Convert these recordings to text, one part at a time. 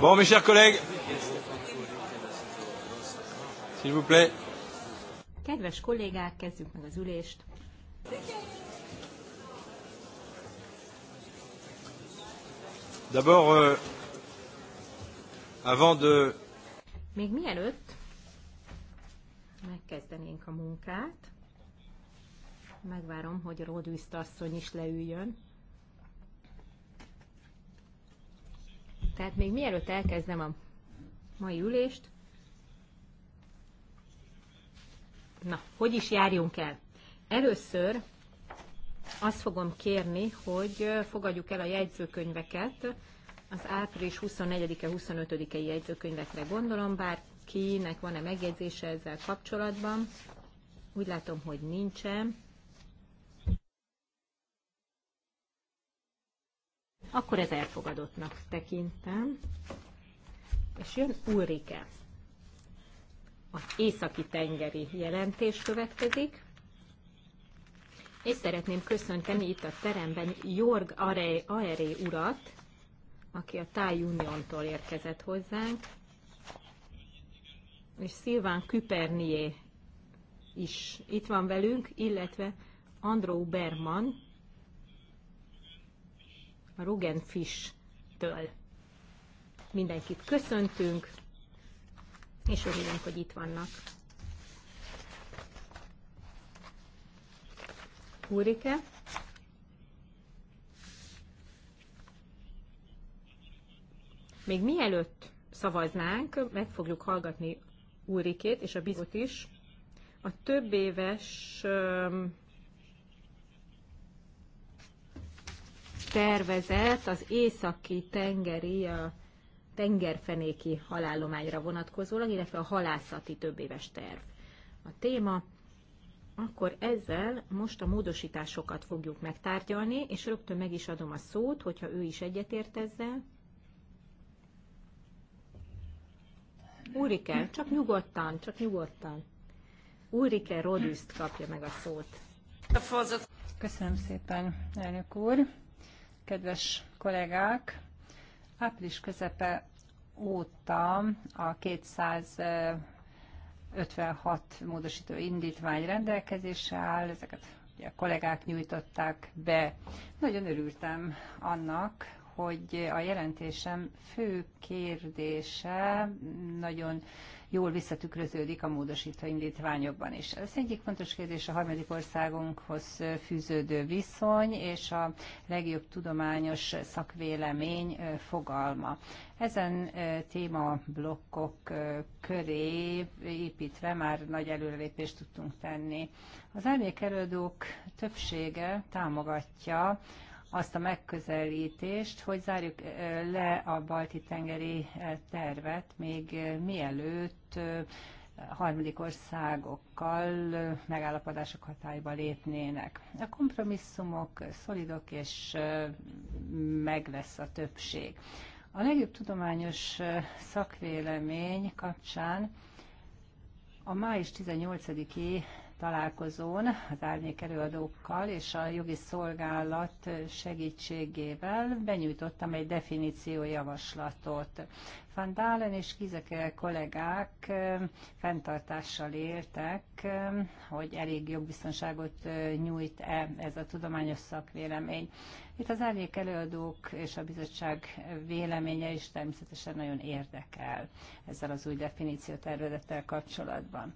Bon, mes chers collègues, s'il vous plaît. Kedves kollégák, kezdjük meg az ülést. D'abord, euh, avant de... Még mielőtt megkezdenénk a munkát, megvárom, hogy Ródűszt asszony is leüljön. Tehát még mielőtt elkezdem a mai ülést, na, hogy is járjunk el? Először azt fogom kérni, hogy fogadjuk el a jegyzőkönyveket, az április 24-e, 25-e jegyzőkönyvekre gondolom, bár kinek van-e megjegyzése ezzel kapcsolatban. Úgy látom, hogy nincsen. akkor ez elfogadottnak tekintem. És jön Ulrike. Az északi tengeri jelentés következik. És szeretném köszönteni itt a teremben Jorg Aeré urat, aki a Thai Uniontól érkezett hozzánk, és Szilván Küpernié is itt van velünk, illetve Andró Berman, a fish től Mindenkit köszöntünk, és örülünk, hogy itt vannak. Úrike. Még mielőtt szavaznánk, meg fogjuk hallgatni Úrikét és a bizot is. A több éves tervezet az északi tengeri, a tengerfenéki halállományra vonatkozólag, illetve a halászati többéves terv a téma. Akkor ezzel most a módosításokat fogjuk megtárgyalni, és rögtön meg is adom a szót, hogyha ő is egyetért ezzel. Ulrike, csak nyugodtan, csak nyugodtan. Ulrike Rodüszt kapja meg a szót. Köszönöm szépen, elnök úr. Kedves kollégák, április közepe óta a 256 módosító indítvány rendelkezésre áll, ezeket ugye a kollégák nyújtották be. Nagyon örültem annak, hogy a jelentésem fő kérdése nagyon jól visszatükröződik a módosító indítványokban is. Ez egyik fontos kérdés a harmadik országunkhoz fűződő viszony és a legjobb tudományos szakvélemény fogalma. Ezen téma blokkok köré építve már nagy előrelépést tudtunk tenni. Az elmékelődők többsége támogatja azt a megközelítést, hogy zárjuk le a balti tengeri tervet, még mielőtt harmadik országokkal megállapodások hatályba lépnének. A kompromisszumok szolidok, és meg lesz a többség. A legjobb tudományos szakvélemény kapcsán a május 18-i találkozón az árnyék előadókkal és a jogi szolgálat segítségével benyújtottam egy javaslatot. Van Dálen és Kizeke kollégák fenntartással éltek, hogy elég jogbiztonságot nyújt-e ez a tudományos szakvélemény. Itt az árnyék előadók és a bizottság véleménye is természetesen nagyon érdekel ezzel az új definíció tervezettel kapcsolatban.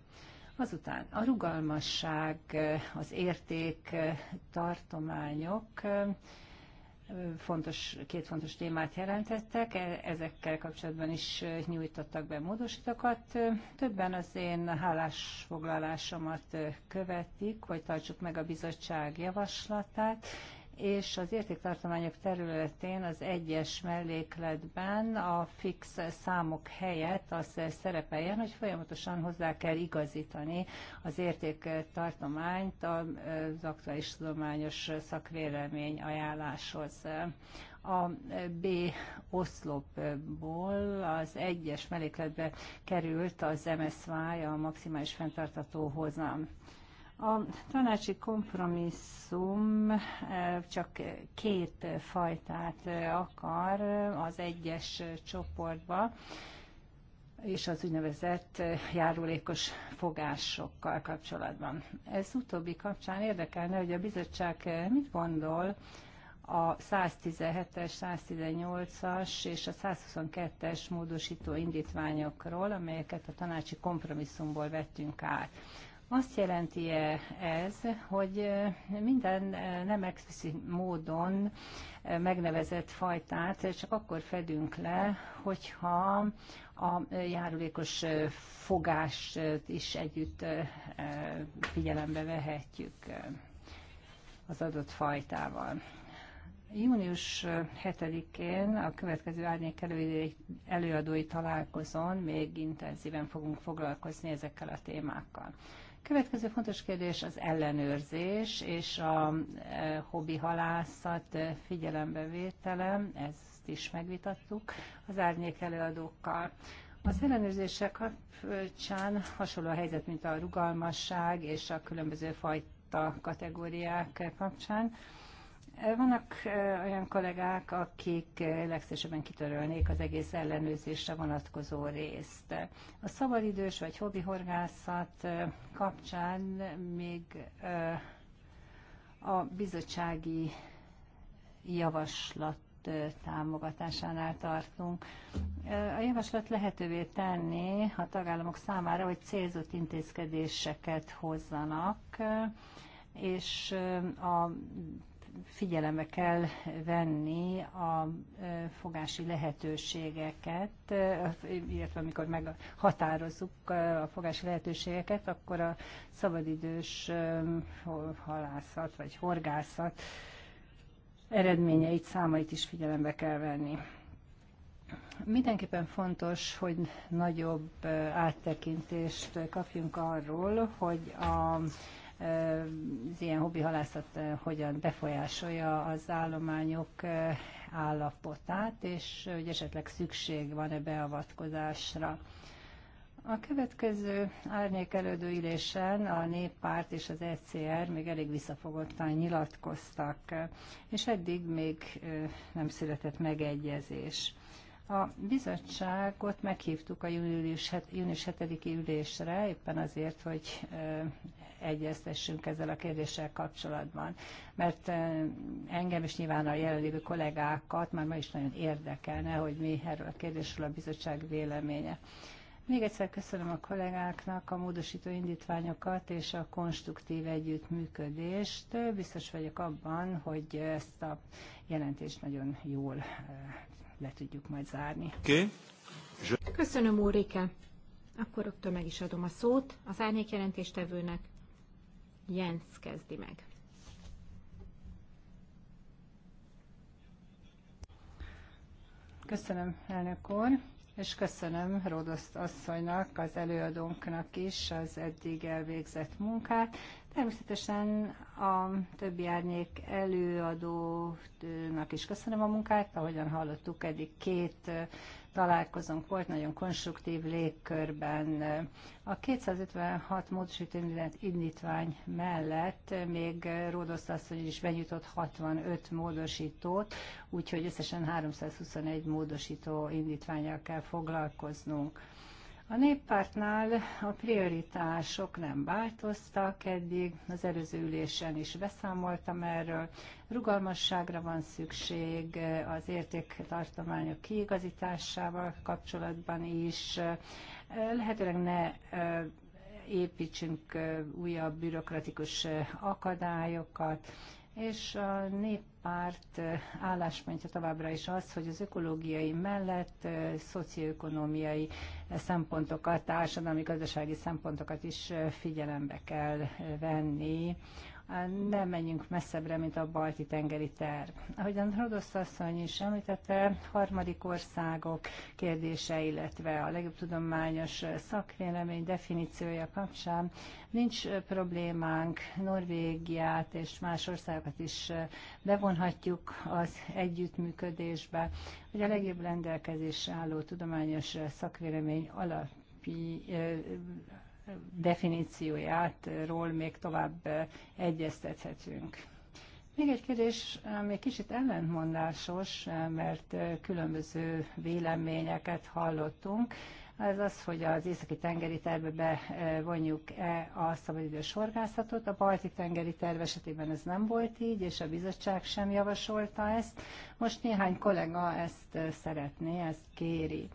Azután a rugalmasság, az érték, tartományok, fontos, két fontos témát jelentettek, e, ezekkel kapcsolatban is nyújtottak be módosítókat. Többen az én hálásfoglalásomat követik, hogy tartsuk meg a bizottság javaslatát, és az értéktartományok területén az egyes mellékletben a fix számok helyett az szerepeljen, hogy folyamatosan hozzá kell igazítani az értéktartományt az aktuális tudományos szakvélemény ajánláshoz. A B oszlopból az egyes mellékletbe került az MSY, a maximális fenntartató hozam. A tanácsi kompromisszum csak két fajtát akar az egyes csoportba, és az úgynevezett járulékos fogásokkal kapcsolatban. Ez utóbbi kapcsán érdekelne, hogy a bizottság mit gondol a 117-es, 118-as és a 122-es módosító indítványokról, amelyeket a tanácsi kompromisszumból vettünk át. Azt jelenti -e ez, hogy minden nem explicit módon megnevezett fajtát csak akkor fedünk le, hogyha a járulékos fogást is együtt figyelembe vehetjük az adott fajtával. Június 7-én a következő árnyék előadói találkozón még intenzíven fogunk foglalkozni ezekkel a témákkal. Következő fontos kérdés az ellenőrzés és a e, hobbi halászat e, figyelembevételem, ezt is megvitattuk az árnyék előadókkal. Az ellenőrzések kapcsán hasonló a helyzet, mint a rugalmasság és a különböző fajta kategóriák kapcsán. Vannak olyan kollégák, akik legszívesebben kitörölnék az egész ellenőrzésre vonatkozó részt. A szabadidős vagy hobbi horgászat kapcsán még a bizottsági javaslat támogatásánál tartunk. A javaslat lehetővé tenni a tagállamok számára, hogy célzott intézkedéseket hozzanak, és a figyelembe kell venni a fogási lehetőségeket, illetve amikor meghatározzuk a fogási lehetőségeket, akkor a szabadidős halászat vagy horgászat eredményeit, számait is figyelembe kell venni. Mindenképpen fontos, hogy nagyobb áttekintést kapjunk arról, hogy a az ilyen hobbi halászat eh, hogyan befolyásolja az állományok eh, állapotát, és eh, hogy esetleg szükség van-e beavatkozásra. A következő árnyékelődő ülésen a néppárt és az ECR még elég visszafogottan nyilatkoztak, és eddig még nem született megegyezés. A bizottságot meghívtuk a június 7-i ülésre, éppen azért, hogy egyeztessünk ezzel a kérdéssel kapcsolatban, mert eh, engem is nyilván a jelenlévő kollégákat már ma is nagyon érdekelne, hogy mi erről a kérdésről a bizottság véleménye. Még egyszer köszönöm a kollégáknak a módosító indítványokat és a konstruktív együttműködést. Biztos vagyok abban, hogy ezt a jelentést nagyon jól eh, le tudjuk majd zárni. Okay. Köszönöm, Úrike. Akkor rögtön meg is adom a szót az jelentéstevőnek, Jens kezdi meg. Köszönöm, elnök úr, és köszönöm Ródoszt asszonynak, az előadónknak is az eddig elvégzett munkát. Természetesen a többi árnyék előadónak is köszönöm a munkát, ahogyan hallottuk, eddig két találkozónk volt, nagyon konstruktív légkörben. A 256 módosító indítvány mellett még Ródosz asszony is benyújtott 65 módosítót, úgyhogy összesen 321 módosító indítványjal kell foglalkoznunk. A néppártnál a prioritások nem változtak eddig, az előző ülésen is beszámoltam erről. Rugalmasságra van szükség az értéktartományok kiigazításával kapcsolatban is. Lehetőleg ne építsünk újabb bürokratikus akadályokat, és a nép párt eh, álláspontja továbbra is az, hogy az ökológiai mellett eh, szocioökonomiai eh, szempontokat, társadalmi, gazdasági szempontokat is figyelembe kell venni nem menjünk messzebbre, mint a balti tengeri terv. a Rodosz asszony is említette, harmadik országok kérdése, illetve a legjobb tudományos szakvélemény definíciója kapcsán nincs problémánk, Norvégiát és más országokat is bevonhatjuk az együttműködésbe, hogy a legjobb rendelkezésre álló tudományos szakvélemény alapján definíciójátról még tovább eh, egyeztethetünk. Még egy kérdés, ami kicsit ellentmondásos, eh, mert eh, különböző véleményeket hallottunk, az az, hogy az északi tengeri tervbe bevonjuk-e a szabadidős horgászatot. A balti tengeri terv esetében ez nem volt így, és a bizottság sem javasolta ezt. Most néhány kollega ezt szeretné, ezt kéri.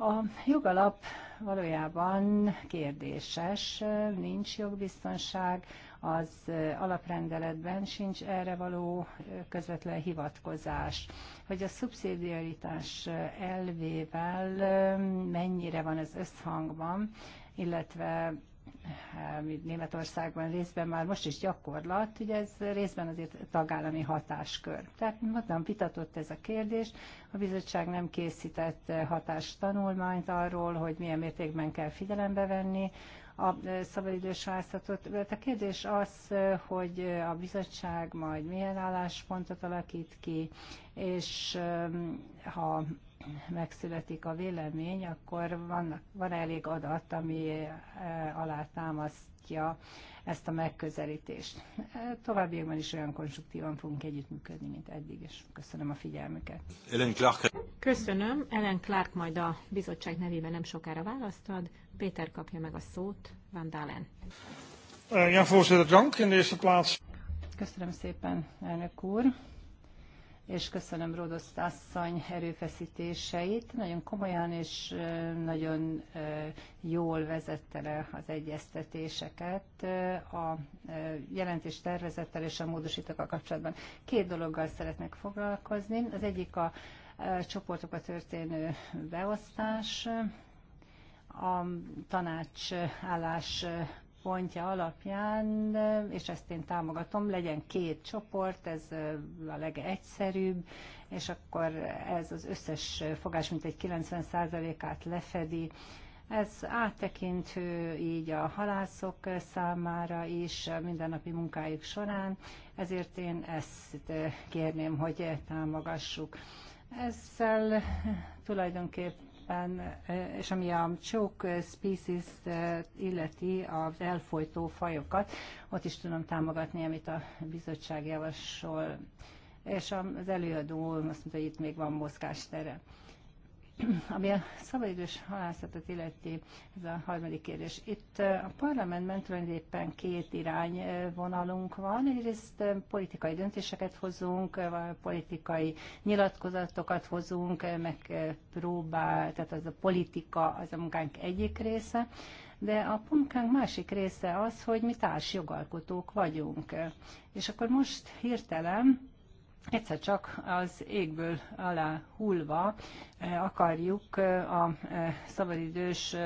A jogalap valójában kérdéses, nincs jogbiztonság, az alaprendeletben sincs erre való közvetlen hivatkozás. Hogy a szubszidiaritás elvével mennyire van ez összhangban, illetve Hát, mint Németországban részben már most is gyakorlat, ugye ez részben azért tagállami hatáskör. Tehát mondtam, vitatott ez a kérdés, a bizottság nem készített hatástanulmányt arról, hogy milyen mértékben kell figyelembe venni a szabadidős vászatot. A kérdés az, hogy a bizottság majd milyen álláspontot alakít ki, és ha megszületik a vélemény, akkor vannak, van elég adat, ami e, alátámasztja ezt a megközelítést. E, továbbiakban is olyan konstruktívan fogunk együttműködni, mint eddig, és köszönöm a figyelmüket. Ellen Clark. Köszönöm. Ellen Clark majd a bizottság nevében nem sokára választad. Péter kapja meg a szót. Van Dalen. Eh, ja, voorzitter, dank in de eerste plaats. Köszönöm szépen, elnök úr és köszönöm Rodoszt asszony erőfeszítéseit. Nagyon komolyan és nagyon jól vezette le az egyeztetéseket a jelentés tervezettel és a módosítókkal kapcsolatban. Két dologgal szeretnek foglalkozni. Az egyik a csoportokba történő beosztás, a tanács állás pontja alapján, és ezt én támogatom, legyen két csoport, ez a legegyszerűbb, és akkor ez az összes fogás mintegy 90%-át lefedi. Ez áttekintő így a halászok számára is a mindennapi munkájuk során, ezért én ezt kérném, hogy támogassuk. Ezzel tulajdonképpen mindenképpen, és ami a choke species illeti az elfolytó fajokat, ott is tudom támogatni, amit a bizottság javasol. És az előadó azt mondta, hogy itt még van mozgástere. Ami a szabadidős halászatot illeti, ez a harmadik kérdés. Itt a parlamentben tulajdonképpen két irányvonalunk van. Egyrészt politikai döntéseket hozunk, politikai nyilatkozatokat hozunk, meg próbál, tehát az a politika az a munkánk egyik része, de a munkánk másik része az, hogy mi társjogalkotók vagyunk. És akkor most hirtelen egyszer csak az égből alá hullva akarjuk a szabadidős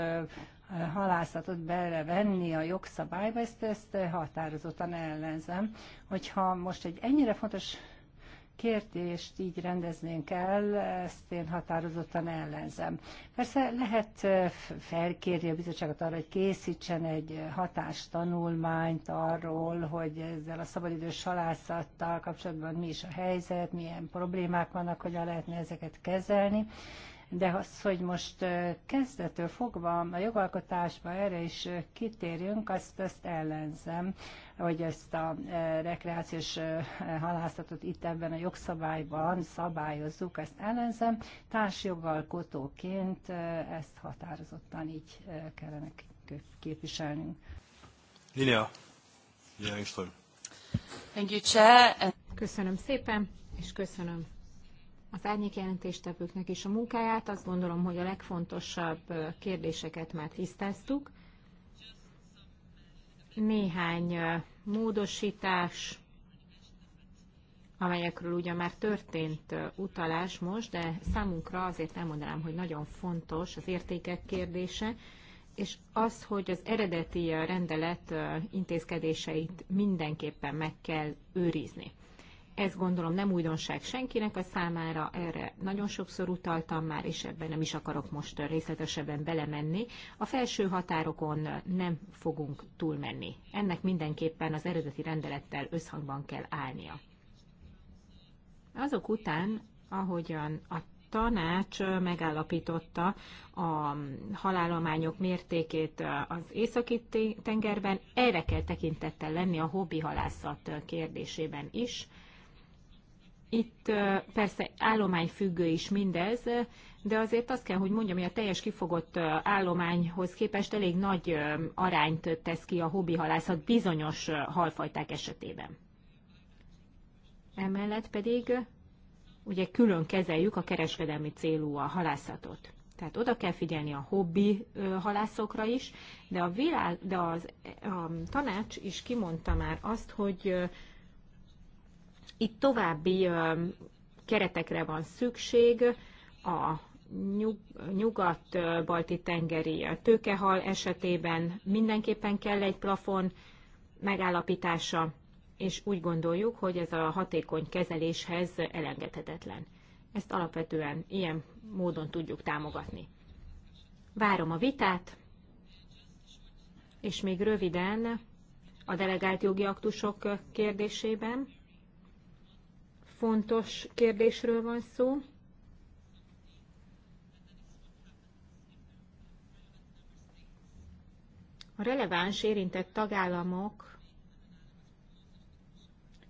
halászatot belevenni a jogszabályba, ezt, ezt határozottan ellenzem. Hogyha most egy ennyire fontos kérdést így rendeznénk el, ezt én határozottan ellenzem. Persze lehet eh, felkérni a bizottságot arra, hogy készítsen egy eh, hatástanulmányt arról, hogy ezzel a szabadidős halászattal kapcsolatban mi is a helyzet, milyen problémák vannak, hogyan lehetne ezeket kezelni, de az, hogy most kezdetől fogva a jogalkotásba erre is kitérjünk, azt, azt ellenzem, hogy ezt a rekreációs halászatot itt ebben a jogszabályban szabályozzuk, ezt ellenzem. Társjogalkotóként ezt határozottan így kellene képviselnünk. Linia, Thank Köszönöm szépen, és köszönöm az árnyék jelentéstevőknek is a munkáját. Azt gondolom, hogy a legfontosabb kérdéseket már tisztáztuk. Néhány módosítás, amelyekről ugye már történt utalás most, de számunkra azért elmondanám, hogy nagyon fontos az értékek kérdése, és az, hogy az eredeti rendelet intézkedéseit mindenképpen meg kell őrizni ez gondolom nem újdonság senkinek a számára, erre nagyon sokszor utaltam már, és ebben nem is akarok most részletesebben belemenni. A felső határokon nem fogunk túlmenni. Ennek mindenképpen az eredeti rendelettel összhangban kell állnia. Azok után, ahogyan a tanács megállapította a halálományok mértékét az északi tengerben, erre kell tekintettel lenni a hobbi halászat kérdésében is, itt persze állományfüggő is mindez, de azért azt kell, hogy mondjam, hogy a teljes kifogott állományhoz képest elég nagy arányt tesz ki a hobbi halászat bizonyos halfajták esetében. Emellett pedig ugye külön kezeljük a kereskedelmi célú a halászatot. Tehát oda kell figyelni a hobbi halászokra is, de a, világ, de az, a tanács is kimondta már azt, hogy itt további keretekre van szükség a nyugat-balti tengeri tőkehal esetében mindenképpen kell egy plafon megállapítása, és úgy gondoljuk, hogy ez a hatékony kezeléshez elengedhetetlen. Ezt alapvetően ilyen módon tudjuk támogatni. Várom a vitát, és még röviden a delegált jogi aktusok kérdésében fontos kérdésről van szó. A releváns érintett tagállamok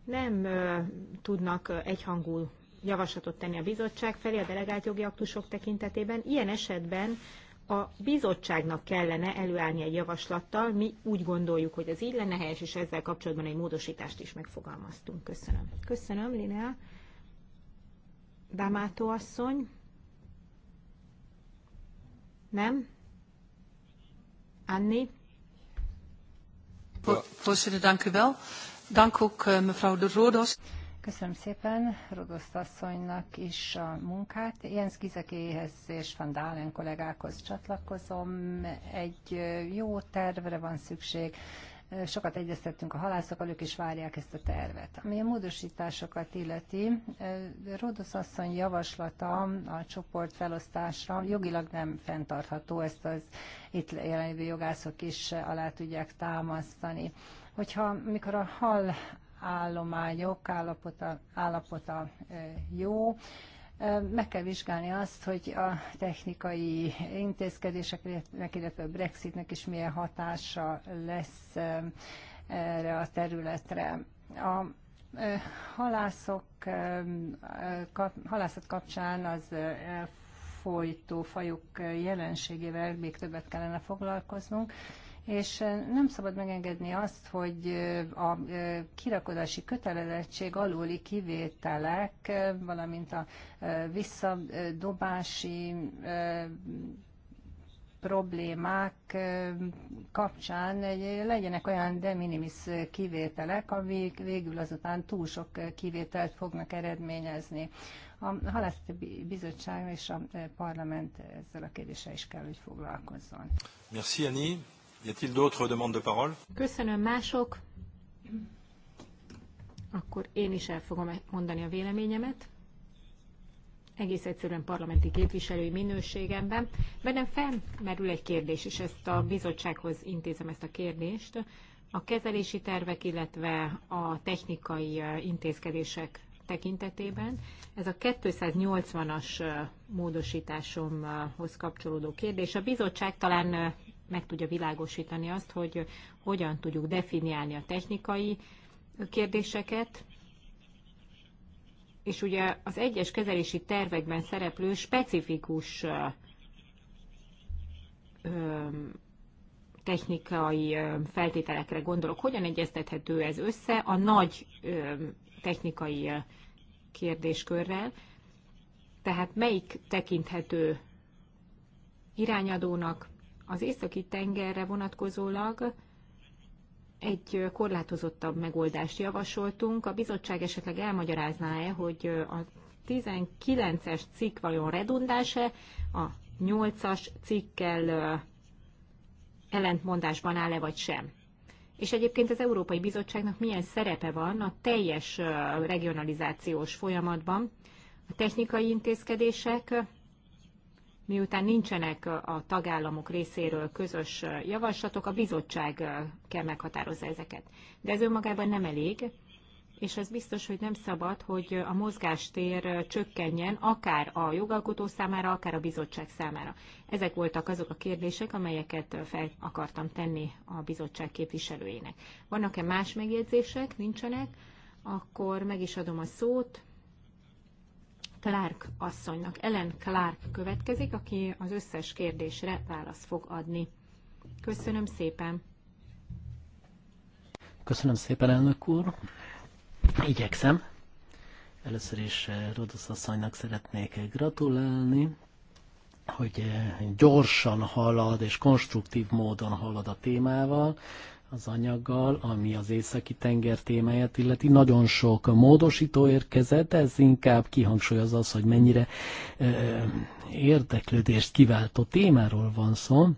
nem tudnak egyhangú javaslatot tenni a bizottság felé a delegált jogi aktusok tekintetében. Ilyen esetben a bizottságnak kellene előállni egy javaslattal. Mi úgy gondoljuk, hogy ez így lenne helyes, és ezzel kapcsolatban egy módosítást is megfogalmaztunk. Köszönöm. Köszönöm, Linea. Damátó asszony. Nem? Anni? Voorzitter, dank u wel. Dank ook eh, mevrouw de Rodos. Köszönöm szépen Rodoszt asszonynak is a munkát. Jens Gizekéhez és Van Dálen kollégákhoz csatlakozom. Egy jó tervre van szükség. Sokat egyeztettünk a halászokkal, ők is várják ezt a tervet. Ami a módosításokat illeti, Rodosz asszony javaslata a csoport felosztásra jogilag nem fenntartható, ezt az itt jelenlévő jogászok is alá tudják támasztani hogyha mikor a hal állomány, állapota, állapota jó. Meg kell vizsgálni azt, hogy a technikai intézkedéseknek, illetve a Brexitnek is milyen hatása lesz erre a területre. A halászok, halászat kapcsán az elfolytó fajok jelenségével még többet kellene foglalkoznunk, és nem szabad megengedni azt, hogy a kirakodási kötelezettség alóli kivételek, valamint a visszadobási problémák kapcsán legyenek olyan de minimis kivételek, amik végül azután túl sok kivételt fognak eredményezni. A Halászati Bizottság és a Parlament ezzel a kérdéssel is kell, hogy foglalkozzon. Merci, Annie. Y a-t-il d'autres demandes de parole Köszönöm mások. Akkor én is el fogom mondani a véleményemet. Egész egyszerűen parlamenti képviselői minőségemben. Bennem felmerül egy kérdés, és ezt a bizottsághoz intézem ezt a kérdést. A kezelési tervek, illetve a technikai intézkedések tekintetében. Ez a 280-as módosításomhoz kapcsolódó kérdés. A bizottság talán meg tudja világosítani azt, hogy hogyan tudjuk definiálni a technikai kérdéseket, és ugye az egyes kezelési tervekben szereplő specifikus technikai feltételekre gondolok. Hogyan egyeztethető ez össze a nagy technikai kérdéskörrel? Tehát melyik tekinthető irányadónak, az északi tengerre vonatkozólag egy korlátozottabb megoldást javasoltunk. A bizottság esetleg elmagyarázná-e, hogy a 19-es cikk vajon redundás e a 8-as cikkel ellentmondásban áll-e vagy sem. És egyébként az Európai Bizottságnak milyen szerepe van a teljes regionalizációs folyamatban, a technikai intézkedések, miután nincsenek a tagállamok részéről közös javaslatok, a bizottság kell meghatározza ezeket. De ez önmagában nem elég, és az biztos, hogy nem szabad, hogy a mozgástér csökkenjen akár a jogalkotó számára, akár a bizottság számára. Ezek voltak azok a kérdések, amelyeket fel akartam tenni a bizottság képviselőjének. Vannak-e más megjegyzések? Nincsenek? Akkor meg is adom a szót Clark asszonynak. Ellen Clark következik, aki az összes kérdésre választ fog adni. Köszönöm szépen! Köszönöm szépen, elnök úr! Igyekszem. Először is eh, Rodosz asszonynak szeretnék gratulálni, hogy eh, gyorsan halad és konstruktív módon halad a témával az anyaggal, ami az északi tenger témáját illeti. Nagyon sok módosító érkezett, ez inkább kihangsúlyoz az, hogy mennyire ö, érdeklődést kiváltó témáról van szó,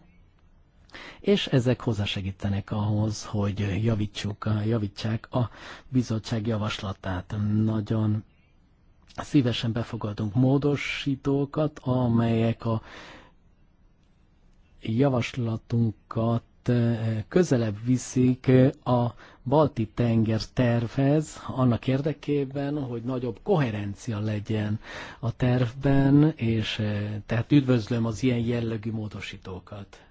és ezek hozzásegítenek ahhoz, hogy javítsuk, javítsák a bizottság javaslatát. Nagyon szívesen befogadunk módosítókat, amelyek a javaslatunkat Eh, közelebb viszik eh, a balti tenger tervhez, annak érdekében, hogy nagyobb koherencia legyen a tervben, és eh, tehát üdvözlöm az ilyen jellegű módosítókat.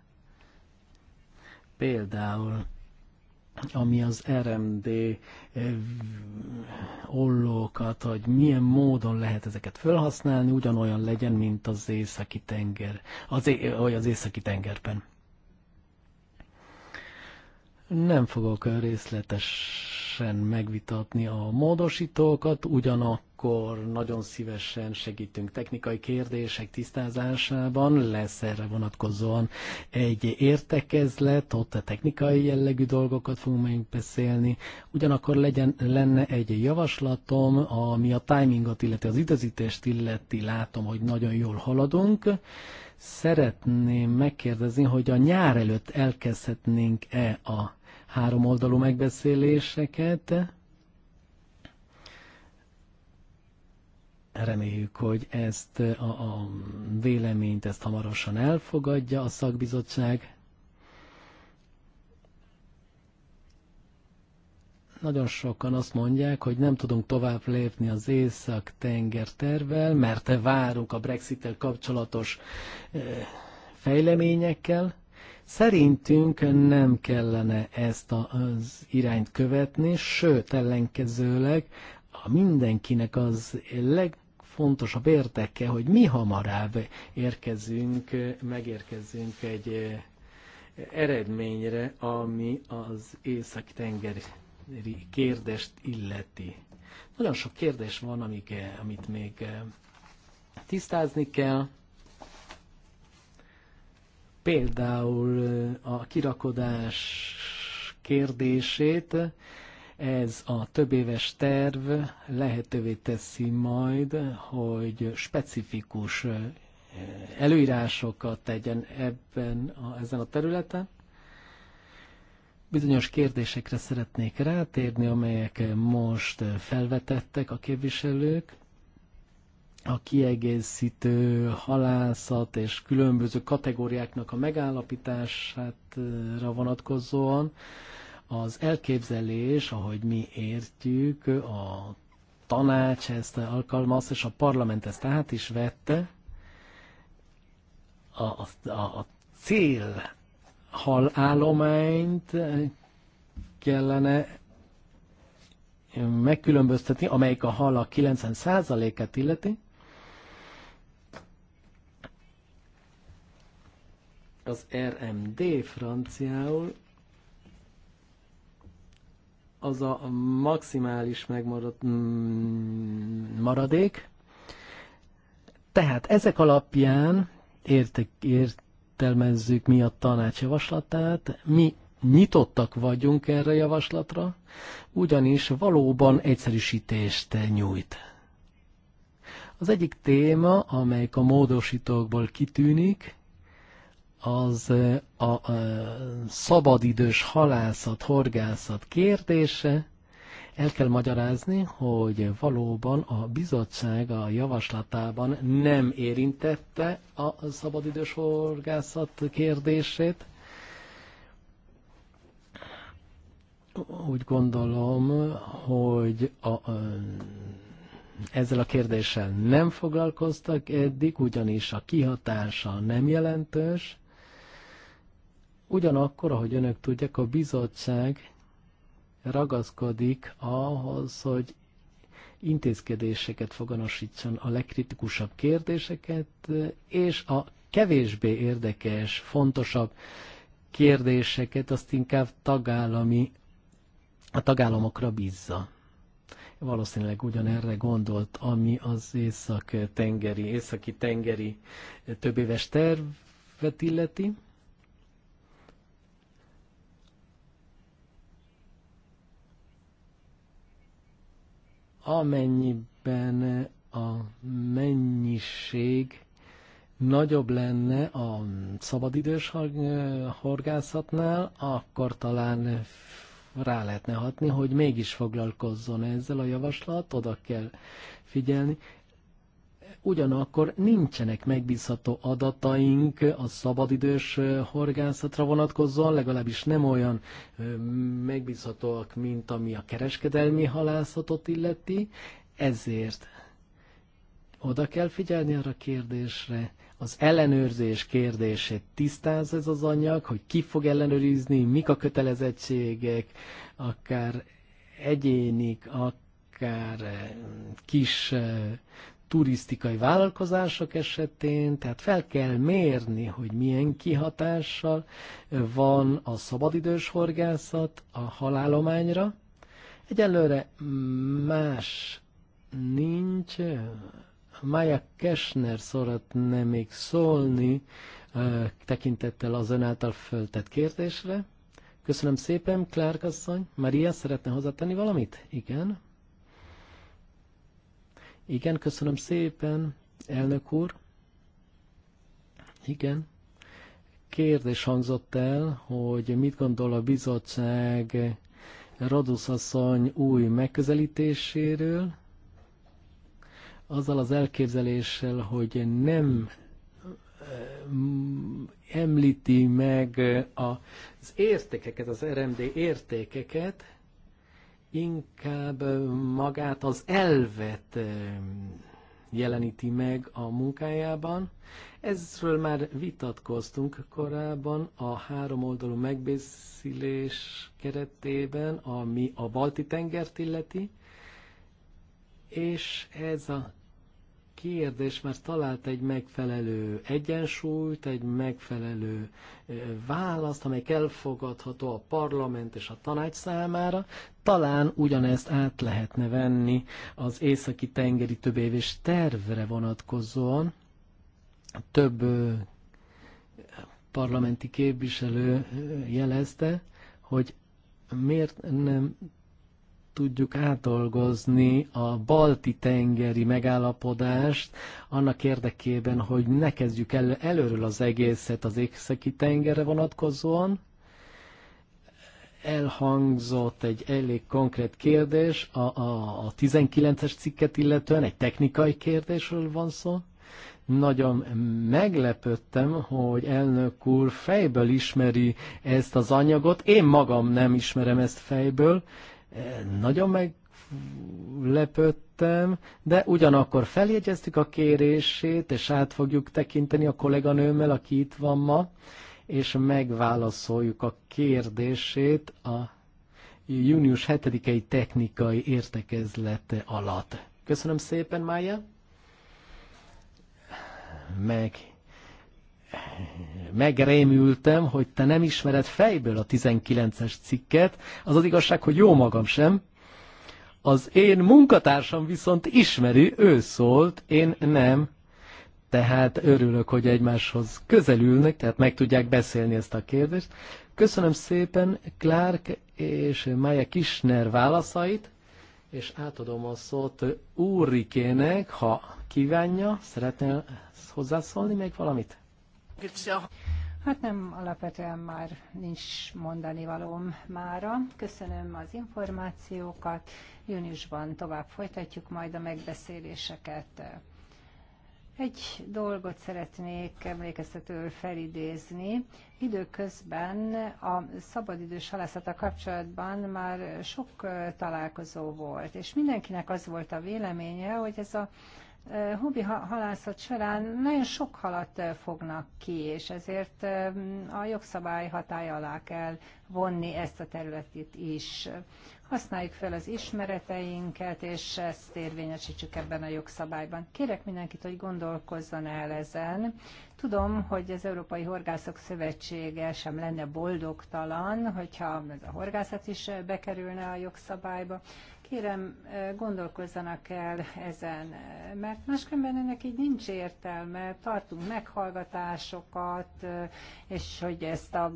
Például ami az RMD ollókat, hogy milyen módon lehet ezeket felhasználni, ugyanolyan legyen, mint az északi tenger, az, vagy az északi tengerben. Nem fogok részletesen megvitatni a módosítókat, ugyanakkor nagyon szívesen segítünk technikai kérdések tisztázásában. Lesz erre vonatkozóan egy értekezlet, ott a technikai jellegű dolgokat fogunk megbeszélni. Ugyanakkor legyen, lenne egy javaslatom, ami a timingot, illeti az időzítést illeti, látom, hogy nagyon jól haladunk. Szeretném megkérdezni, hogy a nyár előtt elkezdhetnénk-e a három oldalú megbeszéléseket? Reméljük, hogy ezt a, a véleményt ezt hamarosan elfogadja a szakbizottság. Nagyon sokan azt mondják, hogy nem tudunk tovább lépni az Észak-tenger tervel, mert várunk a brexit kapcsolatos eh, fejleményekkel. Szerintünk nem kellene ezt az irányt követni, sőt, ellenkezőleg a mindenkinek az leg, fontosabb érteke, hogy mi hamarabb érkezünk, megérkezünk egy eh, eredményre, ami az északi tengeri kérdést illeti. Nagyon sok kérdés van, amik, eh, amit még eh, tisztázni kell. Például eh, a kirakodás kérdését, ez a többéves terv lehetővé teszi majd, hogy specifikus előírásokat tegyen ebben a, ezen a területen, Bizonyos kérdésekre szeretnék rátérni, amelyek most felvetettek a képviselők a kiegészítő halászat és különböző kategóriáknak a megállapítására vonatkozóan az elképzelés, ahogy mi értjük, a tanács ezt alkalmaz, és a parlament ezt át is vette, a, a, a cél halállományt kellene megkülönböztetni, amelyik a hal a 90 et illeti. Az RMD franciául az a maximális megmaradt mm, maradék. Tehát ezek alapján értek, ért, értelmezzük mi a tanács javaslatát. Mi nyitottak vagyunk erre a javaslatra, ugyanis valóban egyszerűsítést nyújt. Az egyik téma, amelyik a módosítókból kitűnik, az a, a, a szabadidős halászat, horgászat kérdése, el kell magyarázni, hogy valóban a bizottság a javaslatában nem érintette a szabadidős horgászat kérdését, úgy gondolom, hogy a, ezzel a kérdéssel nem foglalkoztak eddig, ugyanis a kihatása nem jelentős. Ugyanakkor, ahogy önök tudják, a bizottság ragaszkodik ahhoz, hogy intézkedéseket foganosítson a legkritikusabb kérdéseket, és a kevésbé érdekes, fontosabb kérdéseket azt inkább tagállami, a tagállamokra bízza. Valószínűleg ugyanerre gondolt, ami az észak-tengeri, északi-tengeri többéves tervet illeti. amennyiben a mennyiség nagyobb lenne a szabadidős horgászatnál, akkor talán rá lehetne hatni, hogy mégis foglalkozzon ezzel a javaslat, oda kell figyelni ugyanakkor nincsenek megbízható adataink a szabadidős horgászatra vonatkozóan, legalábbis nem olyan megbízhatóak, mint ami a kereskedelmi halászatot illeti, ezért oda kell figyelni arra a kérdésre, az ellenőrzés kérdését tisztáz ez az anyag, hogy ki fog ellenőrizni, mik a kötelezettségek, akár egyénik, akár akár kis turisztikai vállalkozások esetén, tehát fel kell mérni, hogy milyen kihatással van a szabadidős horgászat a halálományra. Egyelőre más nincs. Maya Kesner szeretne még szólni tekintettel az ön által föltett kérdésre. Köszönöm szépen, Klárk asszony. Maria, szeretne hozzátenni valamit? Igen. Igen, köszönöm szépen, elnök úr. Igen. Kérdés hangzott el, hogy mit gondol a bizottság Radusz asszony új megközelítéséről, azzal az elképzeléssel, hogy nem eh, említi meg az értékeket, az RMD értékeket, inkább magát az elvet jeleníti meg a munkájában. Ezről már vitatkoztunk korábban a háromoldalú megbeszélés keretében, ami a Balti tengert illeti, és ez a kérdés mert talált egy megfelelő egyensúlyt, egy megfelelő választ, amely elfogadható a parlament és a tanács számára. Talán ugyanezt át lehetne venni az északi tengeri többéves tervre vonatkozóan. Több parlamenti képviselő jelezte, hogy miért nem tudjuk átolgozni a balti-tengeri megállapodást annak érdekében, hogy ne kezdjük el előről az egészet az északi tengerre vonatkozóan. Elhangzott egy elég konkrét kérdés, a, a, a 19-es cikket illetően egy technikai kérdésről van szó nagyon meglepődtem, hogy elnök úr fejből ismeri ezt az anyagot. Én magam nem ismerem ezt fejből, nagyon meglepődtem, de ugyanakkor feljegyeztük a kérését, és át fogjuk tekinteni a kolléganőmmel, aki itt van ma, és megválaszoljuk a kérdését a június 7-i technikai értekezlete alatt. Köszönöm szépen, Mája! Meg megrémültem, hogy te nem ismered fejből a 19-es cikket, az az igazság, hogy jó magam sem. Az én munkatársam viszont ismeri, ő szólt, én nem. Tehát örülök, hogy egymáshoz közelülnek, tehát meg tudják beszélni ezt a kérdést. Köszönöm szépen Clark és Maya Kisner válaszait, és átadom a szót Úrikének, ha kívánja, szeretnél hozzászólni még valamit? Hát nem, alapvetően már nincs mondani valóm mára. Köszönöm az információkat. Júniusban tovább folytatjuk majd a megbeszéléseket. Egy dolgot szeretnék emlékeztetőről felidézni. Időközben a szabadidős halászata kapcsolatban már sok találkozó volt, és mindenkinek az volt a véleménye, hogy ez a hobbi halászat során nagyon sok halat fognak ki, és ezért a jogszabály hatája alá kell vonni ezt a területet is. Használjuk fel az ismereteinket, és ezt érvényesítsük ebben a jogszabályban. Kérek mindenkit, hogy gondolkozzon el ezen. Tudom, hogy az Európai Horgászok Szövetsége sem lenne boldogtalan, hogyha ez a horgászat is bekerülne a jogszabályba, Kérem, eh, gondolkozzanak el ezen, eh, mert máskülönben ennek így nincs értelme. Tartunk meghallgatásokat, eh, és hogy ezt a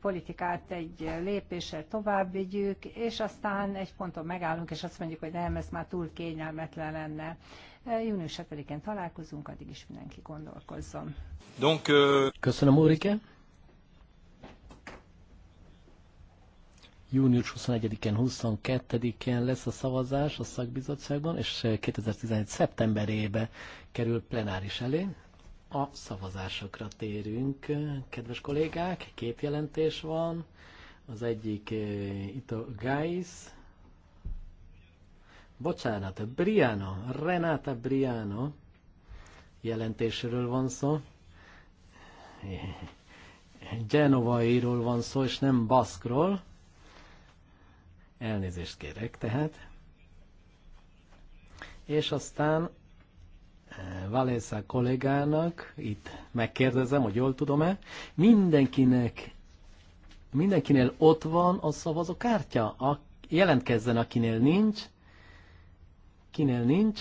politikát egy lépéssel tovább vigyük, és aztán egy ponton megállunk, és azt mondjuk, hogy nem, ez már túl kényelmetlen lenne. Június 7-én találkozunk, addig is mindenki gondolkozzon. Donc, euh, Köszönöm, Ulrike. június 21-én, 22-én lesz a szavazás a szakbizottságban, és 2017. Eh, szeptemberébe kerül plenáris elé. A szavazásokra térünk, eh, kedves kollégák, két jelentés van. Az egyik eh, Ito Gais, bocsánat, Briano, Renata Briano jelentéséről van szó. Genovairól van szó, és nem Baszkról Elnézést kérek tehát. És aztán eh, Valésza kollégának, itt megkérdezem, hogy jól tudom-e, mindenkinek, mindenkinél ott van a szavazókártya, a, jelentkezzen, akinél nincs, kinél nincs,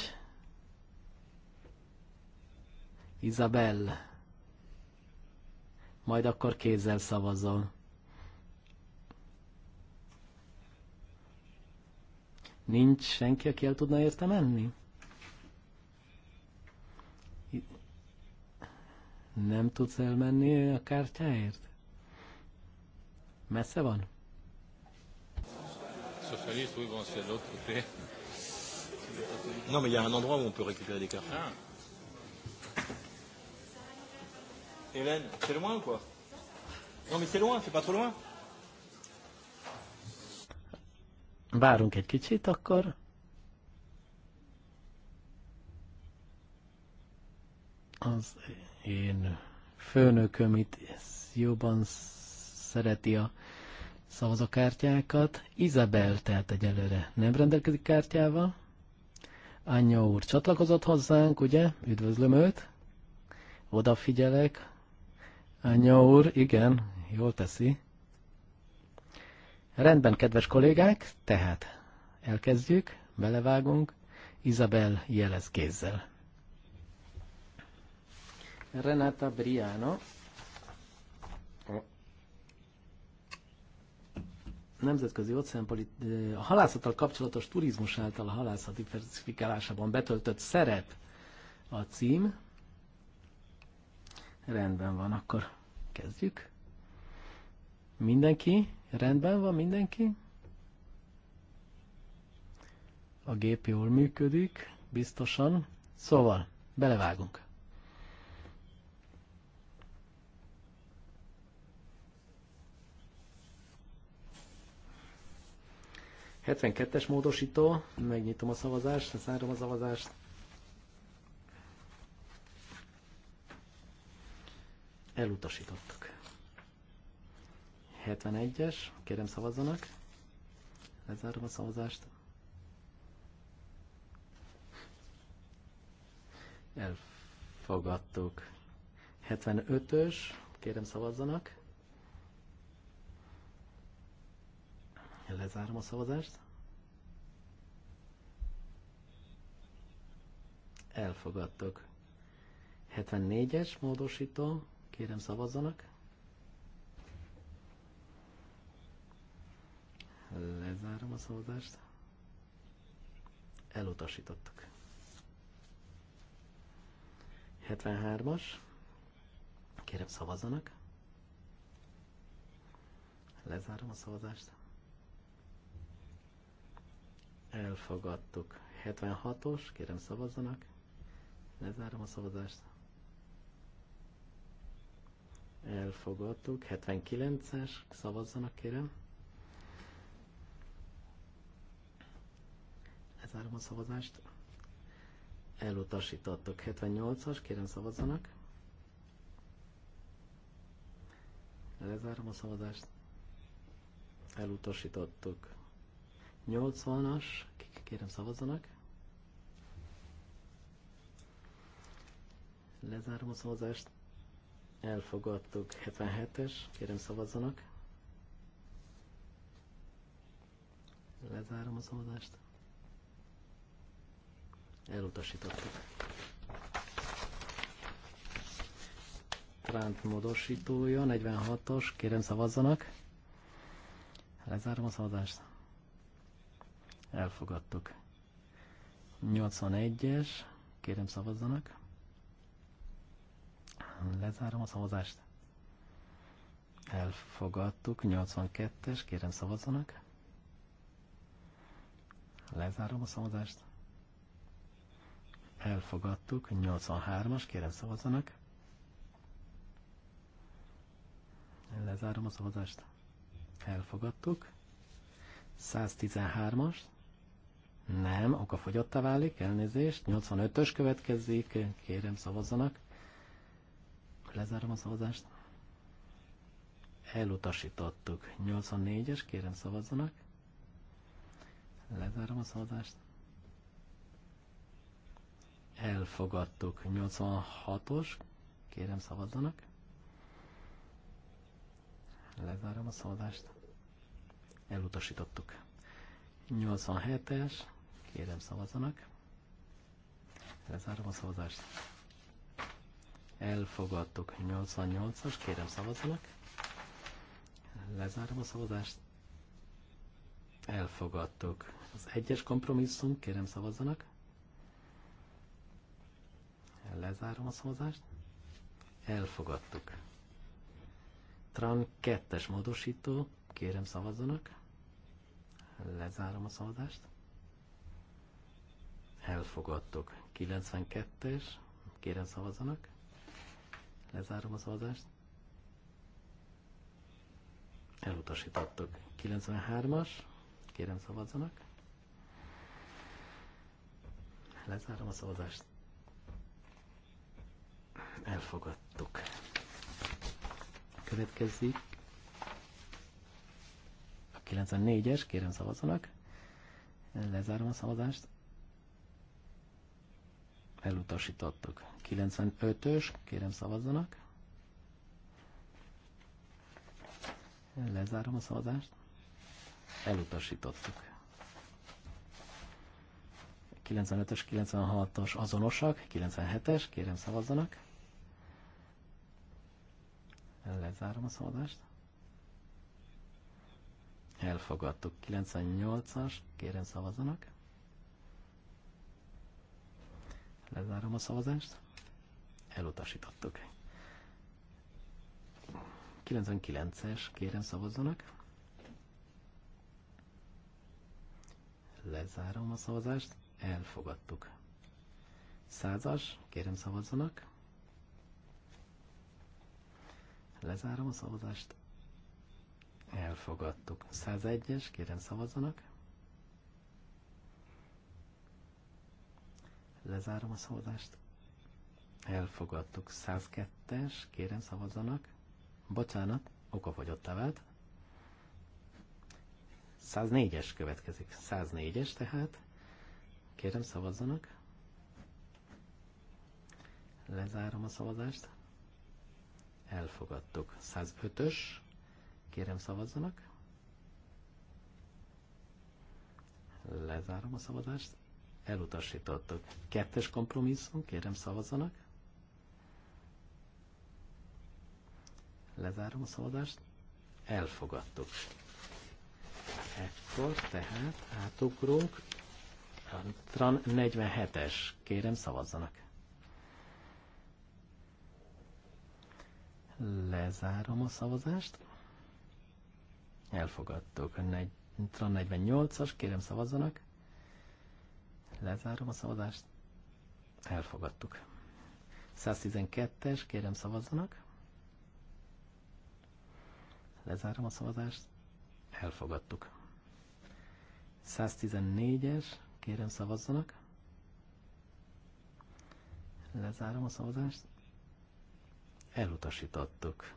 Isabel. Majd akkor kézzel szavazol. Nincs senki, aki el tudna érte menni? Nem tudsz elmenni a kártyáért? Messze van? Non, mais il y a un endroit où on peut récupérer des cartes. Ah. Hélène, c'est loin ou quoi Non, mais c'est loin, c'est pas trop loin. Várunk egy kicsit, akkor az én főnököm itt jobban szereti a szavazókártyákat. Izabel tehát egyelőre nem rendelkezik kártyával. Anya úr csatlakozott hozzánk, ugye? Üdvözlöm őt. Odafigyelek. Anya úr, igen, jól teszi. Rendben, kedves kollégák, tehát elkezdjük, belevágunk. Isabel jelez kézzel. Renata Briano. nemzetközi óceánpolit, a halászattal kapcsolatos turizmus által a halászat diversifikálásában betöltött szerep a cím. Rendben van, akkor kezdjük. Mindenki? Rendben van mindenki? A gép jól működik, biztosan. Szóval, belevágunk. es módosító, megnyitom a szavazást, szárom a szavazást. Elutasított. 71-es, kérem szavazzanak. Lezárom a szavazást. Elfogadtuk. 75-ös, kérem szavazzanak. Lezárom a szavazást. Elfogadtuk. 74-es módosító, kérem szavazzanak. Lezárom a szavazást. Elutasítottuk. 73-as. Kérem szavazzanak. Lezárom a szavazást. Elfogadtuk. 76-os, kérem szavazzanak. Lezárom a szavazást. Elfogadtuk. 79-es, szavazzanak kérem. Lezárom a szavazást. Elutasítottak 78-as, kérem szavazzanak. Lezárom a szavazást. Elutasítottuk. 80-as, kérem szavazzanak. Lezárom a szavazást. Elfogadtuk. 77-es, kérem szavazzanak. Lezárom a szavazást elutasítottuk. Tránt módosítója, 46-os, kérem szavazzanak. Lezárom a szavazást. Elfogadtuk. 81-es, kérem szavazzanak. Lezárom a szavazást. Elfogadtuk. 82-es, kérem szavazzanak. Lezárom a szavazást elfogadtuk, 83-as, kérem szavazzanak. Lezárom a szavazást. Elfogadtuk. 113-as. Nem, fogyottá válik, elnézést. 85-ös következik, kérem szavazzanak. Lezárom a szavazást. Elutasítottuk. 84-es, kérem szavazzanak. Lezárom a szavazást elfogadtuk. 86-os, kérem szavazzanak. Lezárom a szavazást. Elutasítottuk. 87-es, kérem szavazzanak. Lezárom a szavazást. Elfogadtuk. 88-as, kérem szavazzanak. Lezárom a szavazást. Elfogadtuk. Az egyes kompromisszum, kérem szavazzanak. Lezárom a szavazást. Elfogadtuk. Tran 2-es módosító. Kérem szavazzanak. Lezárom a szavazást. Elfogadtuk. 92-es. Kérem szavazzanak. Lezárom a szavazást. Elutasítottuk. 93-as. Kérem szavazzanak. Lezárom a szavazást elfogadtuk. Következik a 94-es, kérem szavazzanak. Lezárom a szavazást. Elutasítottuk. 95-ös, kérem szavazzanak. Lezárom a szavazást. Elutasítottuk. 95-ös, 96-os azonosak, 97-es, kérem szavazzanak. Lezárom a szavazást. Elfogadtuk. 98-as, kérem szavazzanak. Lezárom a szavazást. Elutasítottuk. 99-es, kérem szavazzanak. Lezárom a szavazást. Elfogadtuk. 100-as, kérem szavazzanak. Lezárom a szavazást. Elfogadtuk. 101-es, kérem szavazzanak. Lezárom a szavazást. Elfogadtuk. 102-es, kérem szavazzanak. Bocsánat, okafogyottá vált. 104-es következik. 104-es tehát. Kérem szavazzanak. Lezárom a szavazást elfogadtuk. 105-ös, kérem szavazzanak. Lezárom a szavazást, elutasítottuk. Kettes kompromisszum, kérem szavazzanak. Lezárom a szavazást, elfogadtuk. Ekkor tehát átugrunk a TRAN 47-es, kérem szavazzanak. Lezárom a szavazást. Elfogadtuk. Tran 48-as, kérem szavazzanak. Lezárom a szavazást. Elfogadtuk. 112-es, kérem szavazzanak. Lezárom a szavazást. Elfogadtuk. 114-es, kérem szavazzanak. Lezárom a szavazást elutasítottuk.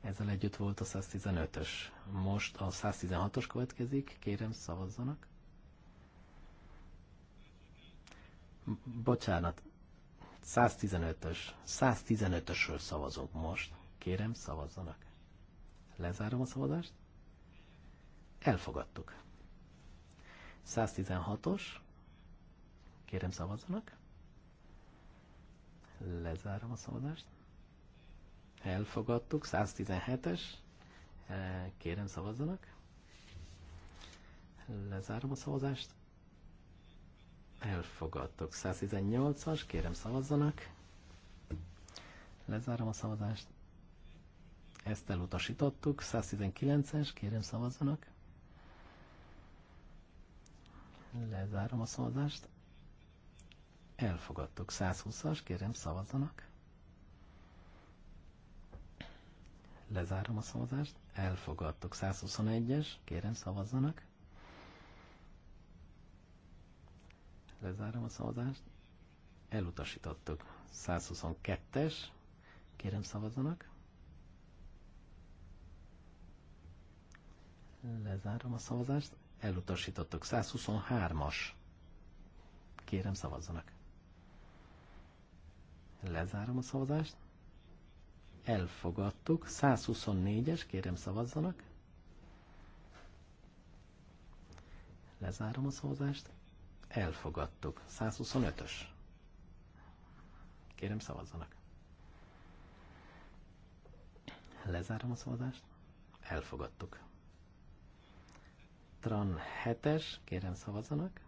Ezzel együtt volt a 115-ös. Most a 116-os következik, kérem szavazzanak. Bocsánat, 115-ös. 115-ösről szavazok most. Kérem, szavazzanak. Lezárom a szavazást. Elfogadtuk. 116-os. Kérem, szavazzanak. Lezárom a szavazást elfogadtuk, 117-es, eh, kérem szavazzanak. Lezárom a szavazást. Elfogadtuk, 118-as, kérem szavazzanak. Lezárom a szavazást. Ezt elutasítottuk, 119-es, kérem szavazzanak. Lezárom a szavazást. Elfogadtuk, 120-as, kérem szavazzanak Lezárom a szavazást. Elfogadtok. 121-es. Kérem, szavazzanak. Lezárom a szavazást. Elutasítottuk. 122-es. Kérem, szavazzanak. Lezárom a szavazást. Elutasítottuk. 123-as. Kérem, szavazzanak. Lezárom a szavazást elfogadtuk. 124-es, kérem szavazzanak. Lezárom a szavazást. Elfogadtuk. 125-ös. Kérem szavazzanak. Lezárom a szavazást. Elfogadtuk. Tran 7-es, kérem szavazzanak.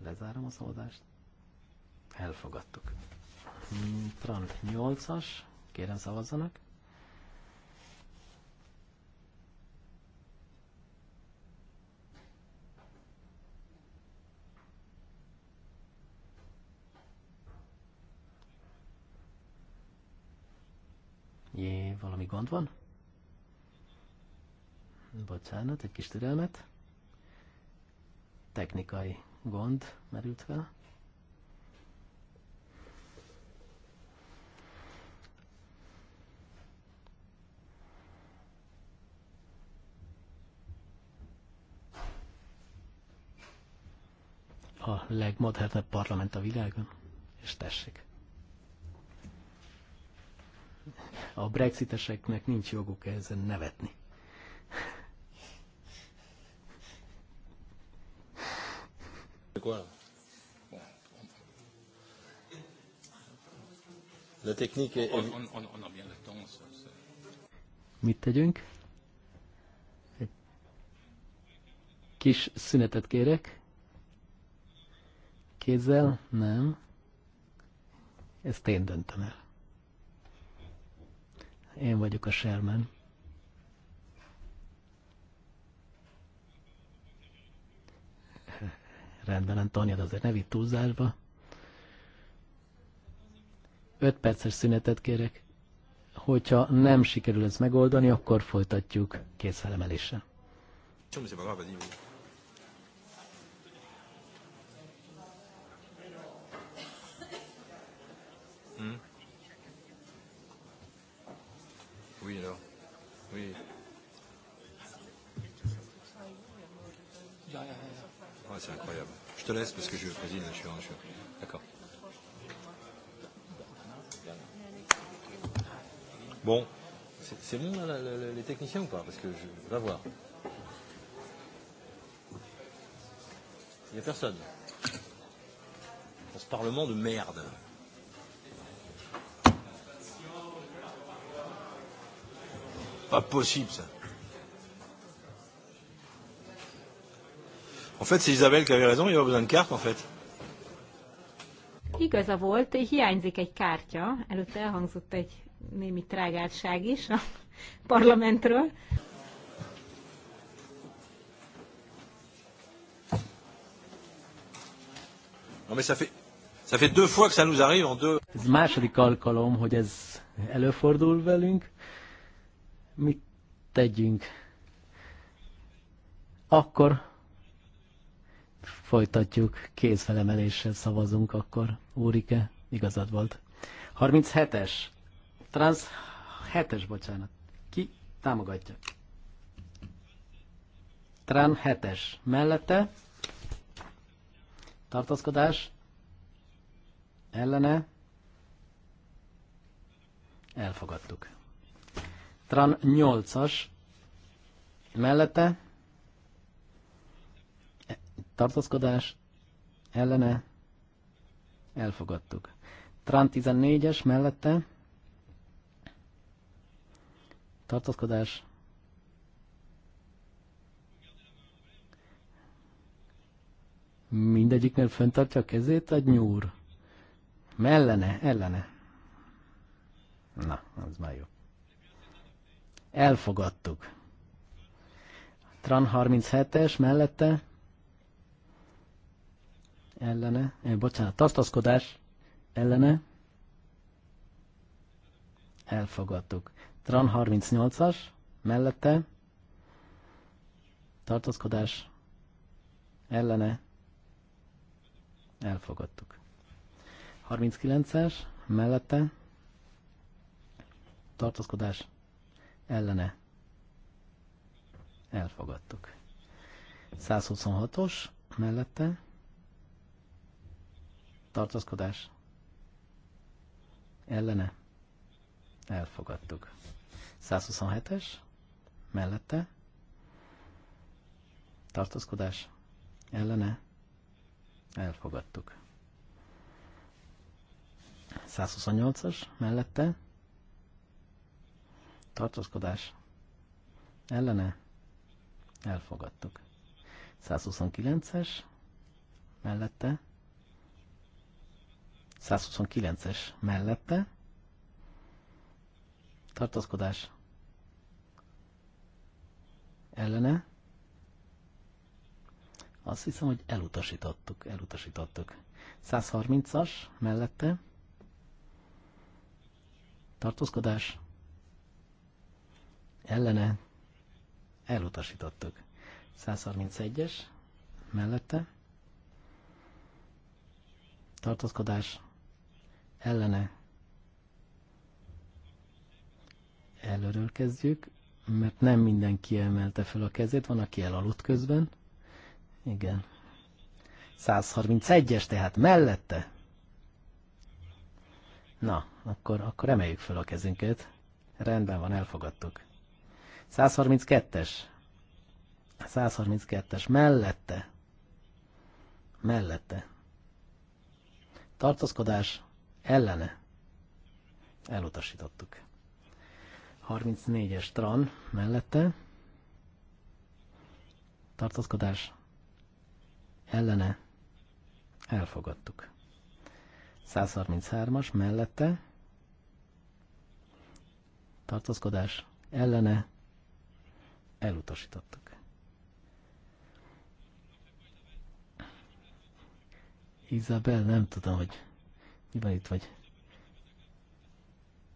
Lezárom a szavazást. Elfogadtuk. Trump 8-as, kérem szavazzanak. Jé, valami gond van? Bocsánat, egy kis türelmet. Technikai gond merült fel. a legmodernebb parlament a világon. És tessék. A brexiteseknek nincs joguk ezen nevetni. La technique est... On, on, on a bien le temps. Mit tegyünk? Egy kis szünetet kérek kézzel? Nem. Ezt én döntöm el. Én vagyok a Sherman. Rendben, Antonia, de azért ne vitt túlzásba. Öt perces szünetet kérek. Hogyha nem sikerül ezt megoldani, akkor folytatjuk készfelemeléssel. Csomó szépen, Oui, alors. Oui. Ouais, c'est incroyable. Je te laisse parce que je préside, je suis, je suis... D'accord. Bon, c'est bon là, là, les techniciens ou pas Parce que je va voir. Il n'y a personne. Dans ce parlement de merde. Pas possible, ça. En fait, c'est Isabelle qui avait raison, il n'y a pas besoin de carte, en fait. Igaza volt, hiányzik egy kártya. Előtte elhangzott egy némi trágárság is a parlamentről. Non mais ça fait, ça fait deux fois que ça nous arrive en deux. Ez második alkalom, hogy ez előfordul velünk mit tegyünk? Akkor folytatjuk, kézfelemeléssel szavazunk akkor. Úrike, igazad volt. 37-es. Trans 7-es, bocsánat. Ki támogatja? Trán 7-es. Mellette tartózkodás ellene elfogadtuk. Tran 8-as mellette tartózkodás ellene elfogadtuk. Tran 14-es mellette tartózkodás mindegyiknél föntartja a kezét, a nyúr. Mellene, ellene. Na, az már jó elfogadtuk. Tran 37-es mellette ellene, eh, bocsánat, tartózkodás ellene elfogadtuk. Tran 38-as mellette tartaszkodás ellene elfogadtuk. 39-es mellette ellene ellene elfogadtuk. 126-os mellette tartózkodás ellene elfogadtuk. 127-es mellette tartózkodás ellene elfogadtuk. 128-as mellette tartózkodás ellene elfogadtuk. 129-es mellette 129-es mellette tartózkodás ellene azt hiszem, hogy elutasítottuk, elutasítottuk. 130-as mellette tartózkodás ellene elutasítottuk. 131-es mellette tartózkodás ellene előről kezdjük, mert nem mindenki emelte fel a kezét, van, aki elaludt közben. Igen. 131-es tehát mellette. Na, akkor, akkor emeljük fel a kezünket. Rendben van, elfogadtuk. 132-es. 132-es mellette. Mellette. Tartozkodás ellene. Elutasítottuk. 34-es tran mellette. Tartozkodás ellene. Elfogadtuk. 133-as mellette. Tartozkodás ellene Elutasítottuk. Izabel, nem tudom, hogy van itt vagy.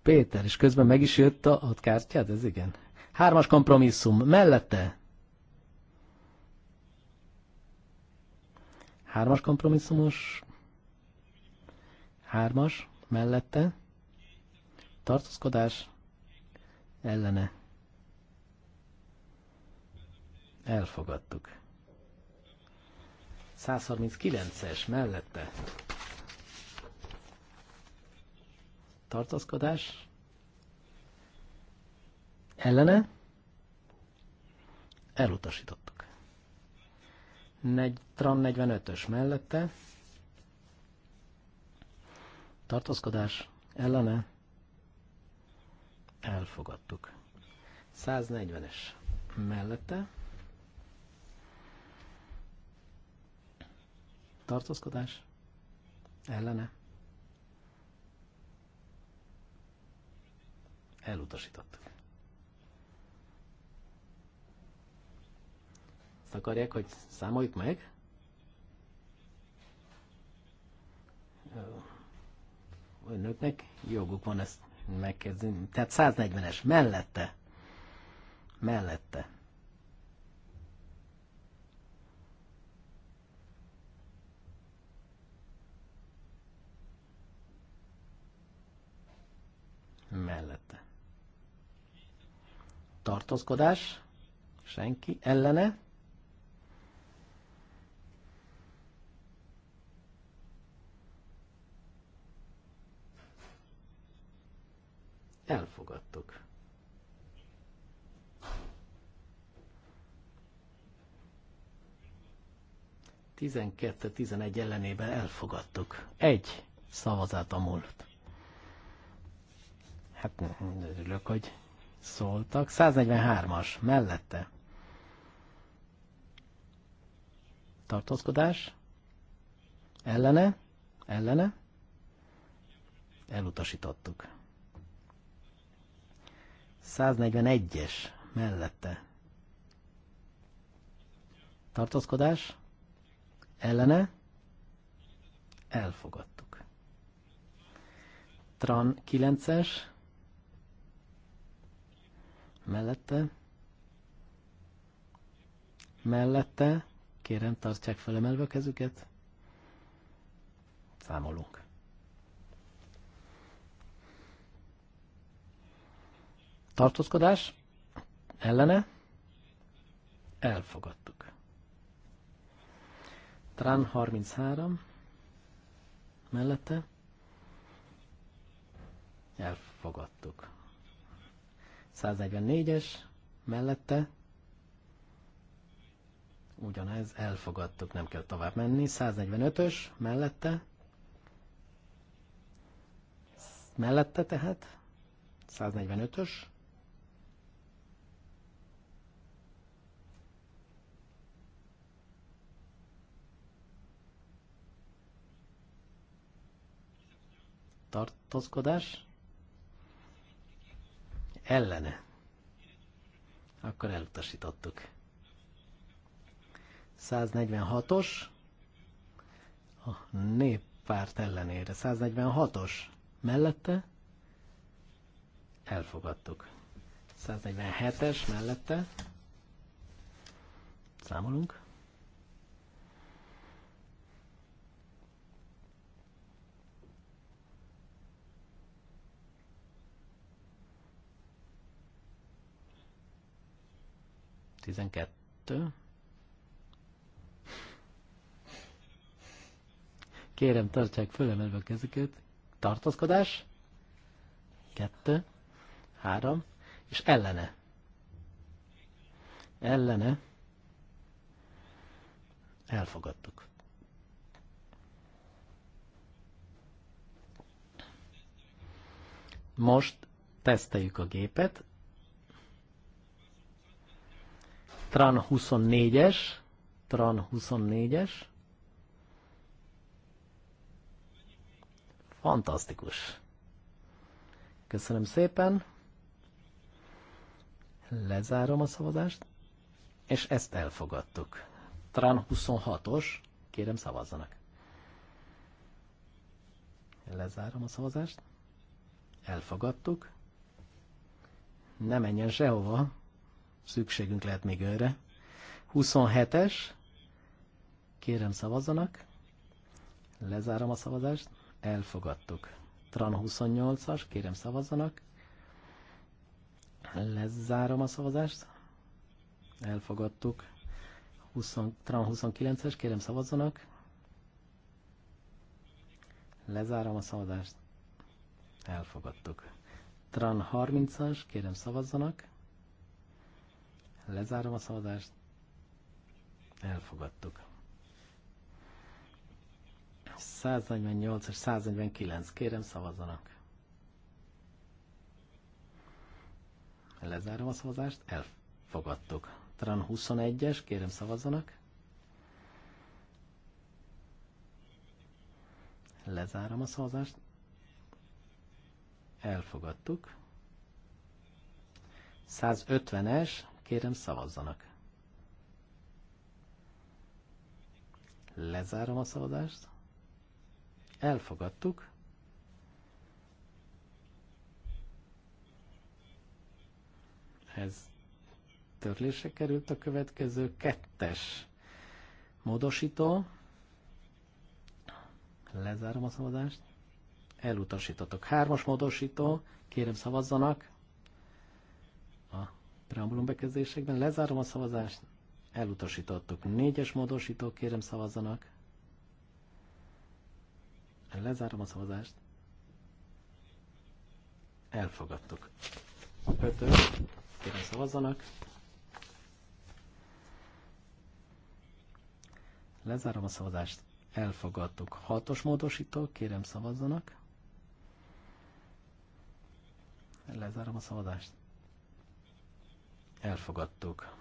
Péter, és közben meg is jött a, ott kártyád, ez igen. Hármas kompromisszum, mellette. Hármas kompromisszumos. Hármas, mellette. Tartózkodás, ellene. Elfogadtuk. 139-es mellette. Tartozkodás. Ellene. Elutasítottuk. Negy, Tram 45-ös mellette. Tartózkodás. Ellene. Elfogadtuk. 140-es mellette tartózkodás ellene elutasítottuk. Azt akarják, hogy számoljuk meg? Önöknek joguk van ezt megkérdezni. Tehát 140-es mellette. Mellette. mellette. Tartózkodás, senki, ellene. Elfogadtuk. Tizenkettő-tizenegy ellenében elfogadtuk. Egy szavazat a múlt. Hát örülök, hogy szóltak. 143-as, mellette. Tartózkodás. Ellene, ellene. Elutasítottuk. 141-es, mellette. Tartózkodás. Ellene. Elfogadtuk. Tran 9-es, mellette, mellette, kérem tartsák felemelve a kezüket, számolunk. Tartózkodás, ellene, elfogadtuk. Trán 33, mellette, elfogadtuk. 144-es mellette ugyanez, elfogadtuk, nem kell tovább menni. 145-ös mellette mellette tehát 145-ös tartózkodás ellene, akkor elutasítottuk. 146-os, a néppárt ellenére, 146-os mellette, elfogadtuk. 147-es mellette, számolunk, 12. Kérem, tartsák fölemelve a kezüket. Tartozkodás. 2. 3. És ellene. Ellene. Elfogadtuk. Most teszteljük a gépet, Tran 24-es, Tran 24-es. Fantasztikus. Köszönöm szépen. Lezárom a szavazást, és ezt elfogadtuk. Tran 26-os, kérem szavazzanak. Lezárom a szavazást. Elfogadtuk. Ne menjen sehova. Szükségünk lehet még önre. 27-es. Kérem szavazzanak. Lezárom a szavazást. Elfogadtuk. Tran 28-as. Kérem szavazzanak. Lezárom a szavazást. Elfogadtuk. 20, Tran 29-es. Kérem szavazzanak. Lezárom a szavazást. Elfogadtuk. Tran 30-as, kérem szavazzanak. Lezárom a szavazást. Elfogadtuk. 148 és 149. Kérem, szavazzanak. Lezárom a szavazást. Elfogadtuk. Tran 21-es. Kérem, szavazzanak. Lezárom a szavazást. Elfogadtuk. 150-es. Kérem szavazzanak. Lezárom a szavazást. Elfogadtuk. Ez törlése került a következő kettes módosító. Lezárom a szavazást. Elutasítottak. Hármas módosító. Kérem szavazzanak preambulum bekezdésekben. Lezárom a szavazást, elutasítottuk. Négyes módosítók, kérem szavazzanak. Lezárom a szavazást. Elfogadtuk. Ötös, kérem szavazzanak. Lezárom a szavazást. Elfogadtuk. Hatos módosító, kérem szavazzanak. Lezárom a szavazást. Elfogadtuk.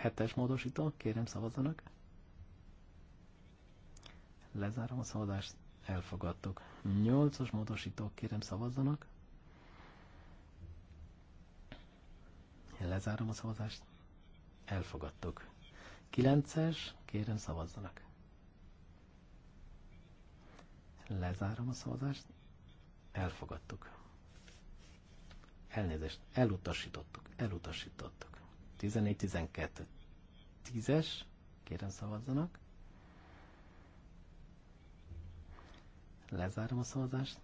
Hetes módosító, kérem szavazzanak. Lezárom a szavazást. Elfogadtuk. Nyolcos módosító, kérem szavazzanak. Lezárom a szavazást. Elfogadtuk. Kilences, kérem szavazzanak. Lezárom a szavazást. Elfogadtuk elnézést, elutasítottuk, elutasítottuk. 14-12. Tízes, kérem szavazzanak. Lezárom a szavazást,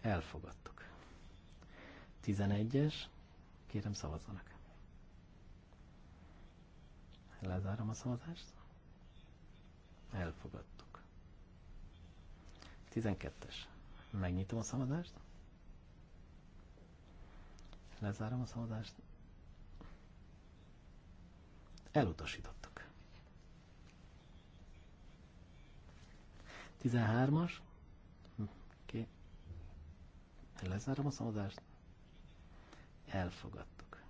elfogadtuk. 11-es, kérem szavazzanak. Lezárom a szavazást. Elfogadtuk. 12-es. Megnyitom a szavazást. Lezárom a szavazást. Elutasítottuk. 13-as. Oké. Okay. Lezárom a szavazást. Elfogadtuk.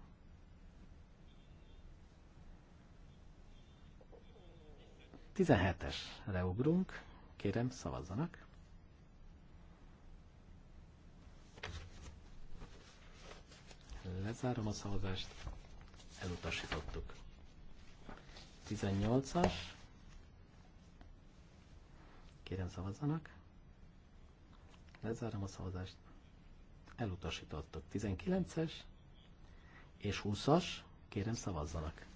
Tizenhetesre ugrunk. Kérem, szavazzanak. Lezárom a szavazást. Elutasítottuk. 18-as. Kérem szavazzanak. Lezárom a szavazást. Elutasítottuk. 19-es és 20-as. Kérem szavazzanak.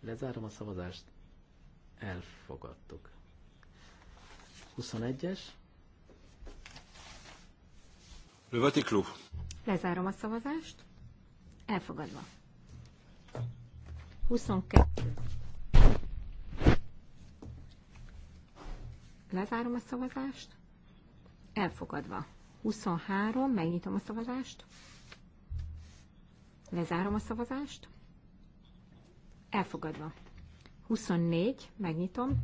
Lezárom a szavazást. Elfogadtuk. 21-es le Lezárom a szavazást. Elfogadva. 22. Lezárom a szavazást. Elfogadva. 23. Megnyitom a szavazást. Lezárom a szavazást. Elfogadva. 24. Megnyitom.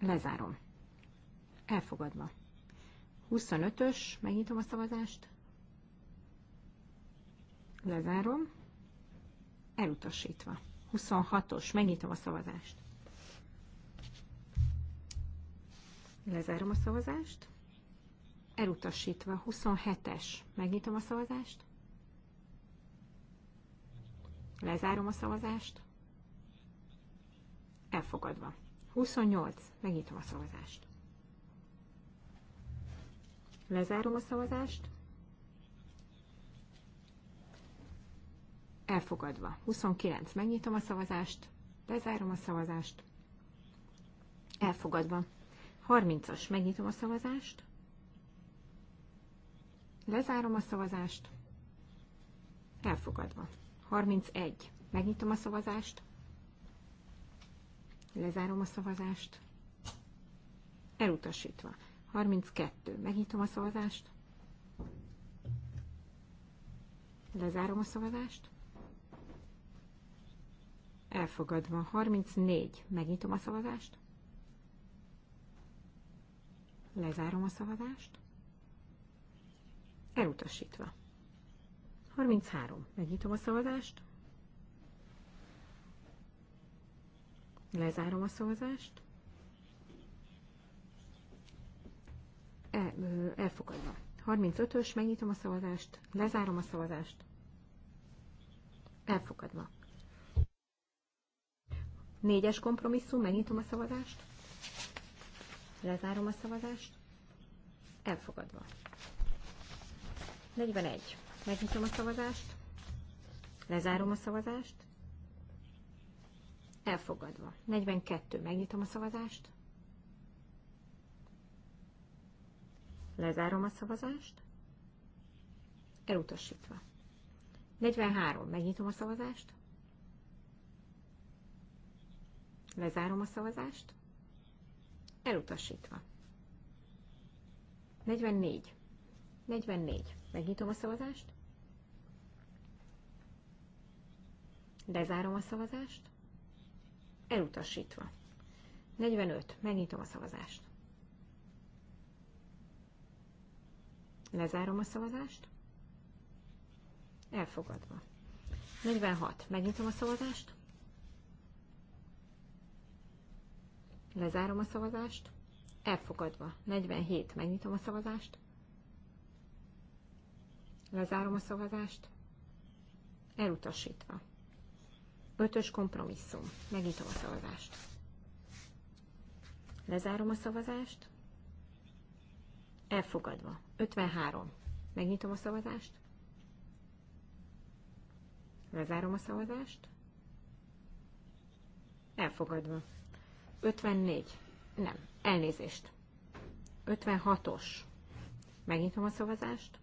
Lezárom. Elfogadva. 25-ös, megnyitom a szavazást. Lezárom. Elutasítva. 26-os, megnyitom a szavazást. Lezárom a szavazást. Elutasítva. 27-es, megnyitom a szavazást. Lezárom a szavazást. Elfogadva. 28, megnyitom a szavazást. Lezárom a szavazást. Elfogadva. 29. Megnyitom a szavazást. Lezárom a szavazást. Elfogadva. 30-as. Megnyitom a szavazást. Lezárom a szavazást. Elfogadva. 31. Megnyitom a szavazást. Lezárom a szavazást. Elutasítva. 32. Megnyitom a szavazást. Lezárom a szavazást. Elfogadva. 34. Megnyitom a szavazást. Lezárom a szavazást. Elutasítva. 33. Megnyitom a szavazást. Lezárom a szavazást. E, elfogadva. 35-ös, megnyitom a szavazást, lezárom a szavazást. Elfogadva. Négyes kompromisszum, megnyitom a szavazást. Lezárom a szavazást. Elfogadva. 41. Megnyitom a szavazást. Lezárom a szavazást. Elfogadva. 42. Megnyitom a szavazást. Lezárom a szavazást. Elutasítva. 43. Megnyitom a szavazást. Lezárom a szavazást. Elutasítva. 44. 44. Megnyitom a szavazást. Lezárom a szavazást. Elutasítva. 45. Megnyitom a szavazást. Lezárom a szavazást. Elfogadva. 46. Megnyitom a szavazást. Lezárom a szavazást. Elfogadva. 47. Megnyitom a szavazást. Lezárom a szavazást. Elutasítva. Ötös kompromisszum. Megnyitom a szavazást. Lezárom a szavazást. Elfogadva. 53. Megnyitom a szavazást. Lezárom a szavazást. Elfogadva. 54. Nem, elnézést. 56-os. Megnyitom a szavazást.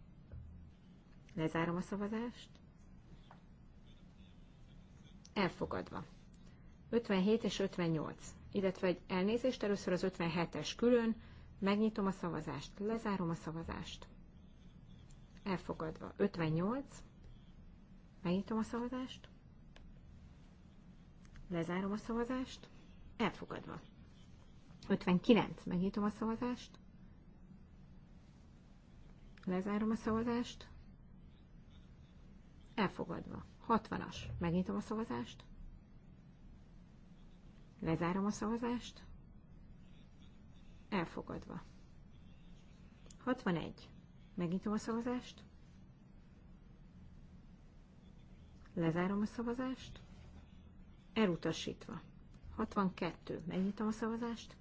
Lezárom a szavazást. Elfogadva. 57 és 58. Illetve egy elnézést, először az 57-es külön. Megnyitom a szavazást, lezárom a szavazást. Elfogadva. 58. Megnyitom a szavazást. Lezárom a szavazást. Elfogadva. 59. Megnyitom a szavazást. Lezárom a szavazást. Elfogadva. 60-as. Megnyitom a szavazást. Lezárom a szavazást. Elfogadva. 61. Megnyitom a szavazást. Lezárom a szavazást. Elutasítva. 62. Megnyitom a szavazást.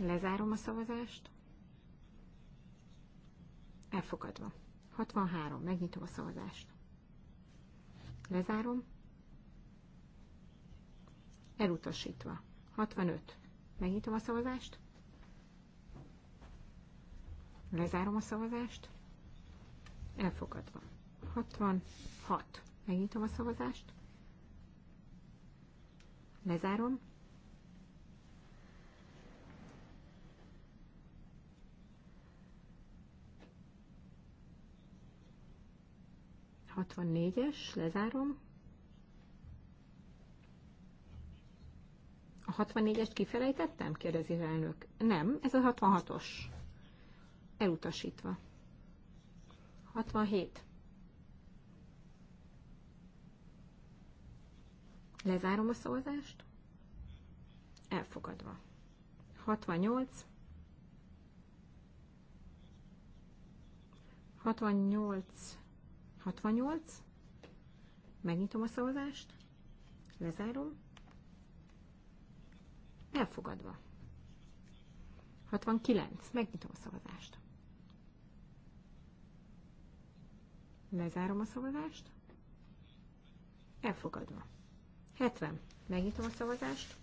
Lezárom a szavazást. Elfogadva. 63. Megnyitom a szavazást. Lezárom. Elutasítva. 65. Megnyitom a szavazást. Lezárom a szavazást. Elfogadva. 66. Megnyitom a szavazást. Lezárom. Hatvannégyes, lezárom. A 64-est kifelejtettem? kérdezi az elnök. Nem, ez a 66-os. Elutasítva. 67. Lezárom a szavazást. Elfogadva. 68. 68. 68. Megnyitom a szavazást. Lezárom. Elfogadva. 69. Megnyitom a szavazást. Lezárom a szavazást. Elfogadva. 70. Megnyitom a szavazást.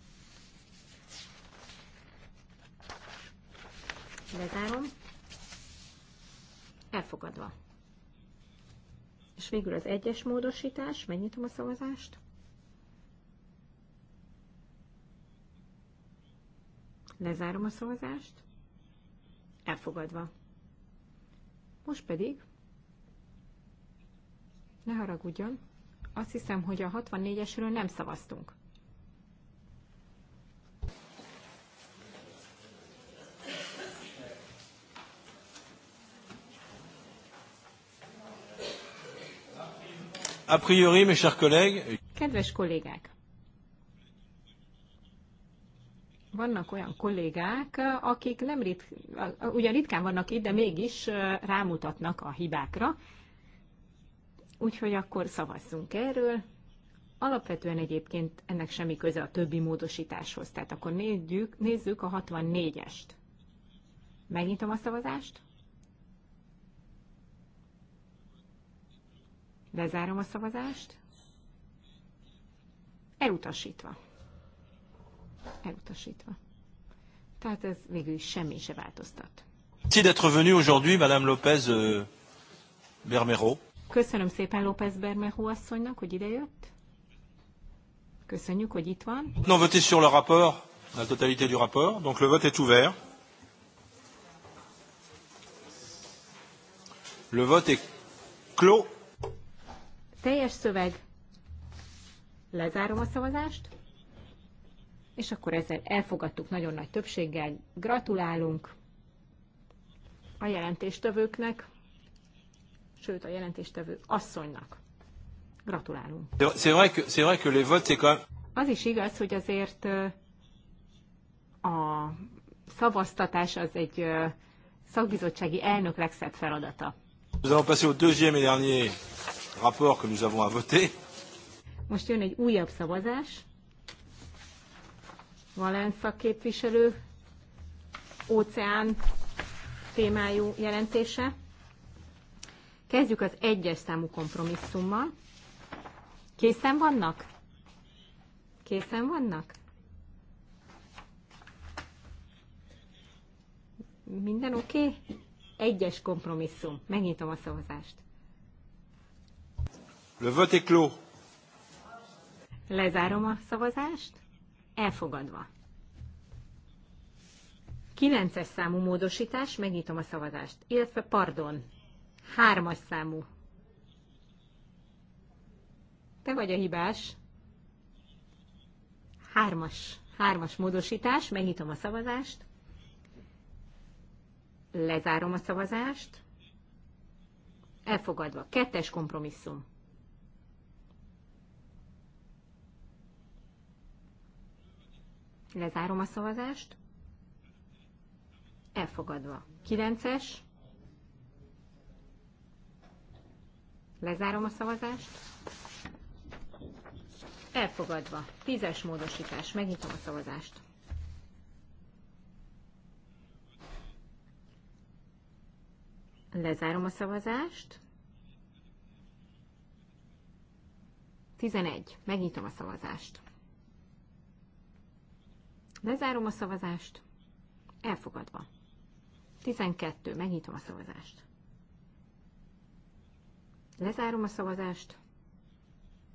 Lezárom. Elfogadva. És végül az egyes módosítás. Megnyitom a szavazást. Lezárom a szavazást. Elfogadva. Most pedig, ne haragudjon, azt hiszem, hogy a 64-esről nem szavaztunk. A priori, mes chers collègues. Kedves kollégák, vannak olyan kollégák, akik nem rit, ugyan ritkán vannak itt, de mégis rámutatnak a hibákra. Úgyhogy akkor szavazzunk erről. Alapvetően egyébként ennek semmi köze a többi módosításhoz. Tehát akkor nézzük, nézzük a 64-est. Megnyitom a szavazást. Lezárom a szavazást. Elutasítva elutasítva. Tehát ez végül is semmi se változtat. Merci d'être venu aujourd'hui, Madame López euh, Bermero. Köszönöm szépen López Bermero asszonynak, hogy idejött. Köszönjük, hogy itt van. Non, votez sur le rapport, la totalité du rapport. Donc le vote est ouvert. Le vote est clos. Teljes szöveg. Lezárom a szavazást és akkor ezzel elfogadtuk nagyon nagy többséggel. Gratulálunk a jelentéstevőknek, sőt a jelentéstevő asszonynak. Gratulálunk. Az is igaz, hogy azért a szavaztatás az egy szakbizottsági elnök legszebb feladata. Nous au deuxième et dernier rapport que nous avons à voter. Most jön egy újabb szavazás. Valenfa képviselő óceán témájú jelentése. Kezdjük az egyes számú kompromisszummal. Készen vannak? Készen vannak? Minden oké? Okay? Egyes kompromisszum. Megnyitom a szavazást. Le vote est clos. Lezárom a szavazást. Elfogadva. 9 számú módosítás, megnyitom a szavazást. Illetve, pardon, 3 számú. Te vagy a hibás. 3 hármas módosítás, megnyitom a szavazást. Lezárom a szavazást. Elfogadva. Kettes kompromisszum. Lezárom a szavazást. Elfogadva. 9-es. Lezárom a szavazást. Elfogadva. 10-es módosítás. Megnyitom a szavazást. Lezárom a szavazást. 11. Megnyitom a szavazást. Lezárom a szavazást. Elfogadva. 12. Megnyitom a szavazást. Lezárom a szavazást.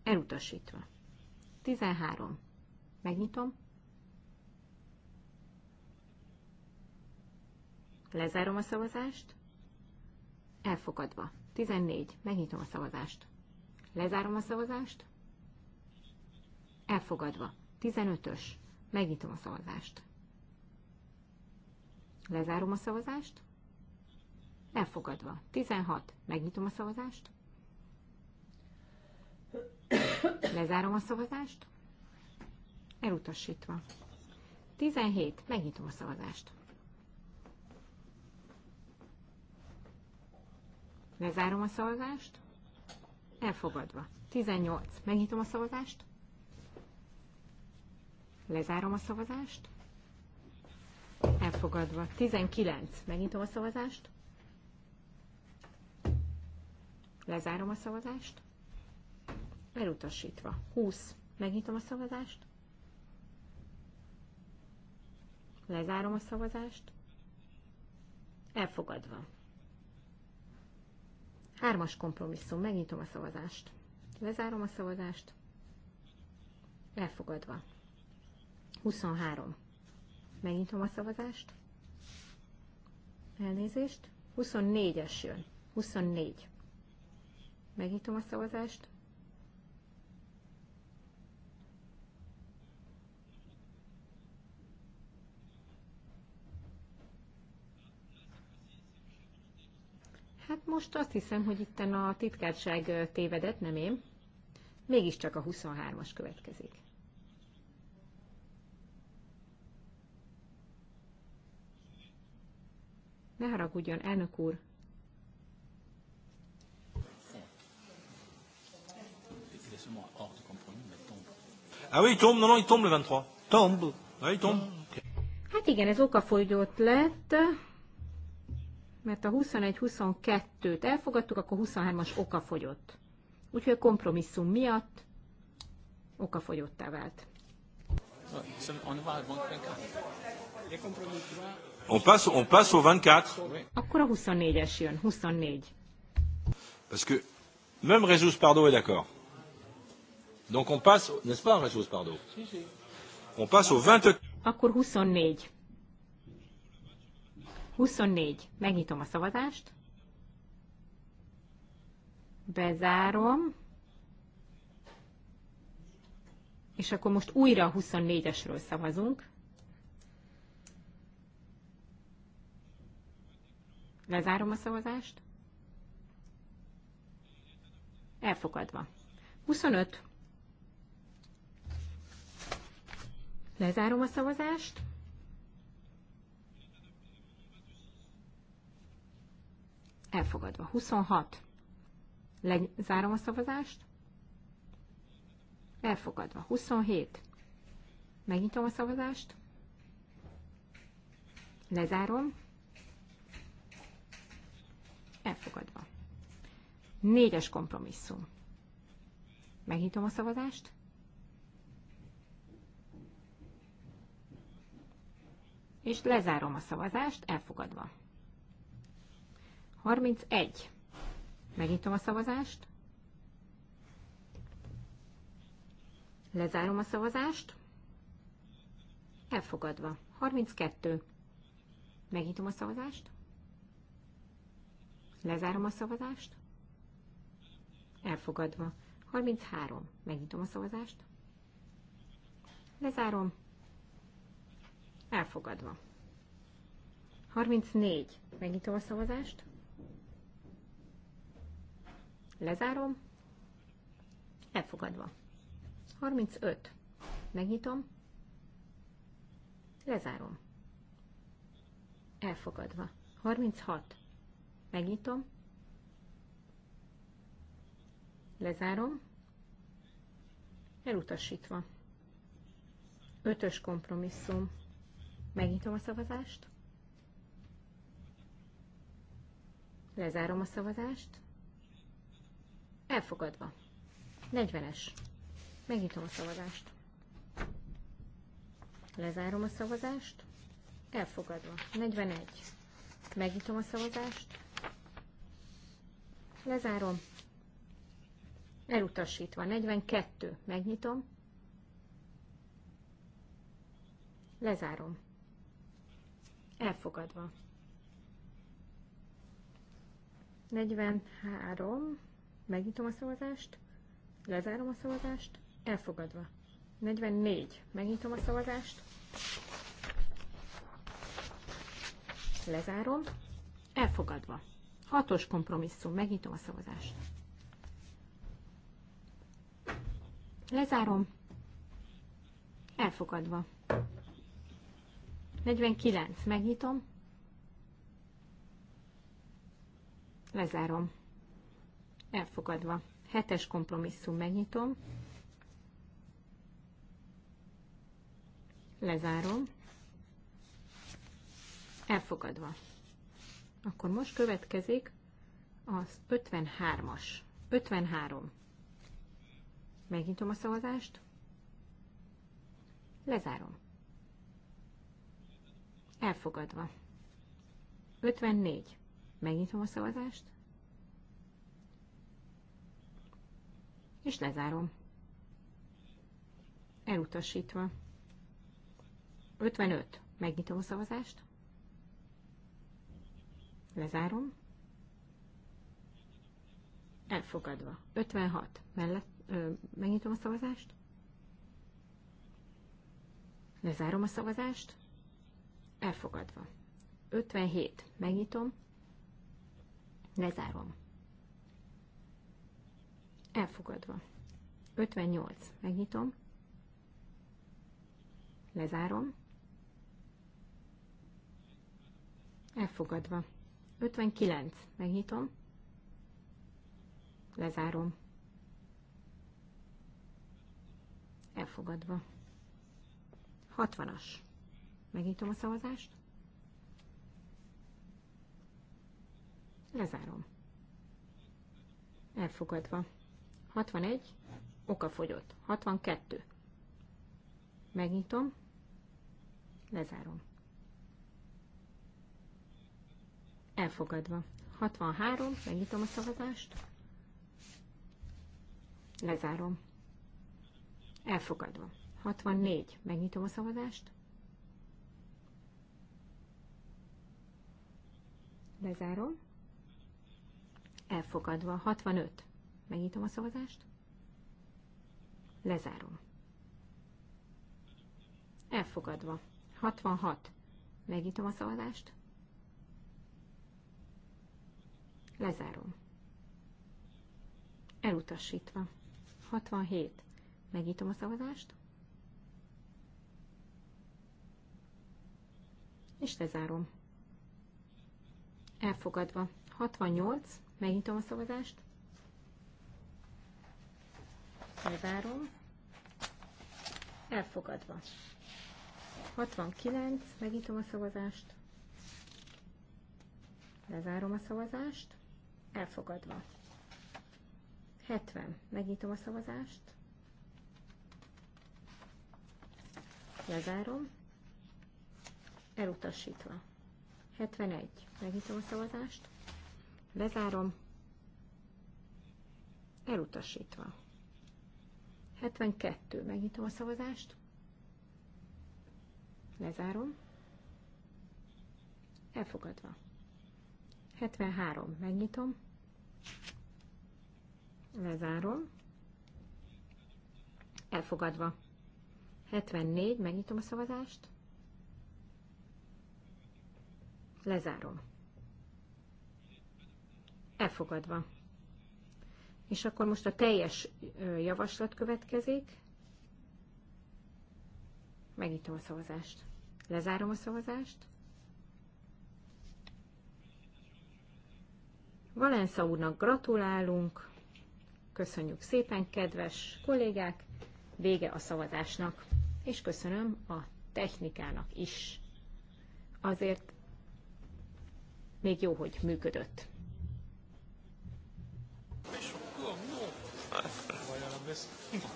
Elutasítva. 13. Megnyitom. Lezárom a szavazást. Elfogadva. 14. Megnyitom a szavazást. Lezárom a szavazást. Elfogadva. 15-ös. Megnyitom a szavazást. Lezárom a szavazást. Elfogadva. 16. Megnyitom a szavazást. Lezárom a szavazást. Elutasítva. 17. Megnyitom a szavazást. Lezárom a szavazást. Elfogadva. 18. Megnyitom a szavazást. Lezárom a szavazást. Elfogadva. 19. Megnyitom a szavazást. Lezárom a szavazást. Elutasítva. 20. Megnyitom a szavazást. Lezárom a szavazást. Elfogadva. Hármas kompromisszum. Megnyitom a szavazást. Lezárom a szavazást. Elfogadva. 23. Megnyitom a szavazást. Elnézést. 24-es jön. 24. Megnyitom a szavazást. Hát most azt hiszem, hogy itten a titkárság tévedett, nem én. Mégiscsak a 23-as következik. Ne haragudjon, elnök úr. Ah oui, il tombe, non, non, il tombe le 23. Tombe. Ah, il tombe. Hát igen, ez okafogyott lett, mert a 21-22-t elfogadtuk, akkor 23-as okafogyott. Úgyhogy a kompromisszum miatt okafogyottá vált. On va à 24. On passe, on passe au 24. Akkor a 24-es jön, 24. Parce que même Résus Pardo est d'accord. Donc on passe, n'est-ce pas Résus Pardo si, si. On passe au 24. Akkor 24. 24. Megnyitom a szavazást. Bezárom. És akkor most újra a 24-esről szavazunk. Lezárom a szavazást. Elfogadva. 25. Lezárom a szavazást. Elfogadva. 26. Lezárom a szavazást. Elfogadva. 27. Megnyitom a szavazást. Lezárom. Elfogadva. Négyes kompromisszum. Megnyitom a szavazást. És lezárom a szavazást, elfogadva. 31. Megnyitom a szavazást. Lezárom a szavazást. Elfogadva. 32. Megnyitom a szavazást. Lezárom a szavazást. Elfogadva. 33. Megnyitom a szavazást. Lezárom. Elfogadva. 34. Megnyitom a szavazást. Lezárom. Elfogadva. 35. Megnyitom. Lezárom. Elfogadva. 36. Megnyitom. Lezárom. Elutasítva. Ötös kompromisszum. Megnyitom a szavazást. Lezárom a szavazást. Elfogadva. 40-es. Megnyitom a szavazást. Lezárom a szavazást. Elfogadva. 41. Megnyitom a szavazást. Lezárom. Elutasítva. 42. Megnyitom. Lezárom. Elfogadva. 43. Megnyitom a szavazást. Lezárom a szavazást. Elfogadva. 44. Megnyitom a szavazást. Lezárom. Elfogadva. Hatos kompromisszum. Megnyitom a szavazást. Lezárom. Elfogadva. 49. Megnyitom. Lezárom. Elfogadva. Hetes kompromisszum. Megnyitom. Lezárom. Elfogadva. Akkor most következik az 53-as. 53. Megnyitom a szavazást. Lezárom. Elfogadva. 54. Megnyitom a szavazást. És lezárom. Elutasítva. 55. Megnyitom a szavazást. Lezárom. Elfogadva. 56. Mellett, ö, megnyitom a szavazást. Lezárom a szavazást. Elfogadva. 57. Megnyitom. Lezárom. Elfogadva. 58. Megnyitom. Lezárom. Elfogadva. 59. Megnyitom. Lezárom. Elfogadva. 60-as. Megnyitom a szavazást. Lezárom. Elfogadva. 61. Oka fogyott. 62. Megnyitom. Lezárom. Elfogadva. 63, megnyitom a szavazást. Lezárom. Elfogadva. 64, megnyitom a szavazást. Lezárom. Elfogadva. 65, megnyitom a szavazást. Lezárom. Elfogadva. 66, megnyitom a szavazást. Lezárom. Elutasítva. 67. Megnyitom a szavazást. És lezárom. Elfogadva. 68. Megnyitom a szavazást. Lezárom. Elfogadva. 69. Megnyitom a szavazást. Lezárom a szavazást. Elfogadva. 70. Megnyitom a szavazást. Lezárom. Elutasítva. 71. Megnyitom a szavazást. Lezárom. Elutasítva. 72. Megnyitom a szavazást. Lezárom. Elfogadva. 73. Megnyitom. Lezárom. Elfogadva. 74. Megnyitom a szavazást. Lezárom. Elfogadva. És akkor most a teljes javaslat következik. Megnyitom a szavazást. Lezárom a szavazást. Valensza úrnak gratulálunk, köszönjük szépen, kedves kollégák, vége a szavazásnak, és köszönöm a technikának is. Azért még jó, hogy működött.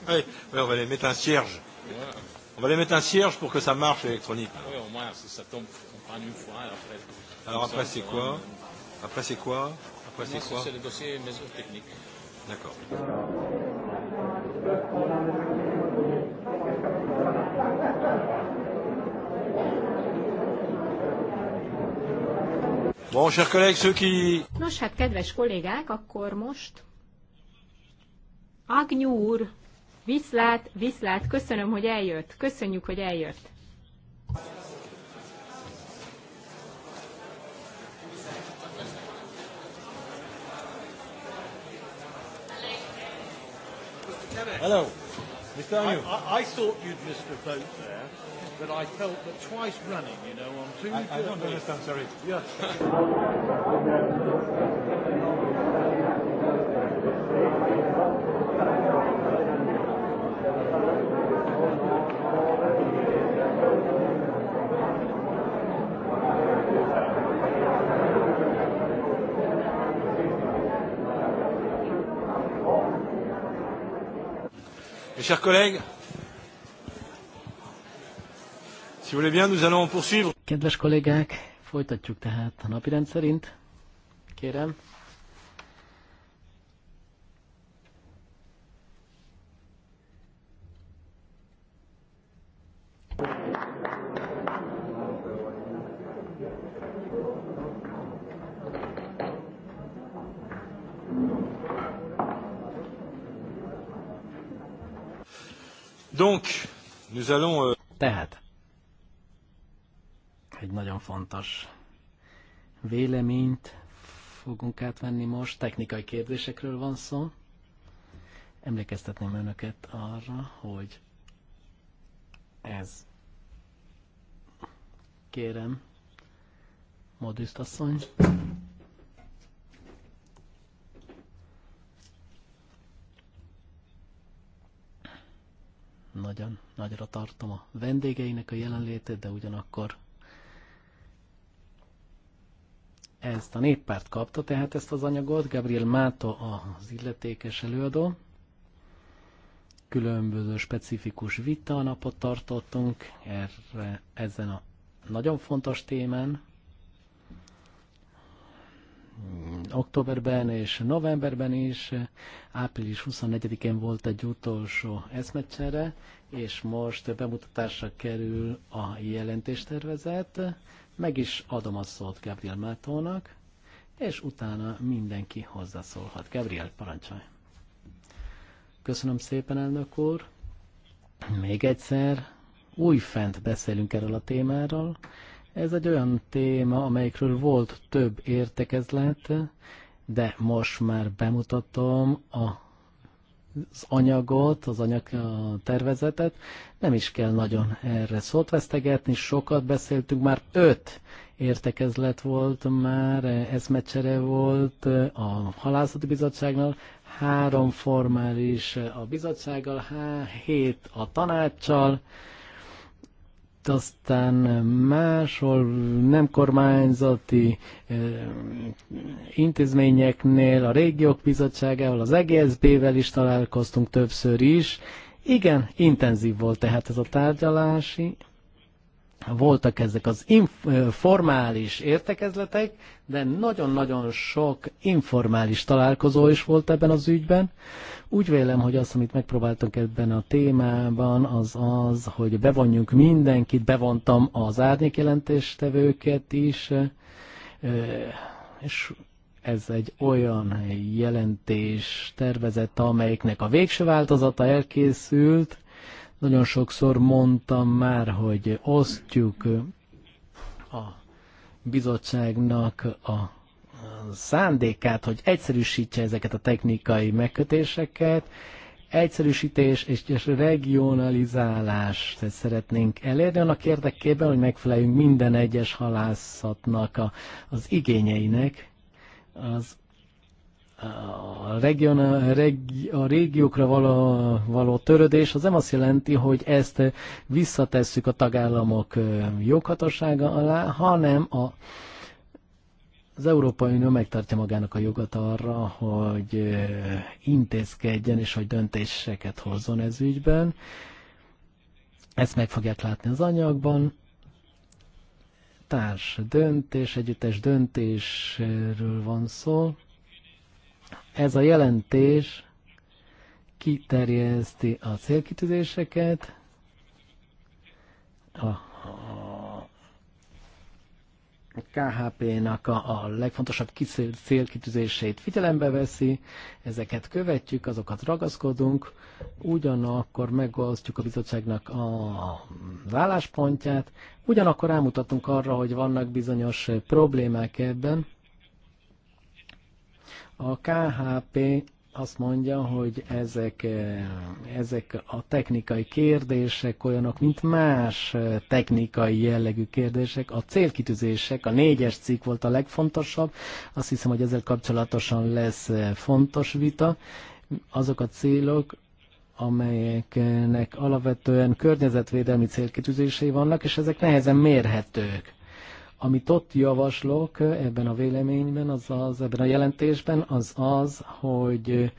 Hey, mais on va les mettre un cierge. Voilà. On va les mettre un cierge pour que ça marche l'électronique. Oui, au moins, ça tombe, on prend une fois. Après, alors après, c'est quoi Après, c'est quoi Quoi, quoi C'est le dossier maison technique. D'accord. Bon, chers collègues, ceux qui... Nos, hát kedves kollégák, akkor most Agnyúr, viszlát, viszlát, köszönöm, hogy eljött. Köszönjük, hogy eljött. Hello. Mr. I, I, I thought you'd missed a vote there, but I felt that twice running, you know, on two. I, I don't understand, sorry. Yes. Chers collègues, si vous voulez bien, nous allons poursuivre. Kedves kollégák, folytatjuk tehát a napirend szerint. Kérem. Donc, nous allons... Euh, Tehát, egy nagyon fontos véleményt fogunk átvenni most, technikai kérdésekről van szó. Emlékeztetném önöket arra, hogy ez kérem, modüst asszony. Nagyon nagyra tartom a vendégeinek a jelenlétét, de ugyanakkor ezt a néppárt kapta, tehát ezt az anyagot, Gabriel Máto az illetékes előadó. Különböző specifikus vita napot tartottunk erre, ezen a nagyon fontos témán, októberben és novemberben is, április 24-én volt egy utolsó eszmecsere, és most bemutatásra kerül a jelentéstervezet. Meg is adom a szót Gabriel Mátónak, és utána mindenki hozzászólhat. Gabriel, parancsolj! Köszönöm szépen, elnök úr! Még egyszer újfent beszélünk erről a témáról, ez egy olyan téma, amelyikről volt több értekezlet, de most már bemutatom a, az anyagot, az anyag a tervezetet. Nem is kell nagyon erre szót vesztegetni, sokat beszéltünk, már öt értekezlet volt már, eszmecsere volt a halászati bizottságnál, három formális a bizottsággal, hát hét a tanácssal, aztán máshol nem kormányzati eh, intézményeknél, a régiók bizottságával, az egszb vel is találkoztunk többször is. Igen, intenzív volt tehát ez a tárgyalási voltak ezek az informális értekezletek, de nagyon-nagyon sok informális találkozó is volt ebben az ügyben. Úgy vélem, hogy az amit megpróbáltunk ebben a témában, az az, hogy bevonjunk mindenkit, bevontam az árnyékjelentéstevőket is, és ez egy olyan jelentés tervezett, amelyiknek a végső változata elkészült, nagyon sokszor mondtam már, hogy osztjuk a bizottságnak a szándékát, hogy egyszerűsítse ezeket a technikai megkötéseket, egyszerűsítés és regionalizálást szeretnénk elérni, annak érdekében, hogy megfeleljünk minden egyes halászatnak a, az igényeinek, az a, a, regi, a régiókra való, való törödés az nem azt jelenti, hogy ezt visszatesszük a tagállamok joghatósága alá, hanem a, az Európai Unió megtartja magának a jogot arra, hogy intézkedjen és hogy döntéseket hozzon ez ügyben. Ezt meg fogják látni az anyagban társ döntés, együttes döntésről van szó ez a jelentés kiterjeszti a célkitűzéseket, a, KHP-nak a, a legfontosabb célkitűzéseit figyelembe veszi, ezeket követjük, azokat ragaszkodunk, ugyanakkor megosztjuk a bizottságnak a álláspontját, ugyanakkor rámutatunk arra, hogy vannak bizonyos problémák ebben, a KHP azt mondja, hogy ezek, eh, ezek a technikai kérdések olyanok, mint más eh, technikai jellegű kérdések. A célkitűzések, a négyes cikk volt a legfontosabb. Azt hiszem, hogy ezzel kapcsolatosan lesz eh, fontos vita. Azok a célok, amelyeknek alapvetően környezetvédelmi célkitűzései vannak, és ezek nehezen mérhetők amit ott javaslok eh, ebben a véleményben, az az, ebben a jelentésben, az az, hogy eh,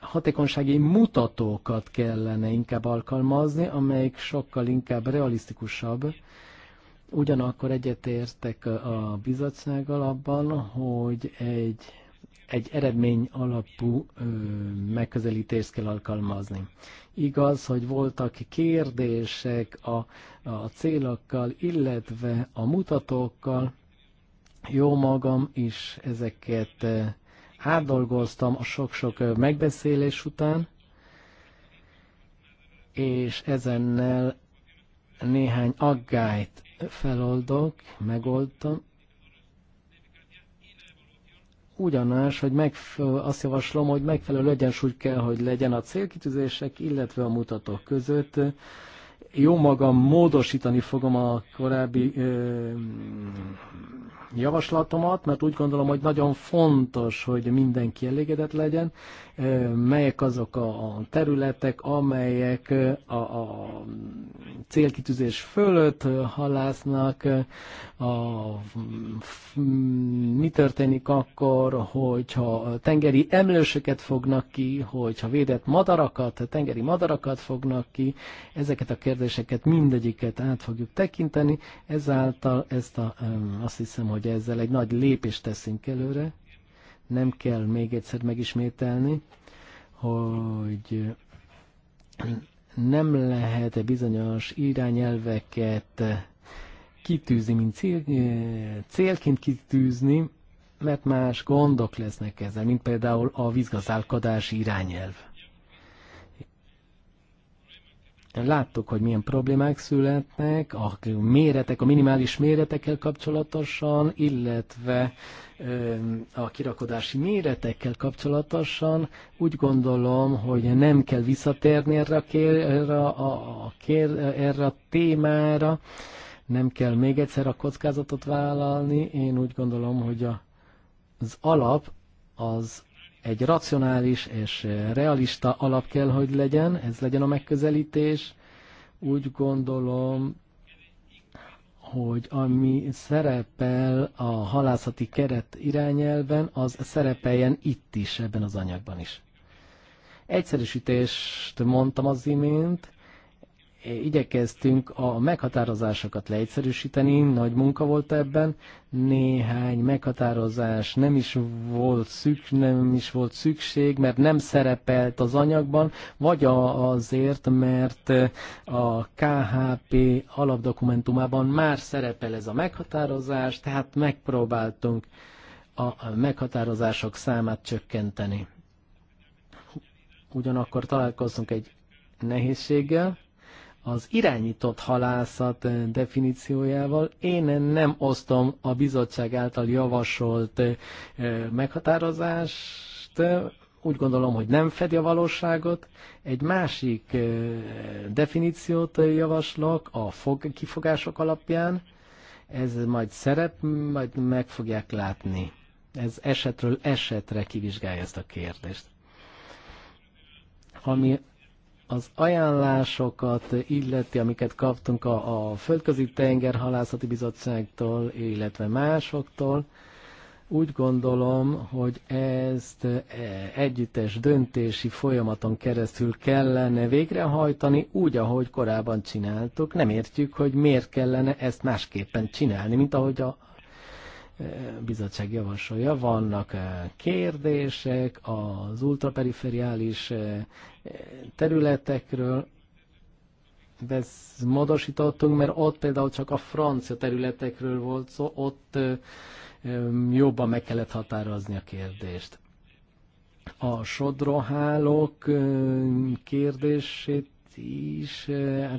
hatékonysági mutatókat kellene inkább alkalmazni, amelyik sokkal inkább realisztikusabb. Ugyanakkor egyetértek a bizottsággal abban, hogy egy, egy eredmény alapú ö, megközelítést kell alkalmazni. Igaz, hogy voltak kérdések a, a célokkal, illetve a mutatókkal. Jó magam is ezeket eh, átdolgoztam a sok-sok eh, megbeszélés után, és ezennel néhány aggályt feloldok, megoldtam, ugyanás, hogy meg, azt javaslom, hogy megfelelő egyensúly kell, hogy legyen a célkitűzések, illetve a mutatók között. Jó magam módosítani fogom a korábbi ö, javaslatomat, mert úgy gondolom, hogy nagyon fontos, hogy mindenki elégedett legyen, eh, melyek azok a területek, amelyek eh, a, a célkitűzés fölött eh, halásznak, a, mm, mi történik akkor, hogyha tengeri emlősöket fognak ki, hogyha védett madarakat, tengeri madarakat fognak ki, ezeket a kérdéseket mindegyiket át fogjuk tekinteni, ezáltal ezt a, azt hiszem, hogy hogy ezzel egy nagy lépést teszünk előre. Nem kell még egyszer megismételni, hogy nem lehet -e bizonyos irányelveket kitűzni, mint cél, célként kitűzni, mert más gondok lesznek ezzel, mint például a vízgazálkodási irányelv láttuk, hogy milyen problémák születnek, a méretek, a minimális méretekkel kapcsolatosan, illetve a kirakodási méretekkel kapcsolatosan. Úgy gondolom, hogy nem kell visszatérni erre a, kér, erre a, a, kér, erre a témára, nem kell még egyszer a kockázatot vállalni. Én úgy gondolom, hogy a, az alap az egy racionális és realista alap kell, hogy legyen, ez legyen a megközelítés. Úgy gondolom, hogy ami szerepel a halászati keret irányelven, az szerepeljen itt is, ebben az anyagban is. Egyszerűsítést mondtam az imént, igyekeztünk a meghatározásokat leegyszerűsíteni, nagy munka volt ebben, néhány meghatározás nem is volt, szük, nem is volt szükség, mert nem szerepelt az anyagban, vagy azért, mert eh, a KHP alapdokumentumában már szerepel ez a meghatározás, tehát megpróbáltunk a meghatározások számát csökkenteni. Ugyanakkor találkoztunk egy nehézséggel, az irányított halászat eh, definíciójával én nem osztom a bizottság által javasolt eh, meghatározást, úgy gondolom, hogy nem fedi a valóságot. Egy másik eh, definíciót javaslok a fog, kifogások alapján, ez majd szerep, majd meg fogják látni. Ez esetről esetre kivizsgálja ezt a kérdést. Ami az ajánlásokat illeti, amiket kaptunk a, a Földközi Tenger Halászati Bizottságtól, illetve másoktól, úgy gondolom, hogy ezt e, együttes döntési folyamaton keresztül kellene végrehajtani, úgy, ahogy korábban csináltuk. Nem értjük, hogy miért kellene ezt másképpen csinálni, mint ahogy a bizottság javasolja. Vannak eh, kérdések az ultraperiferiális eh, területekről, de ezt módosítottunk, mert ott például csak a francia területekről volt szó, ott eh, jobban meg kellett határozni a kérdést. A sodrohálók kérdését is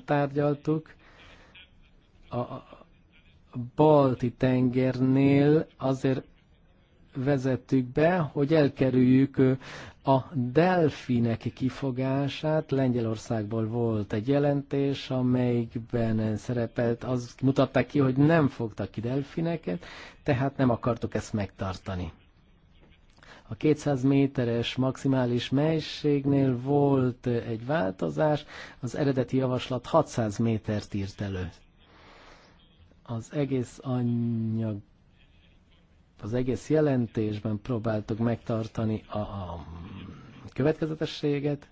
tárgyaltuk. A, balti tengernél azért vezettük be, hogy elkerüljük a delfinek kifogását. Lengyelországból volt egy jelentés, amelyikben szerepelt, az mutatták ki, hogy nem fogtak ki delfineket, tehát nem akartuk ezt megtartani. A 200 méteres maximális mélységnél volt egy változás, az eredeti javaslat 600 métert írt elő az egész anyag, az egész jelentésben próbáltuk megtartani a, a következetességet.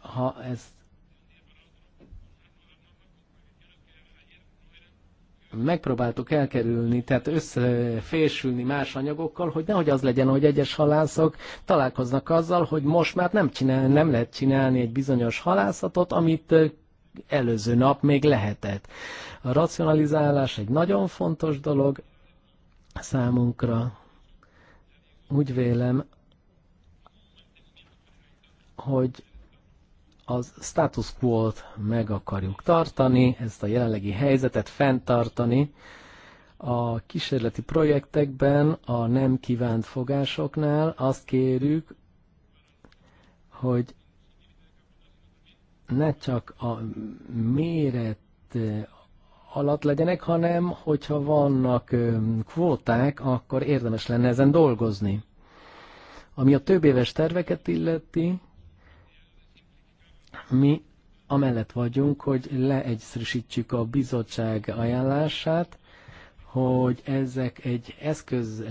Ha ezt megpróbáltuk elkerülni, tehát összefésülni más anyagokkal, hogy nehogy az legyen, hogy egyes halászok találkoznak azzal, hogy most már nem, csinál, nem lehet csinálni egy bizonyos halászatot, amit előző nap még lehetett. A racionalizálás egy nagyon fontos dolog számunkra. Úgy vélem, hogy az status quo-t meg akarjuk tartani, ezt a jelenlegi helyzetet fenntartani. A kísérleti projektekben, a nem kívánt fogásoknál azt kérjük, hogy ne csak a méret alatt legyenek, hanem hogyha vannak kvóták, akkor érdemes lenne ezen dolgozni. Ami a több éves terveket illeti, mi amellett vagyunk, hogy leegyszerűsítjük a bizottság ajánlását, hogy ezek egy eszköz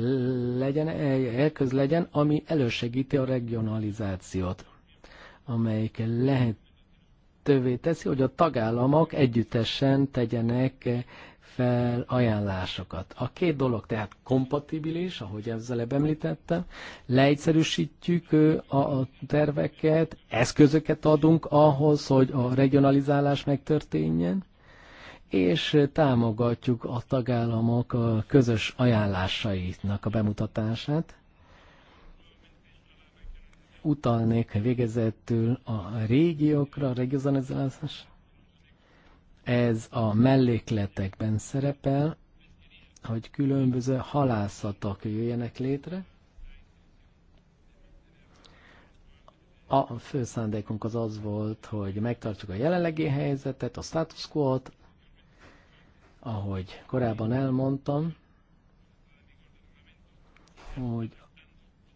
legyen, eszköz legyen ami elősegíti a regionalizációt, amelyik lehet lehetővé teszi, hogy a tagállamok együttesen tegyenek fel ajánlásokat. A két dolog tehát kompatibilis, ahogy ezzel említettem, leegyszerűsítjük a terveket, eszközöket adunk ahhoz, hogy a regionalizálás megtörténjen, és támogatjuk a tagállamok a közös ajánlásainak a bemutatását utalnék végezetül a régiókra, a regionalizálás. Ez a mellékletekben szerepel, hogy különböző halászatok jöjjenek létre. A fő szándékunk az az volt, hogy megtartsuk a jelenlegi helyzetet, a status quo-t, ahogy korábban elmondtam, hogy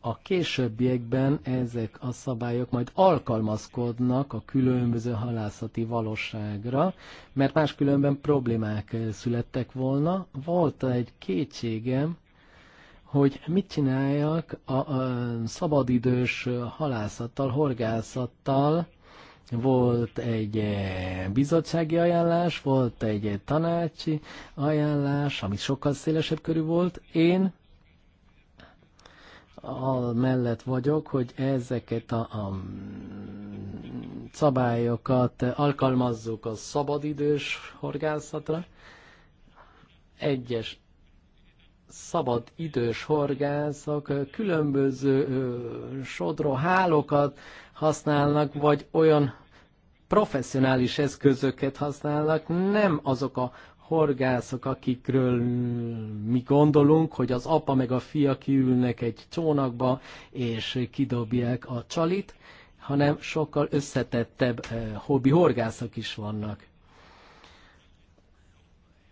a későbbiekben ezek a szabályok majd alkalmazkodnak a különböző halászati valóságra, mert máskülönben problémák születtek volna. Volt egy kétségem, hogy mit csináljak a, a szabadidős halászattal, horgászattal. Volt egy bizottsági ajánlás, volt egy tanácsi ajánlás, ami sokkal szélesebb körű volt. Én a mellett vagyok, hogy ezeket a, a szabályokat alkalmazzuk a szabadidős horgászatra. Egyes szabadidős horgászok különböző sodrohálókat használnak, vagy olyan professzionális eszközöket használnak, nem azok a horgászok, akikről mi gondolunk, hogy az apa meg a fia kiülnek egy csónakba, és kidobják a csalit, hanem sokkal összetettebb eh, hobbi horgászok is vannak.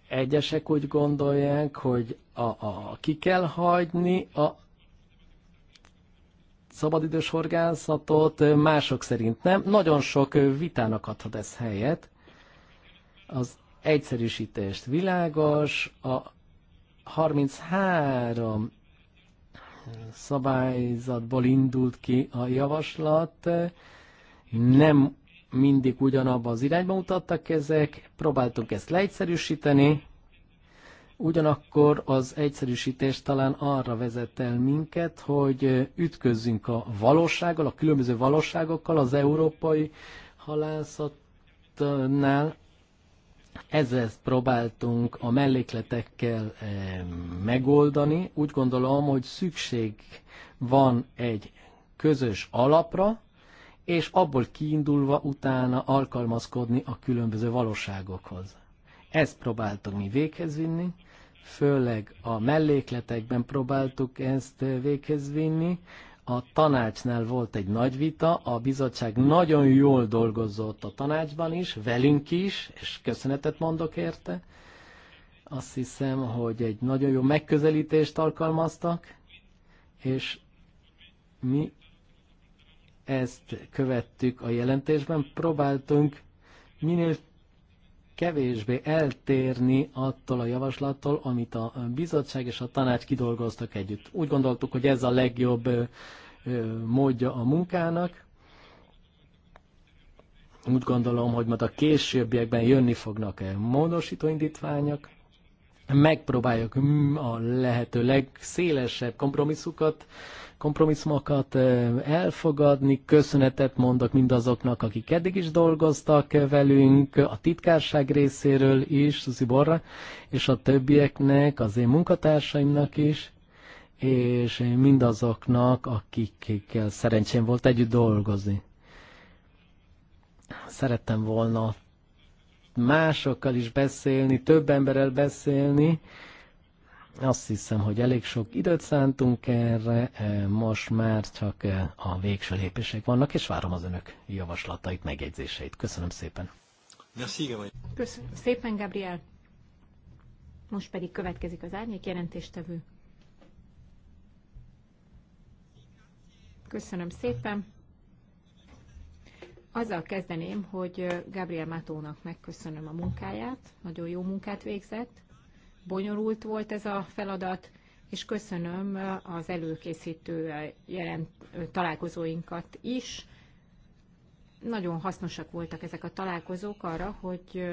Egyesek úgy gondolják, hogy a, a, ki kell hagyni a szabadidős horgászatot, mások szerint nem. Nagyon sok vitának adhat ez helyet. Az egyszerűsítést. Világos a 33 szabályzatból indult ki a javaslat, nem mindig ugyanabba az irányba mutattak ezek, próbáltunk ezt leegyszerűsíteni, ugyanakkor az egyszerűsítés talán arra vezet el minket, hogy ütközzünk a valósággal, a különböző valóságokkal az európai halászatnál, ezzel próbáltunk a mellékletekkel eh, megoldani. Úgy gondolom, hogy szükség van egy közös alapra, és abból kiindulva utána alkalmazkodni a különböző valóságokhoz. Ezt próbáltuk mi véghez vinni, főleg a mellékletekben próbáltuk ezt eh, véghez vinni, a tanácsnál volt egy nagy vita, a bizottság nagyon jól dolgozott a tanácsban is, velünk is, és köszönetet mondok érte. Azt hiszem, hogy egy nagyon jó megközelítést alkalmaztak, és mi ezt követtük a jelentésben, próbáltunk minél kevésbé eltérni attól a javaslattól, amit a bizottság és a tanács kidolgoztak együtt. Úgy gondoltuk, hogy ez a legjobb módja a munkának. Úgy gondolom, hogy majd a későbbiekben jönni fognak -e módosító indítványok megpróbáljuk mm, a lehető legszélesebb kompromisszukat, kompromisszumokat elfogadni. Köszönetet mondok mindazoknak, akik eddig is dolgoztak velünk, a titkárság részéről is, Ziborra, és a többieknek, az én munkatársaimnak is, és mindazoknak, akikkel szerencsém volt együtt dolgozni. Szerettem volna másokkal is beszélni, több emberrel beszélni. Azt hiszem, hogy elég sok időt szántunk erre, e, most már csak e, a végső lépések vannak, és várom az önök javaslatait, megjegyzéseit. Köszönöm szépen. Köszönöm szépen, Gabriel. Most pedig következik az árnyék jelentéstevő. Köszönöm szépen. Azzal kezdeném, hogy Gabriel Matónak megköszönöm a munkáját, nagyon jó munkát végzett, bonyolult volt ez a feladat, és köszönöm az előkészítő jelent, találkozóinkat is. Nagyon hasznosak voltak ezek a találkozók arra, hogy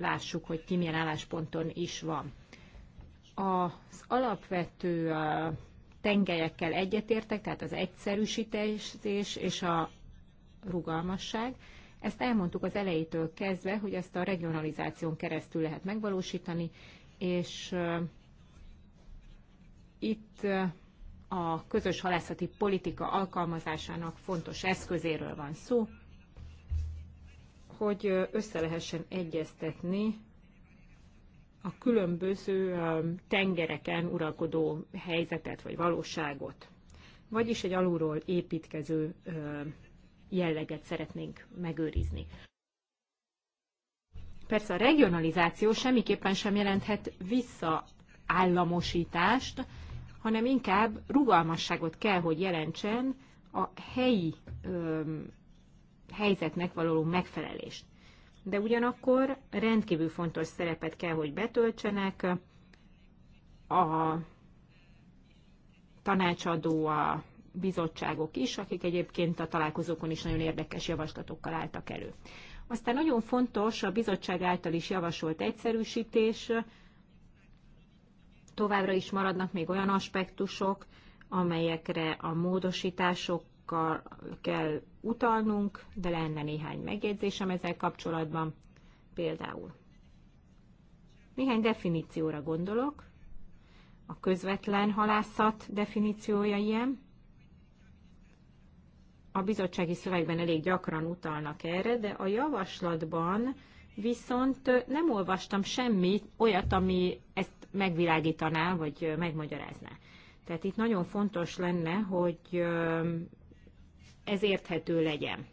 lássuk, hogy ki milyen állásponton is van. Az alapvető tengelyekkel egyetértek, tehát az egyszerűsítés és a rugalmasság. Ezt elmondtuk az elejétől kezdve, hogy ezt a regionalizáción keresztül lehet megvalósítani, és itt a közös halászati politika alkalmazásának fontos eszközéről van szó, hogy össze lehessen egyeztetni a különböző tengereken uralkodó helyzetet vagy valóságot, vagyis egy alulról építkező jelleget szeretnénk megőrizni. Persze a regionalizáció semmiképpen sem jelenthet visszaállamosítást, hanem inkább rugalmasságot kell, hogy jelentsen a helyi ö, helyzetnek való megfelelést. De ugyanakkor rendkívül fontos szerepet kell, hogy betöltsenek a tanácsadó, a bizottságok is, akik egyébként a találkozókon is nagyon érdekes javaslatokkal álltak elő. Aztán nagyon fontos a bizottság által is javasolt egyszerűsítés. Továbbra is maradnak még olyan aspektusok, amelyekre a módosításokkal kell utalnunk, de lenne néhány megjegyzésem ezzel kapcsolatban. Például néhány definícióra gondolok. A közvetlen halászat definíciója ilyen, a bizottsági szövegben elég gyakran utalnak erre, de a javaslatban viszont nem olvastam semmit olyat, ami ezt megvilágítaná, vagy megmagyarázná. Tehát itt nagyon fontos lenne, hogy ez érthető legyen.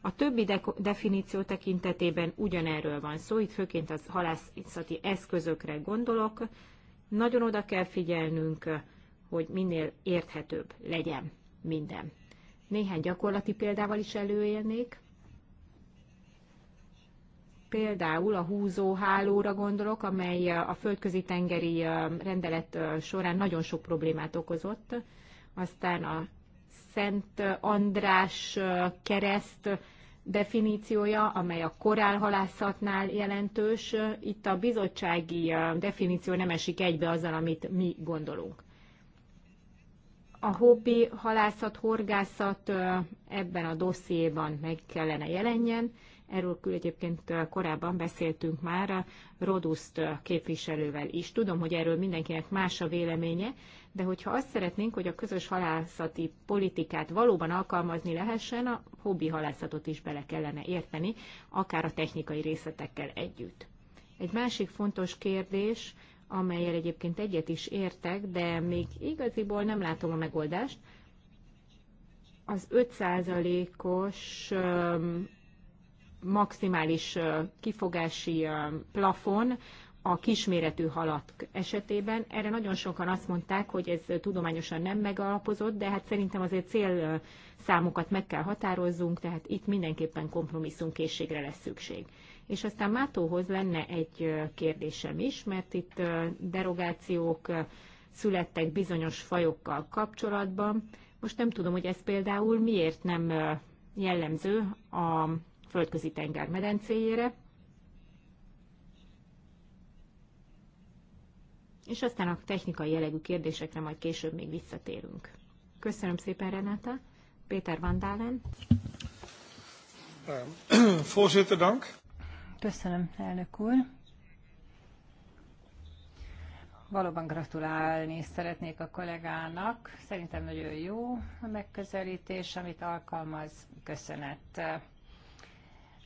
A többi de- definíció tekintetében ugyanerről van szó, itt főként az halászati eszközökre gondolok. Nagyon oda kell figyelnünk, hogy minél érthetőbb legyen minden. Néhány gyakorlati példával is előélnék. Például a húzó hálóra gondolok, amely a földközi tengeri rendelet során nagyon sok problémát okozott. Aztán a Szent András kereszt definíciója, amely a korálhalászatnál jelentős. Itt a bizottsági definíció nem esik egybe azzal, amit mi gondolunk a hópi halászat, horgászat ebben a dossziéban meg kellene jelenjen. Erről egyébként korábban beszéltünk már a Roduszt képviselővel is. Tudom, hogy erről mindenkinek más a véleménye, de hogyha azt szeretnénk, hogy a közös halászati politikát valóban alkalmazni lehessen, a hobbi halászatot is bele kellene érteni, akár a technikai részletekkel együtt. Egy másik fontos kérdés amelyel egyébként egyet is értek, de még igaziból nem látom a megoldást. Az 5%-os maximális kifogási plafon a kisméretű halat esetében. Erre nagyon sokan azt mondták, hogy ez tudományosan nem megalapozott, de hát szerintem azért célszámokat meg kell határozzunk, tehát itt mindenképpen kompromisszumkészségre lesz szükség. És aztán Mátóhoz lenne egy kérdésem is, mert itt derogációk születtek bizonyos fajokkal kapcsolatban. Most nem tudom, hogy ez például miért nem jellemző a földközi tenger medencéjére. És aztán a technikai jellegű kérdésekre majd később még visszatérünk. Köszönöm szépen, Renáta. Péter Vandálen. Um, ehm, Voorzitter, dank. Köszönöm, elnök úr. Valóban gratulálni szeretnék a kollégának. Szerintem nagyon jó a megközelítés, amit alkalmaz. Köszönet.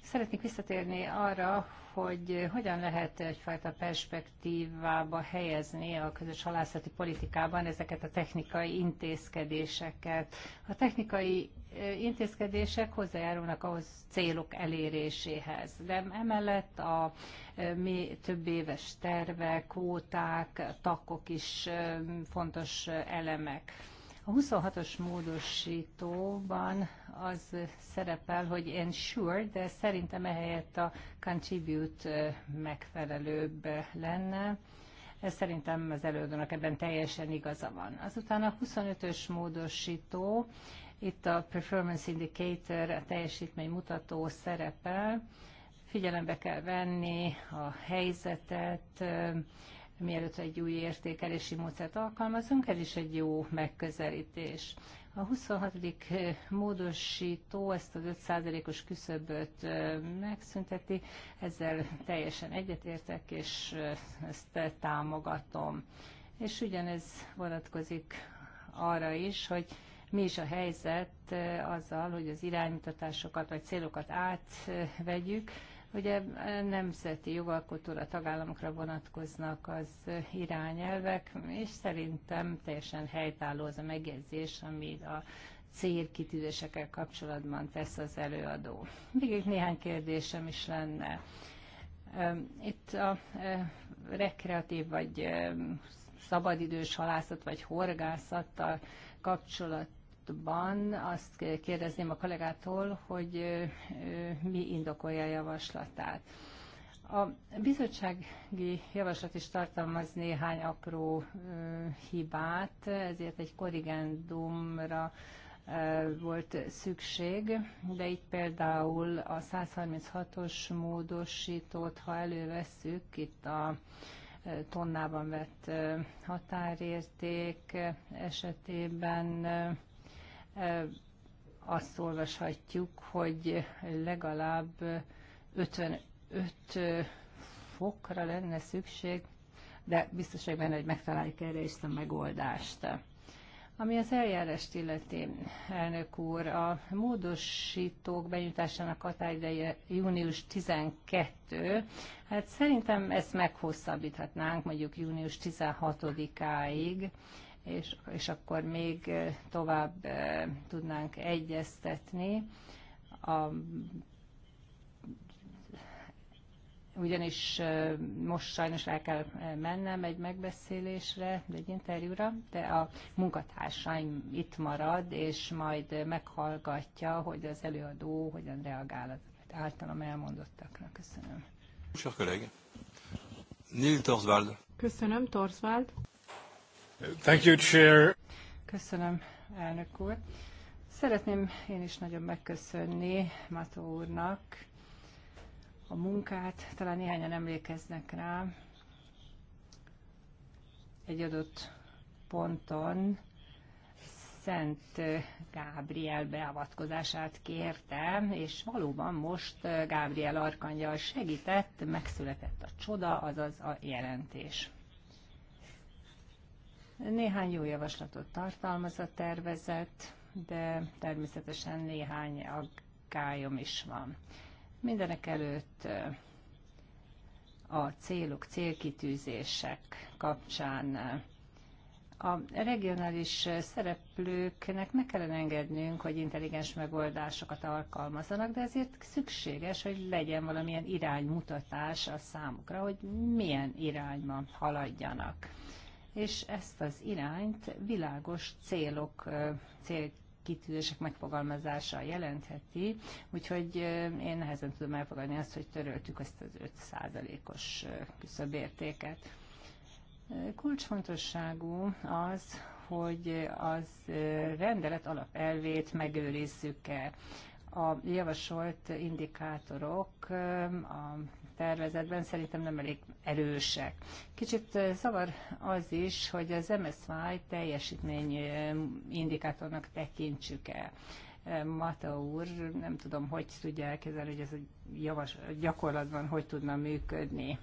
Szeretnék visszatérni arra, hogy hogyan lehet egyfajta perspektívába helyezni a közös halászati politikában ezeket a technikai intézkedéseket. A technikai intézkedések hozzájárulnak ahhoz célok eléréséhez. De emellett a e, mi több éves tervek, kvóták, takok is e, fontos elemek. A 26-os módosítóban az szerepel, hogy ensure, de szerintem ehelyett a contribute e, megfelelőbb lenne. Ez szerintem az előadónak ebben teljesen igaza van. Azután a 25-ös módosító itt a Performance Indicator, a teljesítménymutató szerepel. Figyelembe kell venni a helyzetet, mielőtt egy új értékelési módszert alkalmazunk, ez is egy jó megközelítés. A 26. módosító ezt az 5%-os küszöböt megszünteti, ezzel teljesen egyetértek, és ezt támogatom. És ugyanez vonatkozik arra is, hogy mi is a helyzet azzal, hogy az iránymutatásokat vagy célokat átvegyük. Ugye nemzeti jogalkotóra, tagállamokra vonatkoznak az irányelvek, és szerintem teljesen helytálló az a megjegyzés, amit a célkitűzésekkel kapcsolatban tesz az előadó. egy néhány kérdésem is lenne. Itt a rekreatív vagy szabadidős halászat vagy horgászattal kapcsolat kapcsolatban azt kérdezném a kollégától, hogy mi indokolja a javaslatát. A bizottsági javaslat is tartalmaz néhány apró hibát, ezért egy korrigendumra volt szükség, de itt például a 136-os módosítót, ha elővesszük, itt a tonnában vett határérték esetében azt olvashatjuk, hogy legalább 55 fokra lenne szükség, de biztos hogy benne, hogy megtaláljuk erre is a megoldást. Ami az eljárást illeti, elnök úr, a módosítók benyújtásának határideje június 12. Hát szerintem ezt meghosszabbíthatnánk mondjuk június 16-áig, és, és akkor még tovább tudnánk egyeztetni. A, ugyanis most sajnos el kell mennem egy megbeszélésre, egy interjúra, de a munkatársaim itt marad, és majd meghallgatja, hogy az előadó hogyan reagál az általam elmondottakra. Köszönöm. Köszönöm, Torzvald. Köszönöm, Torzvald. Thank you, Chair. Köszönöm, elnök úr. Szeretném én is nagyon megköszönni Mató úrnak a munkát, talán néhányan emlékeznek rá. Egy adott ponton Szent Gábriel beavatkozását kérte, és valóban most Gábriel Arkangyal segített, megszületett a csoda, azaz a jelentés. Néhány jó javaslatot tartalmaz a tervezet, de természetesen néhány aggályom is van. Mindenek előtt a célok, célkitűzések kapcsán a regionális szereplőknek meg kellene engednünk, hogy intelligens megoldásokat alkalmazzanak, de ezért szükséges, hogy legyen valamilyen iránymutatás a számukra, hogy milyen irányba haladjanak és ezt az irányt világos célok, célkitűzések megfogalmazása jelentheti, úgyhogy én nehezen tudom elfogadni azt, hogy töröltük ezt az 5%-os küszöbértéket. Kulcsfontosságú az, hogy az rendelet alapelvét megőrizzük-e. A javasolt indikátorok a tervezetben szerintem nem elég erősek. Kicsit zavar az is, hogy az MSZY teljesítmény indikátornak tekintsük el. Mata úr, nem tudom, hogy tudja elkezelni, hogy ez a javas, gyakorlatban hogy tudna működni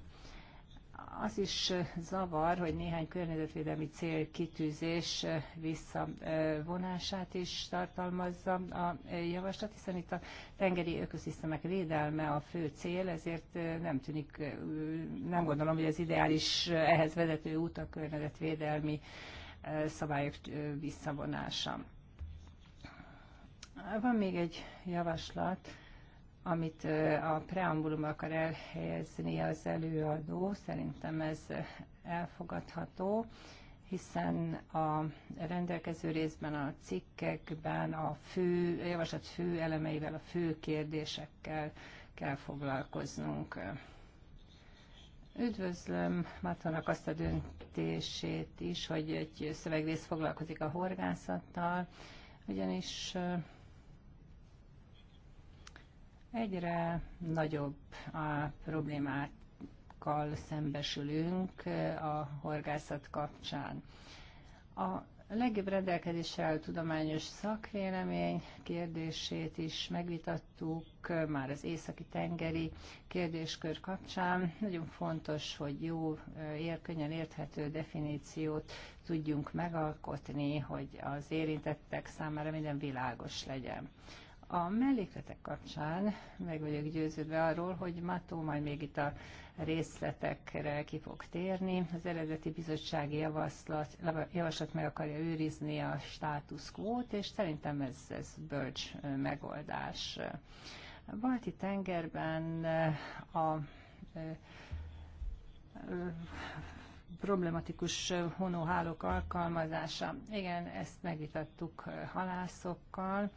az is zavar, hogy néhány környezetvédelmi célkitűzés visszavonását is tartalmazza a javaslat, hiszen itt a tengeri ökoszisztémák védelme a fő cél, ezért nem tűnik, nem gondolom, hogy az ideális ehhez vezető út a környezetvédelmi szabályok visszavonása. Van még egy javaslat, amit a preambulum akar elhelyezni az előadó, szerintem ez elfogadható, hiszen a rendelkező részben a cikkekben a fő, a javaslat fő elemeivel, a fő kérdésekkel kell foglalkoznunk. Üdvözlöm Matonak azt a döntését is, hogy egy szövegrész foglalkozik a horgászattal, ugyanis Egyre nagyobb a problémákkal szembesülünk eh, a horgászat kapcsán. A legjobb rendelkezéssel tudományos szakvélemény kérdését is megvitattuk eh, már az északi tengeri kérdéskör kapcsán. Nagyon fontos, hogy jó, eh, ér, könnyen érthető definíciót tudjunk megalkotni, hogy az érintettek számára minden világos legyen. A mellékletek kapcsán meg vagyok győződve arról, hogy Mató majd még itt a részletekre ki fog térni. Az eredeti bizottsági javaslat, javaslat meg akarja őrizni a status quo-t, és szerintem ez, ez bölcs megoldás. A balti tengerben a, a problematikus honóhálók alkalmazása. Igen, ezt megvitattuk halászokkal,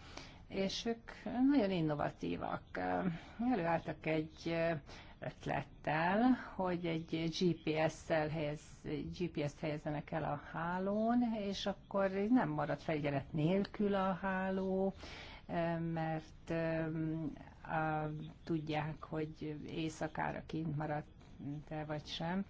és ők nagyon innovatívak. Előálltak egy ötlettel, hogy egy GPS-szel helyez, gps helyezzenek el a hálón, és akkor nem marad felügyelet nélkül a háló, mert um, a, tudják, hogy éjszakára kint maradt de vagy sem.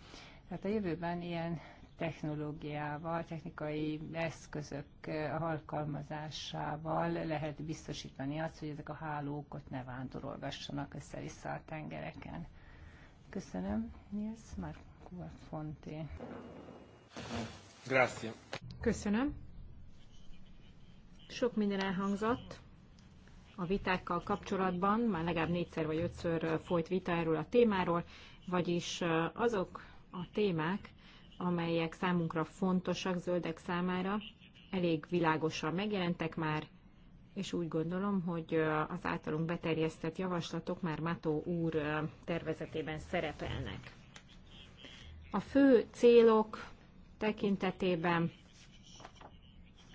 Tehát a jövőben ilyen technológiával, technikai eszközök eh, alkalmazásával lehet biztosítani azt, hogy ezek a hálók ott ne vándorolgassanak össze-vissza a tengereken. Köszönöm. Nils Markova Fonti. Grazie. Köszönöm. Sok minden elhangzott a vitákkal kapcsolatban, már legalább négyszer vagy ötször eh, folyt vita erről a témáról, vagyis eh, azok a témák, amelyek számunkra fontosak zöldek számára, elég világosan megjelentek már, és úgy gondolom, hogy az általunk beterjesztett javaslatok már Mató úr tervezetében szerepelnek. A fő célok tekintetében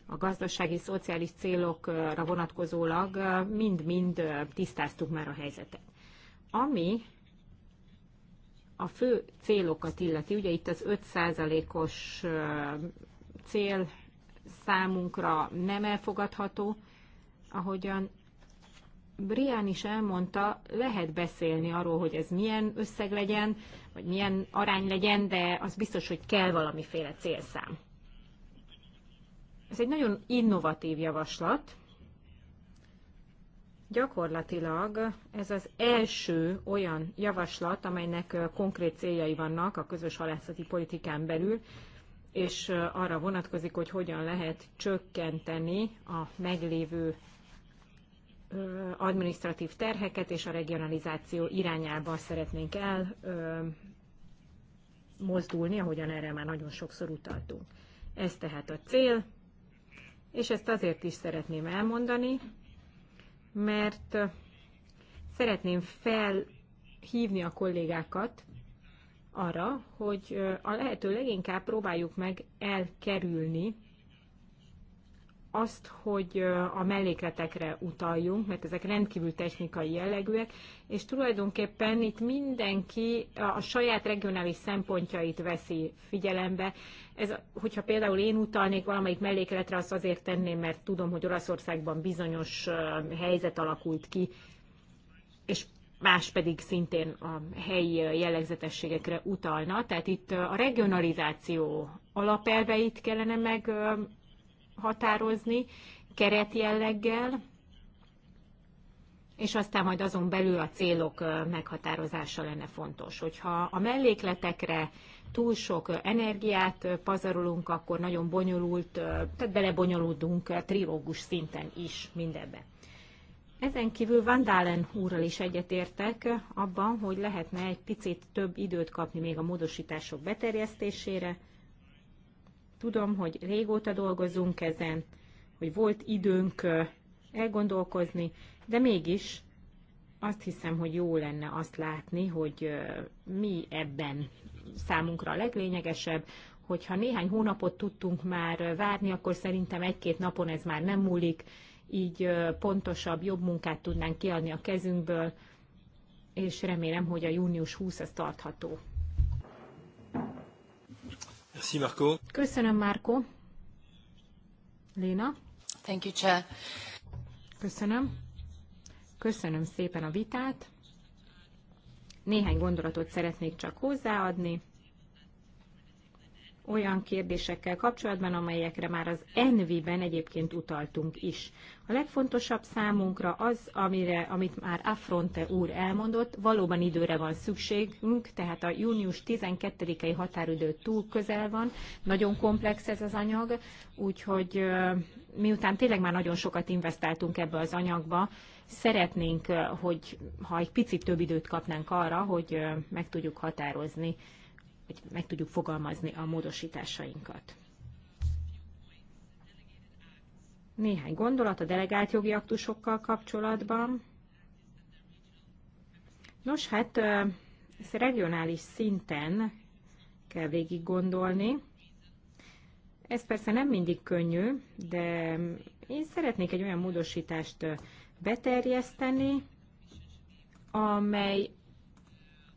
a gazdasági, szociális célokra vonatkozólag mind-mind tisztáztuk már a helyzetet. Ami a fő célokat illeti, ugye itt az 5%-os cél számunkra nem elfogadható, ahogyan Brian is elmondta, lehet beszélni arról, hogy ez milyen összeg legyen, vagy milyen arány legyen, de az biztos, hogy kell valamiféle célszám. Ez egy nagyon innovatív javaslat, Gyakorlatilag ez az első olyan javaslat, amelynek konkrét céljai vannak a közös halászati politikán belül, és arra vonatkozik, hogy hogyan lehet csökkenteni a meglévő administratív terheket, és a regionalizáció irányába szeretnénk el mozdulni, ahogyan erre már nagyon sokszor utaltunk. Ez tehát a cél, és ezt azért is szeretném elmondani, mert szeretném felhívni a kollégákat arra, hogy a lehető leginkább próbáljuk meg elkerülni azt, hogy a mellékletekre utaljunk, mert ezek rendkívül technikai jellegűek, és tulajdonképpen itt mindenki a saját regionális szempontjait veszi figyelembe. Ez, hogyha például én utalnék valamelyik mellékletre, azt azért tenném, mert tudom, hogy Olaszországban bizonyos helyzet alakult ki, és más pedig szintén a helyi jellegzetességekre utalna. Tehát itt a regionalizáció alapelveit kellene meg határozni keretjelleggel, és aztán majd azon belül a célok meghatározása lenne fontos. Hogyha a mellékletekre túl sok energiát pazarolunk, akkor nagyon bonyolult, tehát belebonyolódunk trilógus szinten is mindebbe. Ezen kívül Van Dalen úrral is egyetértek abban, hogy lehetne egy picit több időt kapni még a módosítások beterjesztésére, Tudom, hogy régóta dolgozunk ezen, hogy volt időnk elgondolkozni, de mégis azt hiszem, hogy jó lenne azt látni, hogy mi ebben számunkra a leglényegesebb, hogyha néhány hónapot tudtunk már várni, akkor szerintem egy-két napon ez már nem múlik, így pontosabb, jobb munkát tudnánk kiadni a kezünkből, és remélem, hogy a június 20 az tartható Merci Marco. Köszönöm Márko. Léna. Thank you, Chair. Köszönöm. Köszönöm szépen a vitát. Néhány gondolatot szeretnék csak hozzáadni olyan kérdésekkel kapcsolatban, amelyekre már az Envi-ben egyébként utaltunk is. A legfontosabb számunkra az, amire, amit már Afronte úr elmondott, valóban időre van szükségünk, tehát a június 12-i határidő túl közel van, nagyon komplex ez az anyag, úgyhogy miután tényleg már nagyon sokat investáltunk ebbe az anyagba, szeretnénk, hogy ha egy picit több időt kapnánk arra, hogy meg tudjuk határozni hogy meg tudjuk fogalmazni a módosításainkat. Néhány gondolat a delegált jogi aktusokkal kapcsolatban. Nos, hát ezt regionális szinten kell végig gondolni. Ez persze nem mindig könnyű, de én szeretnék egy olyan módosítást beterjeszteni, amely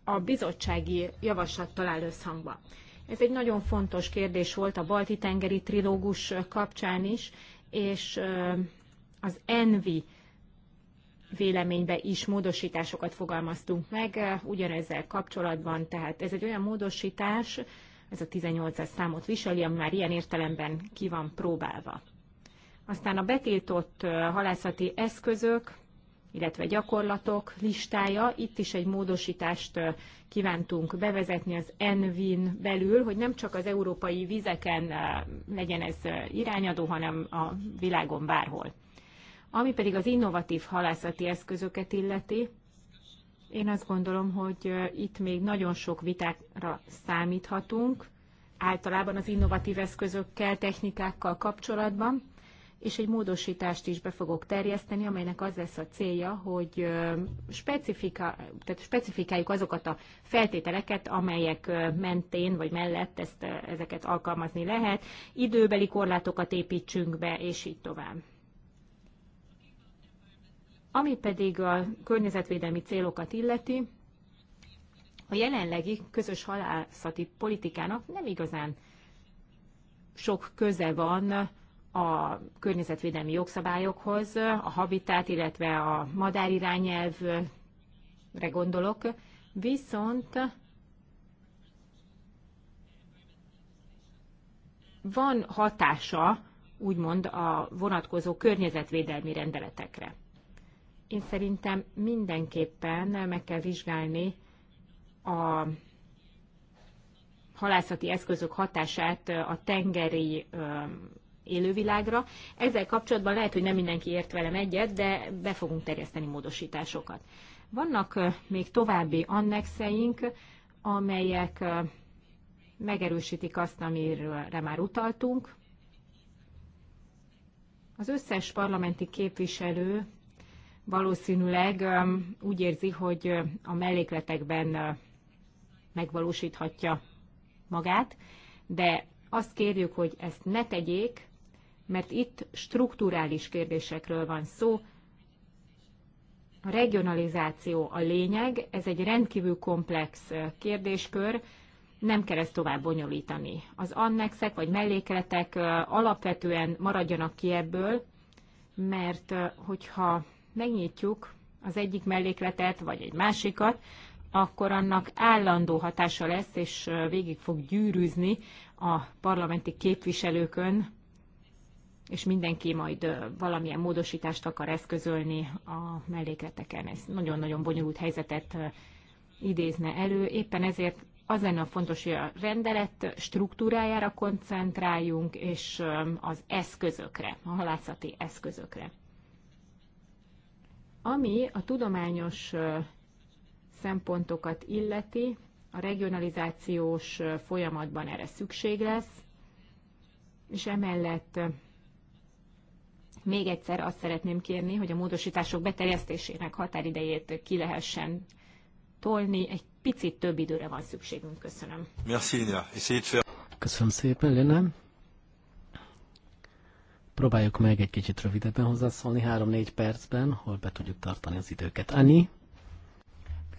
a bizottsági javaslattal áll összhangba. Ez egy nagyon fontos kérdés volt a Balti-tengeri trilógus kapcsán is, és az ENVI véleménybe is módosításokat fogalmaztunk meg ugyanezzel kapcsolatban, tehát ez egy olyan módosítás, ez a 18-as számot viseli, ami már ilyen értelemben ki van próbálva. Aztán a betiltott halászati eszközök, illetve gyakorlatok listája. Itt is egy módosítást kívántunk bevezetni az ENVIN belül, hogy nem csak az európai vizeken legyen ez irányadó, hanem a világon bárhol. Ami pedig az innovatív halászati eszközöket illeti, én azt gondolom, hogy itt még nagyon sok vitára számíthatunk, általában az innovatív eszközökkel, technikákkal kapcsolatban és egy módosítást is be fogok terjeszteni, amelynek az lesz a célja, hogy specifika, tehát specifikáljuk azokat a feltételeket, amelyek mentén vagy mellett ezt, ezeket alkalmazni lehet, időbeli korlátokat építsünk be, és így tovább. Ami pedig a környezetvédelmi célokat illeti, a jelenlegi közös halászati politikának nem igazán sok köze van a környezetvédelmi jogszabályokhoz, a habitát, illetve a madárirányelvre gondolok, viszont van hatása, úgymond a vonatkozó környezetvédelmi rendeletekre. Én szerintem mindenképpen meg kell vizsgálni a halászati eszközök hatását a tengeri élővilágra. Ezzel kapcsolatban lehet, hogy nem mindenki ért velem egyet, de be fogunk terjeszteni módosításokat. Vannak még további annexeink, amelyek megerősítik azt, amire már utaltunk. Az összes parlamenti képviselő valószínűleg úgy érzi, hogy a mellékletekben megvalósíthatja magát, de azt kérjük, hogy ezt ne tegyék, mert itt strukturális kérdésekről van szó. A regionalizáció a lényeg, ez egy rendkívül komplex kérdéskör, nem kell ezt tovább bonyolítani. Az annexek vagy mellékletek alapvetően maradjanak ki ebből, mert hogyha megnyitjuk az egyik mellékletet, vagy egy másikat, akkor annak állandó hatása lesz, és végig fog gyűrűzni a parlamenti képviselőkön és mindenki majd valamilyen módosítást akar eszközölni a mellékleteken. Ez nagyon-nagyon bonyolult helyzetet idézne elő. Éppen ezért az lenne a fontos, hogy a rendelet struktúrájára koncentráljunk, és az eszközökre, a halászati eszközökre. Ami a tudományos szempontokat illeti, a regionalizációs folyamatban erre szükség lesz, és emellett még egyszer azt szeretném kérni, hogy a módosítások beterjesztésének határidejét ki lehessen tolni. Egy picit több időre van szükségünk. Köszönöm. Köszönöm szépen, Lena. Próbáljuk meg egy kicsit rövidebben hozzászólni, 3-4 percben, hol be tudjuk tartani az időket. Ani?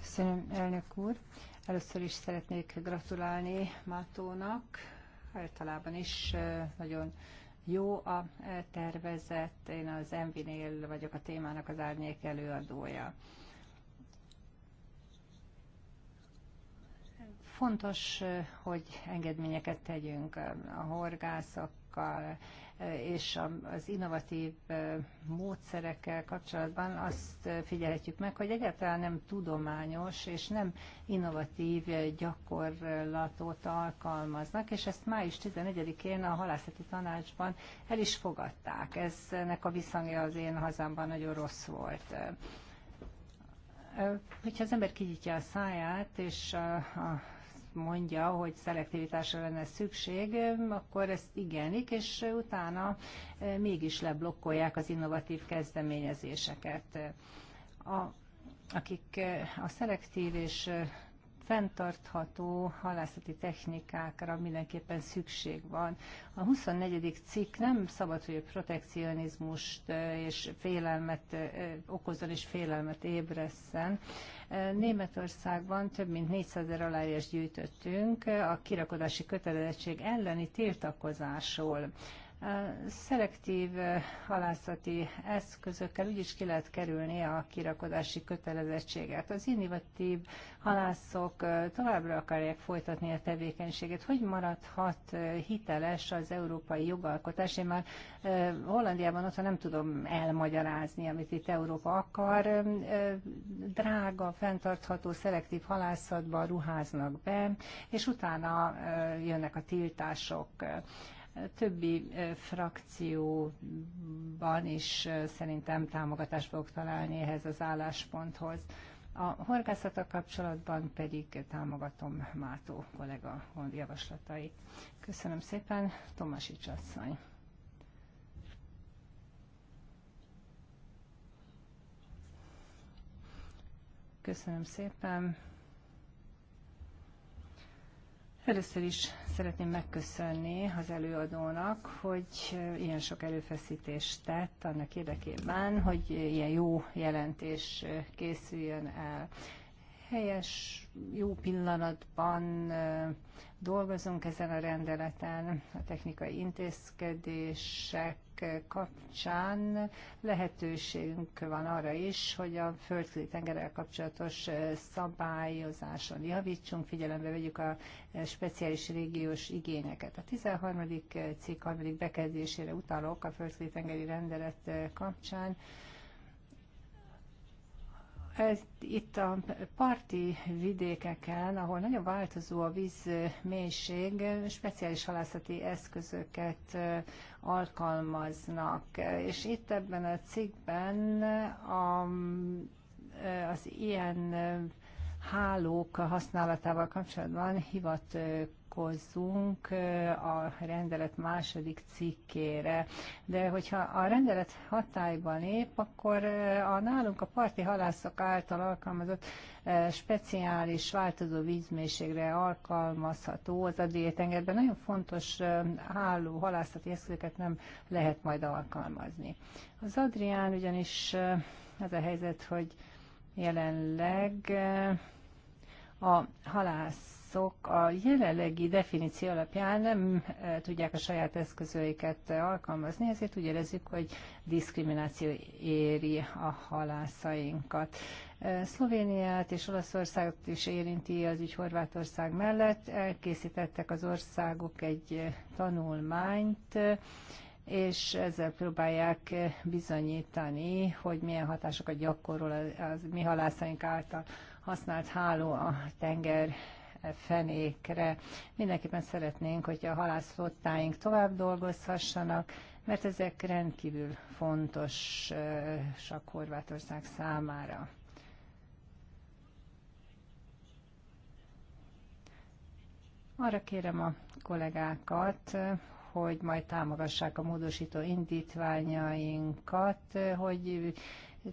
Köszönöm, elnök úr. Először is szeretnék gratulálni Mátónak. Általában is nagyon jó a e, tervezet, én az Envinél vagyok a témának az árnyék előadója. Fontos, e, hogy engedményeket tegyünk a horgászok kutatásokkal és az innovatív módszerekkel kapcsolatban azt figyelhetjük meg, hogy egyáltalán nem tudományos és nem innovatív gyakorlatot alkalmaznak, és ezt május 14 én a halászati tanácsban el is fogadták. Eznek a visszhangja az én hazámban nagyon rossz volt hogyha az ember kinyitja a száját, és a, a mondja, hogy szelektivitásra lenne szükség, akkor ezt igenik, és utána e, mégis leblokkolják az innovatív kezdeményezéseket. A, akik e, a szelektív és e, fenntartható halászati technikákra mindenképpen szükség van. A 24. cikk nem szabad, hogy protekcionizmust és félelmet okozzon és félelmet ébreszten. Németországban több mint 400 ezer aláírás gyűjtöttünk a kirakodási kötelezettség elleni tiltakozásról. Szelektív halászati eszközökkel úgy is ki lehet kerülni a kirakodási kötelezettséget. Az innovatív halászok továbbra akarják folytatni a tevékenységet. Hogy maradhat hiteles az európai jogalkotás? Én már Hollandiában otthon nem tudom elmagyarázni, amit itt Európa akar. Drága, fenntartható, szelektív halászatba ruháznak be, és utána jönnek a tiltások többi frakcióban is szerintem támogatást fogok találni ehhez az állásponthoz. A horgászatok kapcsolatban pedig támogatom Mátó kollega javaslatait. Köszönöm szépen, Tomasics Csasszony. Köszönöm szépen. Először is szeretném megköszönni az előadónak, hogy ilyen sok előfeszítést tett annak érdekében, hogy ilyen jó jelentés készüljön el. Helyes, jó pillanatban dolgozunk ezen a rendeleten, a technikai intézkedések kapcsán lehetőségünk van arra is, hogy a földközi tengerrel kapcsolatos eh, szabályozáson javítsunk, figyelembe vegyük a eh, speciális régiós igényeket. A 13. Eh, cikk 3. bekezdésére utalok a földközi tengeri rendelet kapcsán, ez, itt a parti vidékeken, ahol nagyon változó a víz mélység, speciális halászati eszközöket alkalmaznak. És itt ebben a cikkben a, az ilyen hálók használatával kapcsolatban hivatkozzunk a rendelet második cikkére. De hogyha a rendelet hatályban lép, akkor a nálunk a parti halászok által alkalmazott speciális változó vízmérségre alkalmazható az a tengerben nagyon fontos háló halászati eszközöket nem lehet majd alkalmazni. Az Adrián ugyanis az a helyzet, hogy Jelenleg eh, a halászok a jelenlegi definíció alapján nem eh, tudják a saját eszközöiket alkalmazni, ezért úgy érezzük, hogy diszkrimináció éri a halászainkat. Eh, Szlovéniát és Olaszországot is érinti az ügy Horvátország mellett. Elkészítettek az országok egy tanulmányt, és ezzel próbálják bizonyítani, hogy milyen hatásokat gyakorol az mi halászaink által használt háló a tenger fenékre. Mindenképpen szeretnénk, hogy a halászflottáink tovább dolgozhassanak, mert ezek rendkívül a Horvátország számára. Arra kérem a kollégákat, hogy majd támogassák a módosító indítványainkat, hogy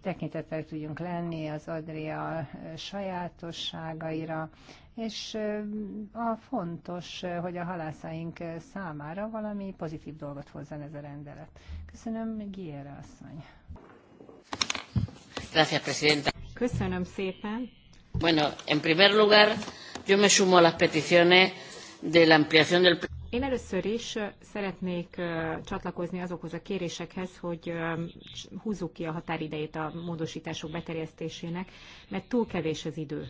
tekintettel tudjunk lenni az Adria sajátosságaira, és a fontos, hogy a halászaink számára valami pozitív dolgot hozzon ez a rendelet. Köszönöm, Giera asszony. Presidenta. Köszönöm szépen. Bueno, en primer lugar, yo me sumo a las peticiones de la ampliación del... Én először is szeretnék csatlakozni azokhoz a kérésekhez, hogy húzzuk ki a határidejét a módosítások beterjesztésének, mert túl kevés az idő.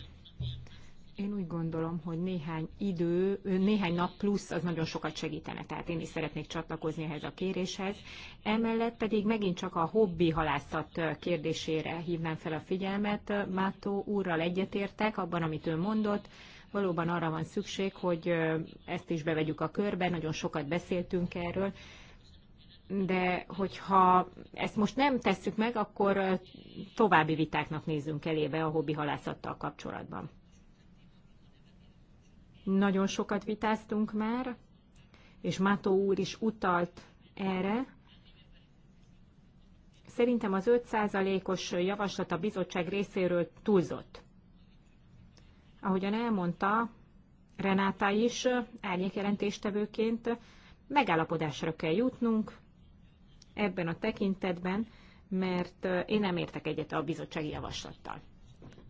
Én úgy gondolom, hogy néhány idő, néhány nap plusz az nagyon sokat segítene, tehát én is szeretnék csatlakozni ehhez a kéréshez. Emellett pedig megint csak a hobbi halászat kérdésére hívnám fel a figyelmet. Mátó úrral egyetértek abban, amit ő mondott, valóban arra van szükség, hogy ezt is bevegyük a körbe, nagyon sokat beszéltünk erről, de hogyha ezt most nem tesszük meg, akkor további vitáknak nézzünk elébe a hobbi halászattal kapcsolatban. Nagyon sokat vitáztunk már, és Mátó úr is utalt erre. Szerintem az 5%-os javaslat a bizottság részéről túlzott. Ahogyan elmondta Renáta is, árnyékjelentéstevőként megállapodásra kell jutnunk ebben a tekintetben, mert eh, én nem értek egyet a bizottsági javaslattal.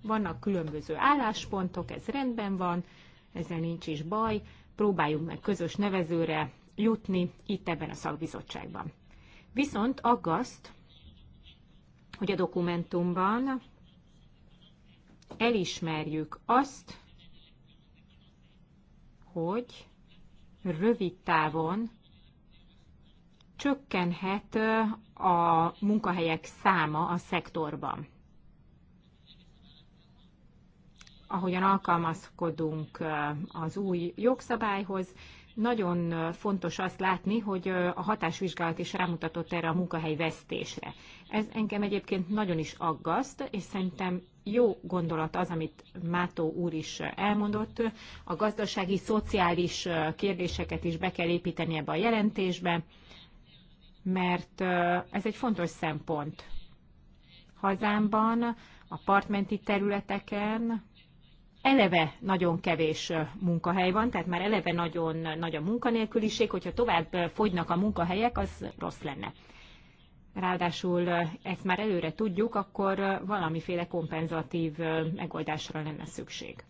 Vannak különböző álláspontok, ez rendben van, ezzel nincs is baj, próbáljunk meg közös nevezőre jutni itt ebben a szakbizottságban. Viszont aggaszt, hogy a dokumentumban elismerjük azt, hogy rövid távon csökkenhet a munkahelyek száma a szektorban. Ahogyan alkalmazkodunk az új jogszabályhoz, nagyon fontos azt látni, hogy a hatásvizsgálat is rámutatott erre a munkahelyvesztésre. Ez engem egyébként nagyon is aggaszt, és szerintem jó gondolat az, amit Mátó úr is elmondott. A gazdasági, szociális kérdéseket is be kell építeni ebbe a jelentésbe, mert ez egy fontos szempont. Hazámban, apartmenti területeken eleve nagyon kevés munkahely van, tehát már eleve nagyon nagy a munkanélküliség, hogyha tovább fogynak a munkahelyek, az rossz lenne ráadásul ezt már előre tudjuk, akkor valamiféle kompenzatív megoldásra lenne szükség.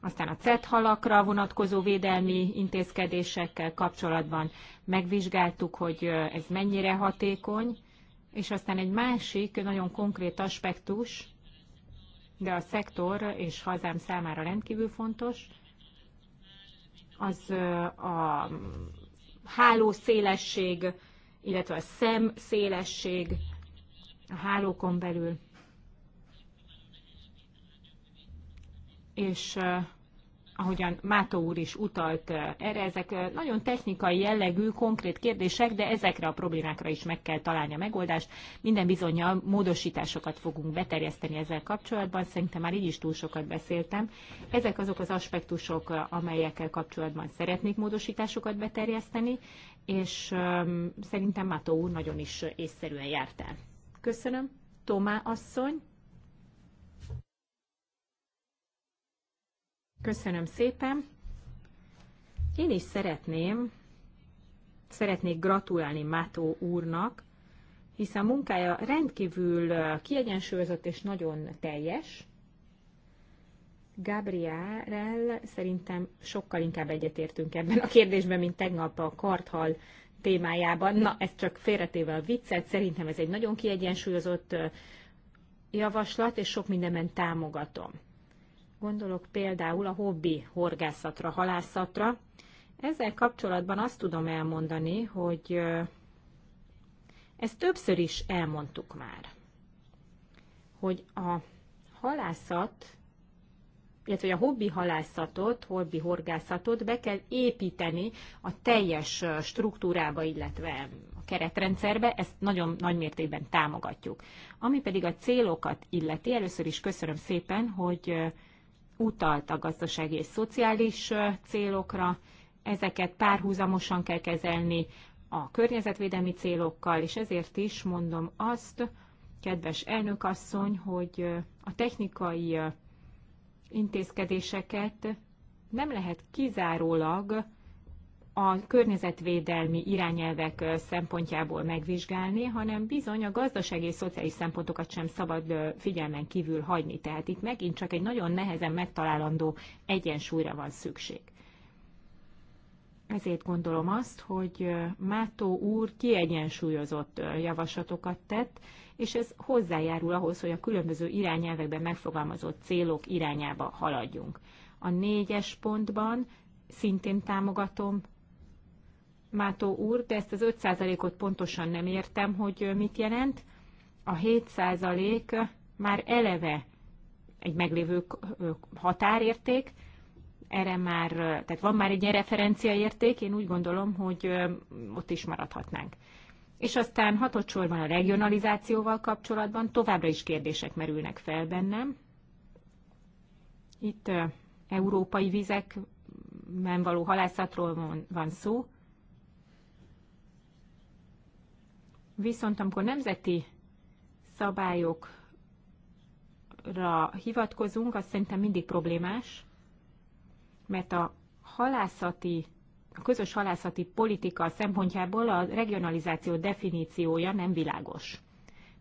Aztán a CET halakra vonatkozó védelmi intézkedésekkel kapcsolatban megvizsgáltuk, hogy ez mennyire hatékony, és aztán egy másik nagyon konkrét aspektus, de a szektor és hazám számára rendkívül fontos, az a hálószélesség, illetve a szemszélesség a hálókon belül. És ahogyan Mátó úr is utalt eh, erre, ezek eh, nagyon technikai jellegű, konkrét kérdések, de ezekre a problémákra is meg kell találni a megoldást. Minden bizonyal módosításokat fogunk beterjeszteni ezzel kapcsolatban, szerintem már így is túl sokat beszéltem. Ezek azok az aspektusok, eh, amelyekkel kapcsolatban szeretnék módosításokat beterjeszteni, és ehm, szerintem Mátó úr nagyon is észszerűen járt el. Köszönöm. Tomá asszony. Köszönöm szépen. Én is szeretném, szeretnék gratulálni Mátó úrnak, hiszen munkája rendkívül kiegyensúlyozott és nagyon teljes. Gabriel szerintem sokkal inkább egyetértünk ebben a kérdésben, mint tegnap a karthal témájában. Na, ez csak félretéve a viccet, szerintem ez egy nagyon kiegyensúlyozott javaslat, és sok mindenben támogatom. Gondolok például a hobbi horgászatra, halászatra. Ezzel kapcsolatban azt tudom elmondani, hogy ezt többször is elmondtuk már, hogy a halászat, illetve a hobbi halászatot, hobbi horgászatot be kell építeni a teljes struktúrába, illetve a keretrendszerbe, ezt nagyon nagy mértékben támogatjuk. Ami pedig a célokat illeti, először is köszönöm szépen, hogy utalt a gazdasági és szociális célokra, ezeket párhuzamosan kell kezelni a környezetvédelmi célokkal, és ezért is mondom azt, kedves elnökasszony, hogy a technikai intézkedéseket nem lehet kizárólag a környezetvédelmi irányelvek szempontjából megvizsgálni, hanem bizony a gazdasági és szociális szempontokat sem szabad figyelmen kívül hagyni. Tehát itt megint csak egy nagyon nehezen megtalálandó egyensúlyra van szükség. Ezért gondolom azt, hogy Mátó úr kiegyensúlyozott javaslatokat tett, és ez hozzájárul ahhoz, hogy a különböző irányelvekben megfogalmazott célok irányába haladjunk. A négyes pontban szintén támogatom Mátó úr, de ezt az 5%-ot pontosan nem értem, hogy mit jelent. A 7% már eleve egy meglévő határérték, erre már, tehát van már egy ilyen referenciaérték, én úgy gondolom, hogy ott is maradhatnánk. És aztán hatott a regionalizációval kapcsolatban továbbra is kérdések merülnek fel bennem. Itt európai vizekben való halászatról van szó, Viszont amikor nemzeti szabályokra hivatkozunk, az szerintem mindig problémás, mert a halászati a közös halászati politika szempontjából a regionalizáció definíciója nem világos.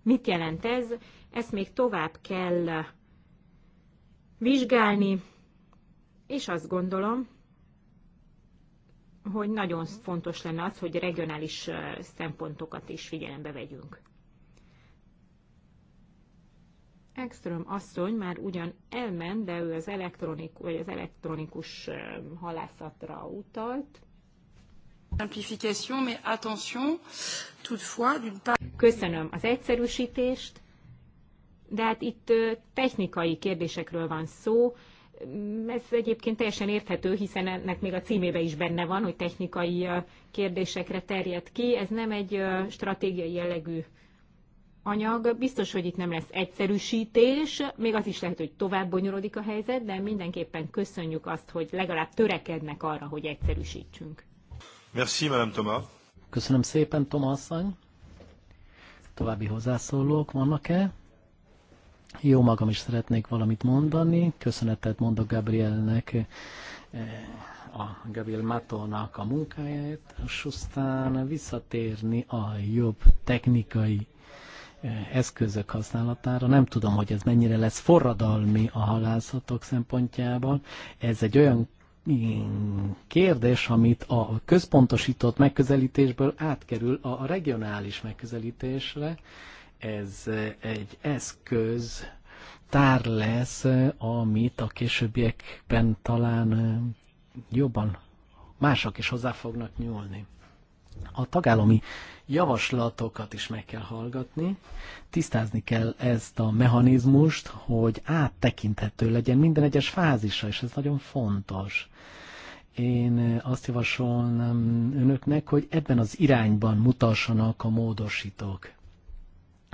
Mit jelent ez? Ezt még tovább kell vizsgálni, és azt gondolom, hogy nagyon fontos lenne az, hogy regionális szempontokat is figyelembe vegyünk. Ekström asszony már ugyan elment, de ő az, elektronik, vagy az elektronikus halászatra utalt. Simplification, mais attention, toutefois, d'une part... Köszönöm az egyszerűsítést, de hát itt technikai kérdésekről van szó, ez egyébként teljesen érthető, hiszen ennek még a címébe is benne van, hogy technikai kérdésekre terjed ki. Ez nem egy stratégiai jellegű anyag. Biztos, hogy itt nem lesz egyszerűsítés, még az is lehet, hogy tovább bonyolodik a helyzet, de mindenképpen köszönjük azt, hogy legalább törekednek arra, hogy egyszerűsítsünk. Merci, Madame Thomas. Köszönöm szépen, Thomas. További hozzászólók vannak-e? Jó magam is szeretnék valamit mondani. Köszönetet mondok Gabrielnek, eh, a Gabriel Matónak a munkáját, és aztán visszatérni a jobb technikai eh, eszközök használatára. Nem tudom, hogy ez mennyire lesz forradalmi a halászatok szempontjából. Ez egy olyan mm, kérdés, amit a központosított megközelítésből átkerül a regionális megközelítésre, ez egy eszköz, tár lesz, amit a későbbiekben talán jobban mások is hozzá fognak nyúlni. A tagállami javaslatokat is meg kell hallgatni, tisztázni kell ezt a mechanizmust, hogy áttekinthető legyen minden egyes fázisa, és ez nagyon fontos. Én azt javasolnám önöknek, hogy ebben az irányban mutassanak a módosítók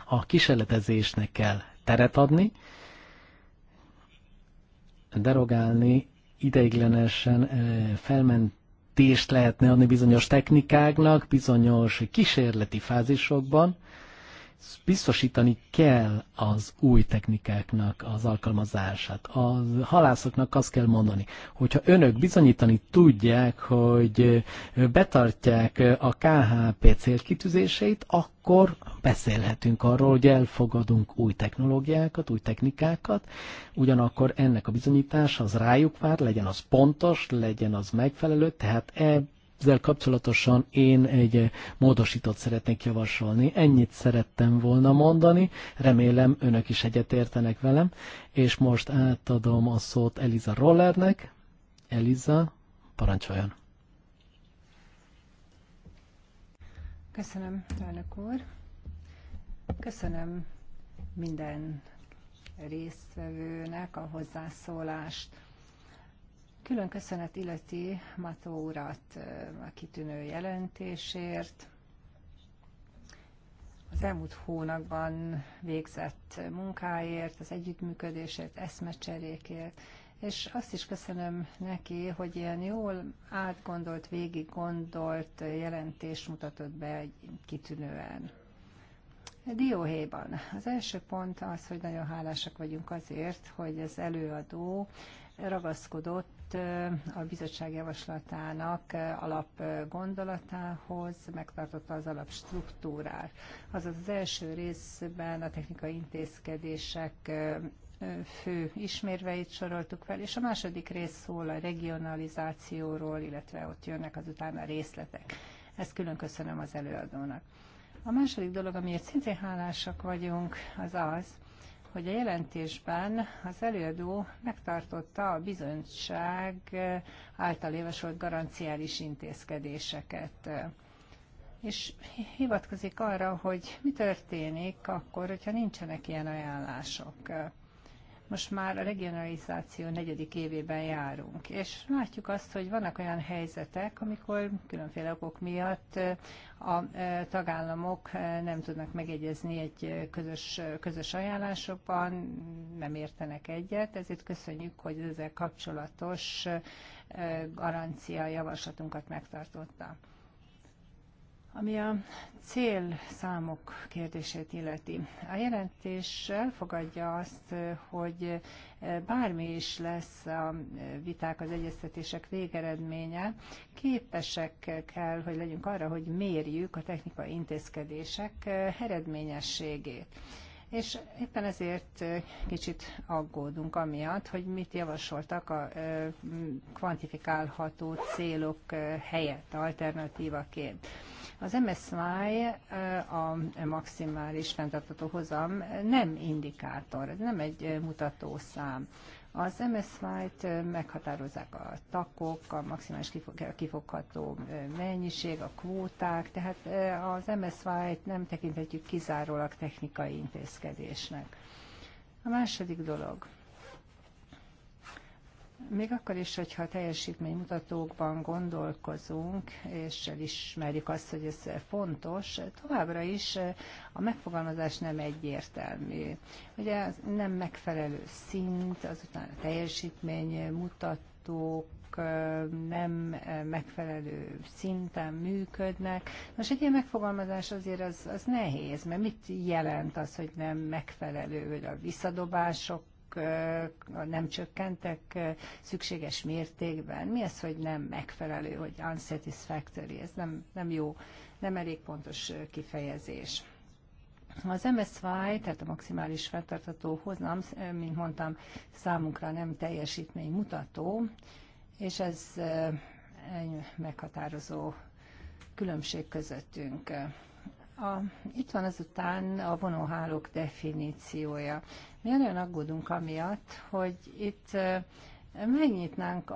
a kísérletezésnek kell teret adni, derogálni ideiglenesen felmentést lehetne adni bizonyos technikáknak, bizonyos kísérleti fázisokban, biztosítani kell az új technikáknak az alkalmazását. A halászoknak azt kell mondani, hogyha önök bizonyítani tudják, hogy betartják a KHP célkitűzéseit, akkor beszélhetünk arról, hogy elfogadunk új technológiákat, új technikákat, ugyanakkor ennek a bizonyítása az rájuk vár, legyen az pontos, legyen az megfelelő, tehát ebb ezzel kapcsolatosan én egy módosítót szeretnék javasolni. Ennyit szerettem volna mondani, remélem önök is egyetértenek velem, és most átadom a szót Eliza Rollernek. Eliza, parancsoljon! Köszönöm, elnök úr! Köszönöm minden résztvevőnek a hozzászólást. Külön köszönet illeti Mató urat a kitűnő jelentésért. Az elmúlt hónapban végzett munkáért, az együttműködésért, eszmecserékért, és azt is köszönöm neki, hogy ilyen jól átgondolt, végig gondolt jelentést mutatott be egy kitűnően. Dióhéjban. Az első pont az, hogy nagyon hálásak vagyunk azért, hogy az előadó ragaszkodott a bizottság javaslatának alapgondolatához, megtartotta az alapstruktúrát. Azaz az első részben a technikai intézkedések fő ismérveit soroltuk fel, és a második rész szól a regionalizációról, illetve ott jönnek azután a részletek. Ezt külön köszönöm az előadónak. A második dolog, amiért szintén hálásak vagyunk, az az, hogy a jelentésben az előadó megtartotta a bizonyság által javasolt garanciális intézkedéseket. És hivatkozik arra, hogy mi történik akkor, hogyha nincsenek ilyen ajánlások. Most már a regionalizáció negyedik évében járunk, és látjuk azt, hogy vannak olyan helyzetek, amikor különféle okok miatt eh, a eh, tagállamok eh, nem tudnak megegyezni egy közös, közös ajánlásokban, nem értenek egyet, ezért köszönjük, hogy ezzel kapcsolatos garancia javaslatunkat megtartotta. Ami a célszámok kérdését illeti. A jelentés elfogadja azt, hogy bármi is lesz a viták, az egyeztetések végeredménye, képesek kell, hogy legyünk arra, hogy mérjük a technikai intézkedések eredményességét. És éppen ezért kicsit aggódunk amiatt, hogy mit javasoltak a kvantifikálható célok helyett, alternatívaként. Az MSY, a maximális fenntartható hozam nem indikátor, ez nem egy mutatószám. Az msy t meghatározzák a takok, a maximális kifogható mennyiség, a kvóták, tehát az msy t nem tekinthetjük kizárólag technikai intézkedésnek. A második dolog, még akkor is, hogyha teljesítménymutatókban gondolkozunk, és elismerjük azt, hogy ez fontos, továbbra is eh, a megfogalmazás nem egyértelmű. Ugye nem megfelelő szint, azután a teljesítménymutatók, eh, nem eh, megfelelő szinten működnek. Most egy ilyen megfogalmazás azért az, az nehéz, mert mit jelent az, hogy nem megfelelő, hogy a visszadobások nem csökkentek szükséges mértékben. Mi az, hogy nem megfelelő, hogy unsatisfactory? Ez nem, nem jó, nem elég pontos kifejezés. Az MSY, tehát a maximális fenntartható hozam, mint mondtam, számunkra nem mutató, és ez egy meghatározó különbség közöttünk. A, itt van azután a vonóhálók definíciója. Mi nagyon aggódunk amiatt, hogy itt megnyitnánk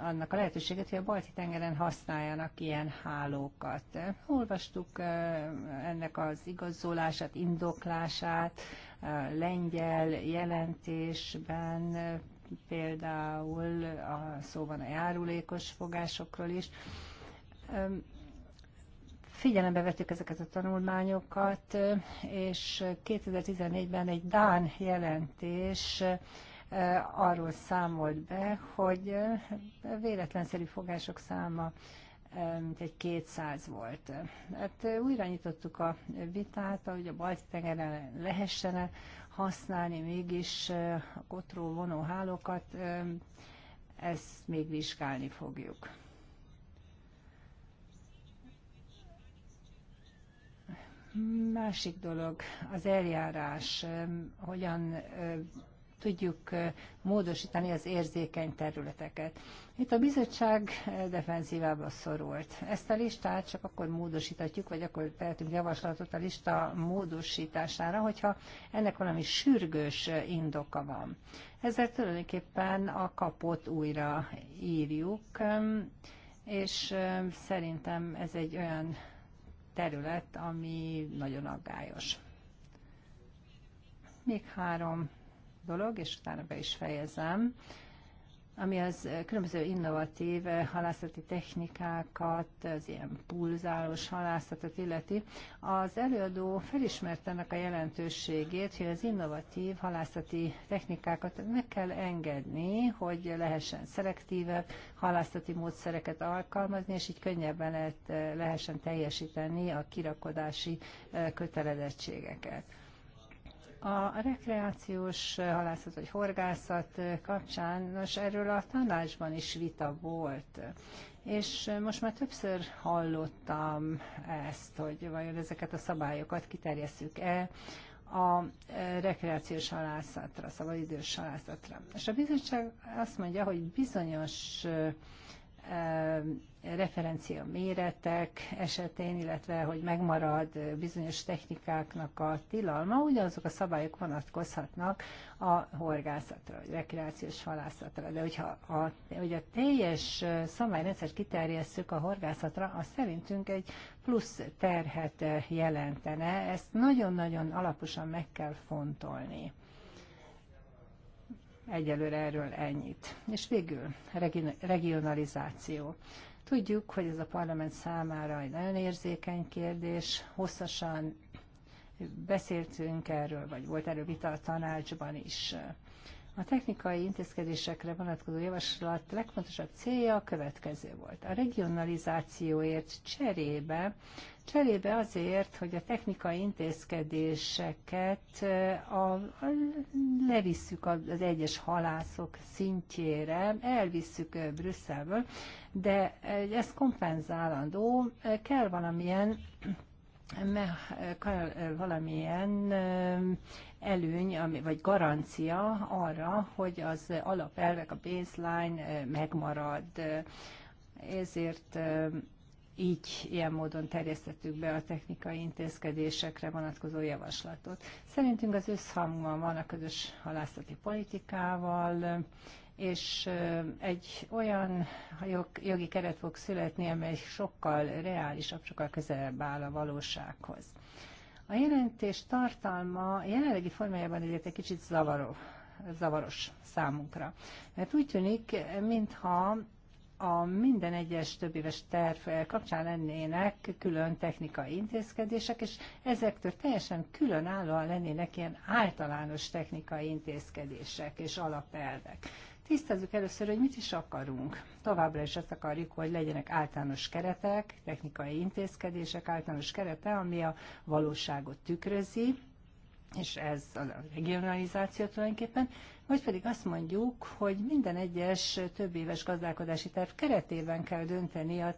annak a lehetőséget, hogy a balti tengeren használjanak ilyen hálókat. Olvastuk ennek az igazolását, indoklását, lengyel jelentésben például a, szó van a járulékos fogásokról is. Figyelembe vettük ezeket a tanulmányokat, és 2014-ben egy Dán jelentés eh, arról számolt be, hogy eh, véletlenszerű fogások száma eh, mint egy 200 volt. Hát újra nyitottuk a vitát, hogy a balti tengeren lehessen -e használni mégis a kotró vonóhálókat, ezt még vizsgálni fogjuk. Másik dolog az eljárás, hogyan tudjuk módosítani az érzékeny területeket. Itt a bizottság defenzívába szorult. Ezt a listát csak akkor módosítatjuk, vagy akkor tehetünk javaslatot a lista módosítására, hogyha ennek valami sürgős indoka van. Ezzel tulajdonképpen a kapot újra írjuk, és szerintem ez egy olyan terület, ami nagyon aggályos. Még három dolog, és utána be is fejezem ami az különböző innovatív halászati technikákat, az ilyen pulzálós halászatot illeti. Az előadó felismerte ennek a jelentőségét, hogy az innovatív halászati technikákat meg kell engedni, hogy lehessen szelektívebb halászati módszereket alkalmazni, és így könnyebben lehet, lehessen teljesíteni a kirakodási kötelezettségeket. A rekreációs halászat vagy horgászat kapcsán, nos erről a tanácsban is vita volt, és most már többször hallottam ezt, hogy vajon ezeket a szabályokat kiterjesszük e a rekreációs halászatra, szabadidős halászatra. És a bizottság azt mondja, hogy bizonyos referencia méretek esetén, illetve hogy megmarad bizonyos technikáknak a tilalma, ugyanazok a szabályok vonatkozhatnak a horgászatra, vagy rekreációs halászatra. De hogyha a, hogy a teljes szabályrendszer kiterjesszük a horgászatra, az szerintünk egy plusz terhet jelentene. Ezt nagyon-nagyon alaposan meg kell fontolni. Egyelőre erről ennyit. És végül regionalizáció. Tudjuk, hogy ez a parlament számára egy nagyon érzékeny kérdés, hosszasan beszéltünk erről, vagy volt erről vita a tanácsban is. A technikai intézkedésekre vonatkozó javaslat legfontosabb célja a következő volt. A regionalizációért cserébe cserébe azért, hogy a technikai intézkedéseket eh, a, a, levisszük az egyes halászok szintjére, elvisszük eh, Brüsszelből, de eh, ez kompenzálandó, kell valamilyen valamilyen előny, vagy garancia arra, hogy az alapelvek, a baseline megmarad. Ezért így ilyen módon terjesztettük be a technikai intézkedésekre vonatkozó javaslatot. Szerintünk az összhangban van a közös halászati politikával, és egy olyan jogi keret fog születni, amely sokkal reálisabb, sokkal közelebb áll a valósághoz. A jelentés tartalma jelenlegi formájában ezért egy kicsit zavaró, zavaros számunkra, mert úgy tűnik, mintha a minden egyes többéves terv eh, kapcsán lennének külön technikai intézkedések, és ezektől teljesen különállóan lennének ilyen általános technikai intézkedések és alapelvek. Tisztázzuk először, hogy mit is akarunk. Továbbra is azt akarjuk, hogy legyenek általános keretek, technikai intézkedések, általános kerete, ami a valóságot tükrözi, és ez a regionalizáció tulajdonképpen, vagy pedig azt mondjuk, hogy minden egyes több éves gazdálkodási terv keretében kell dönteni a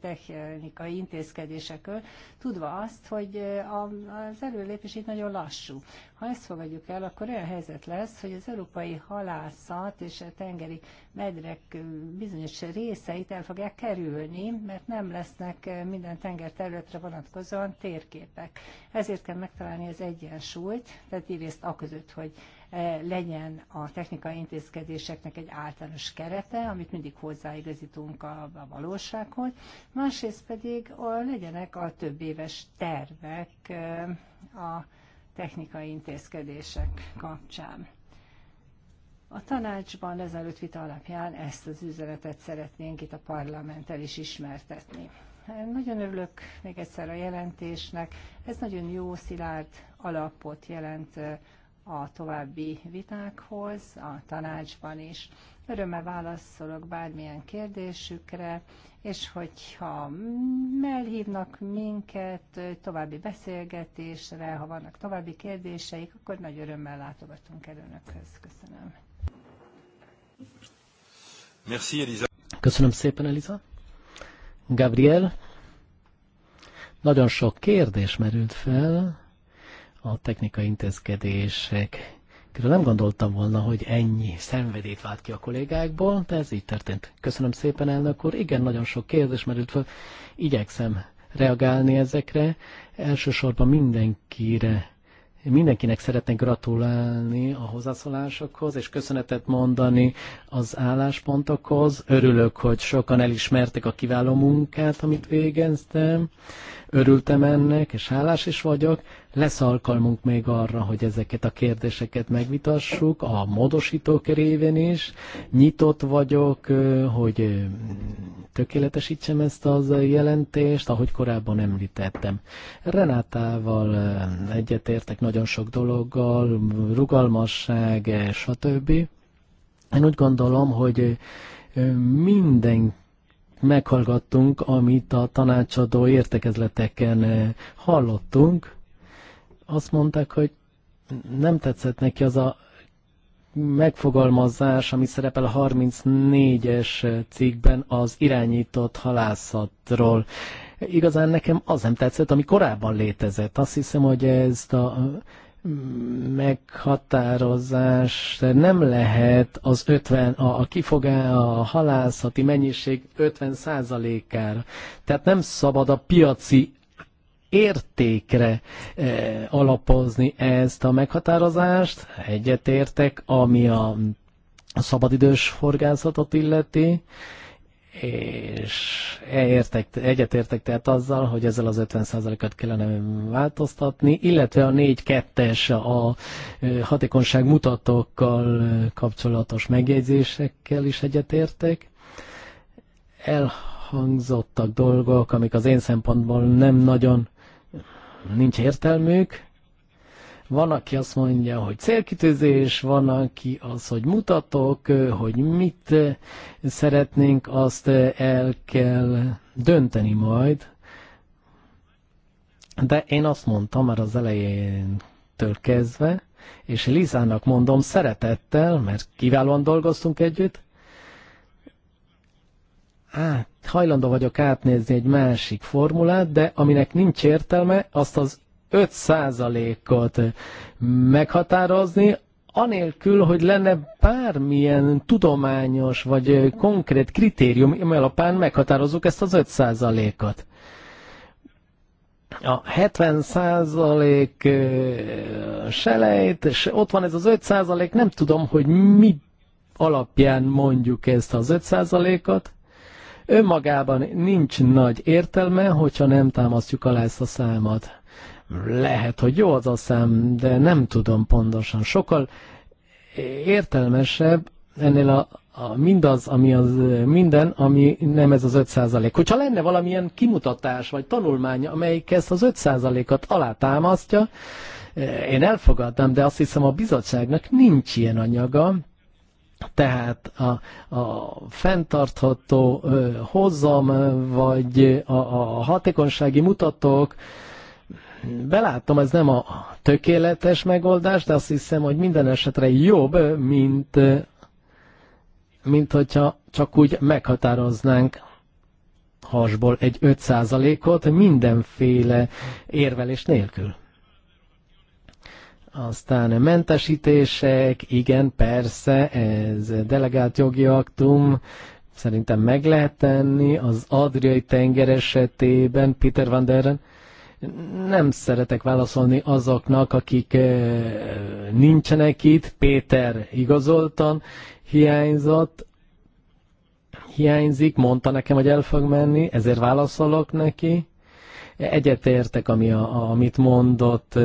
technikai intézkedésekről, tudva azt, hogy eh, az előlépés itt nagyon lassú. Ha ezt fogadjuk el, akkor olyan helyzet lesz, hogy az európai halászat és a tengeri medrek eh, bizonyos részeit el fogják kerülni, mert nem lesznek eh, minden tenger területre vonatkozóan térképek. Ezért kell megtalálni az egyensúlyt, tehát írészt a között, hogy E, legyen a technikai intézkedéseknek egy általános kerete, amit mindig hozzáigazítunk a, a valósághoz, másrészt pedig a, legyenek a több éves tervek e, a technikai intézkedések kapcsán. A tanácsban lezárult vita alapján ezt az üzenetet szeretnénk itt a parlamenttel is ismertetni. Nagyon örülök még egyszer a jelentésnek. Ez nagyon jó, szilárd alapot jelent e, a további vitákhoz, a tanácsban is. Örömmel válaszolok bármilyen kérdésükre, és hogyha elhívnak minket további beszélgetésre, ha vannak további kérdéseik, akkor nagy örömmel látogatunk el Önökhöz. Köszönöm. Merci, Elisa. Köszönöm szépen, Eliza. Gabriel, nagyon sok kérdés merült fel a technikai intézkedések Kérlek, nem gondoltam volna, hogy ennyi szenvedét vált ki a kollégákból, de ez így történt. Köszönöm szépen, elnök úr. Igen, nagyon sok kérdés merült fel. Igyekszem reagálni ezekre. Elsősorban mindenkire, mindenkinek szeretnék gratulálni a hozzászólásokhoz, és köszönetet mondani az álláspontokhoz. Örülök, hogy sokan elismertek a kiváló munkát, amit végeztem. Örültem ennek, és hálás is vagyok lesz alkalmunk még arra, hogy ezeket a kérdéseket megvitassuk, a módosítók révén is. Nyitott vagyok, hogy tökéletesítsem ezt az jelentést, ahogy korábban említettem. Renátával egyetértek nagyon sok dologgal, rugalmasság, eh, stb. Én úgy gondolom, hogy minden meghallgattunk, amit a tanácsadó értekezleteken eh, hallottunk, azt mondták, hogy nem tetszett neki az a megfogalmazás, ami szerepel a 34-es cikkben az irányított halászatról. Igazán nekem az nem tetszett, ami korábban létezett. Azt hiszem, hogy ezt a meghatározás nem lehet az 50, a, a kifogá, a halászati mennyiség 50 százalékára. Tehát nem szabad a piaci értékre eh, alapozni ezt a meghatározást. Egyetértek, ami a szabadidős horgászatot illeti és értek, egyetértek tehát azzal, hogy ezzel az 50%-at kellene változtatni, illetve a 4-2-es a eh, hatékonyság mutatókkal eh, kapcsolatos megjegyzésekkel is egyetértek. Elhangzottak dolgok, amik az én szempontból nem nagyon nincs értelmük. Van, aki azt mondja, hogy célkitűzés, van, aki az, hogy mutatok, hogy mit szeretnénk, azt el kell dönteni majd. De én azt mondtam már az elején től kezdve, és Lizának mondom szeretettel, mert kiválóan dolgoztunk együtt, át, hajlandó vagyok átnézni egy másik formulát, de aminek nincs értelme, azt az 5%-ot meghatározni, anélkül, hogy lenne bármilyen tudományos vagy konkrét kritérium, amely alapján meghatározunk ezt az 5%-ot. A 70% selejt, és ott van ez az 5%, nem tudom, hogy mi alapján mondjuk ezt az 5%-ot. Önmagában nincs nagy értelme, hogyha nem támasztjuk alá ezt a számot. Lehet, hogy jó az a szám, de nem tudom pontosan. Sokkal értelmesebb ennél a, a mindaz, ami az minden, ami nem ez az 5 Hogyha lenne valamilyen kimutatás vagy tanulmány, amelyik ezt az 5 at alátámasztja, én elfogadtam, de azt hiszem a bizottságnak nincs ilyen anyaga, tehát a, a fenntartható hozam, vagy a, a hatékonysági mutatók, belátom, ez nem a tökéletes megoldás, de azt hiszem, hogy minden esetre jobb, mint, mint hogyha csak úgy meghatároznánk hasból egy 5%-ot mindenféle érvelés nélkül. Aztán a mentesítések, igen, persze, ez delegált jogi aktum, szerintem meg lehet tenni. Az Adriai tenger esetében Peter van deren nem szeretek válaszolni azoknak, akik nincsenek itt. Péter igazoltan hiányzott, hiányzik, mondta nekem, hogy el fog menni, ezért válaszolok neki. Egyetértek, ami a, amit mondott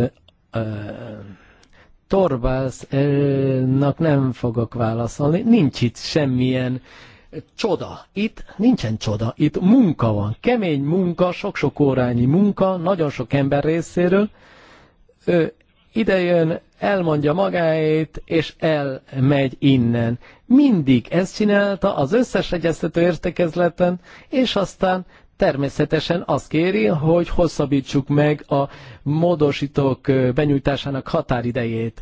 Torbásznak nem fogok válaszolni. Nincs itt semmilyen csoda. Itt nincsen csoda, itt munka van. Kemény munka, sok-sok órányi munka, nagyon sok ember részéről. Ő idejön, elmondja magáét, és elmegy innen. Mindig ezt csinálta az összes egyeztető értekezleten, és aztán természetesen azt kéri, hogy hosszabbítsuk meg a módosítók benyújtásának határidejét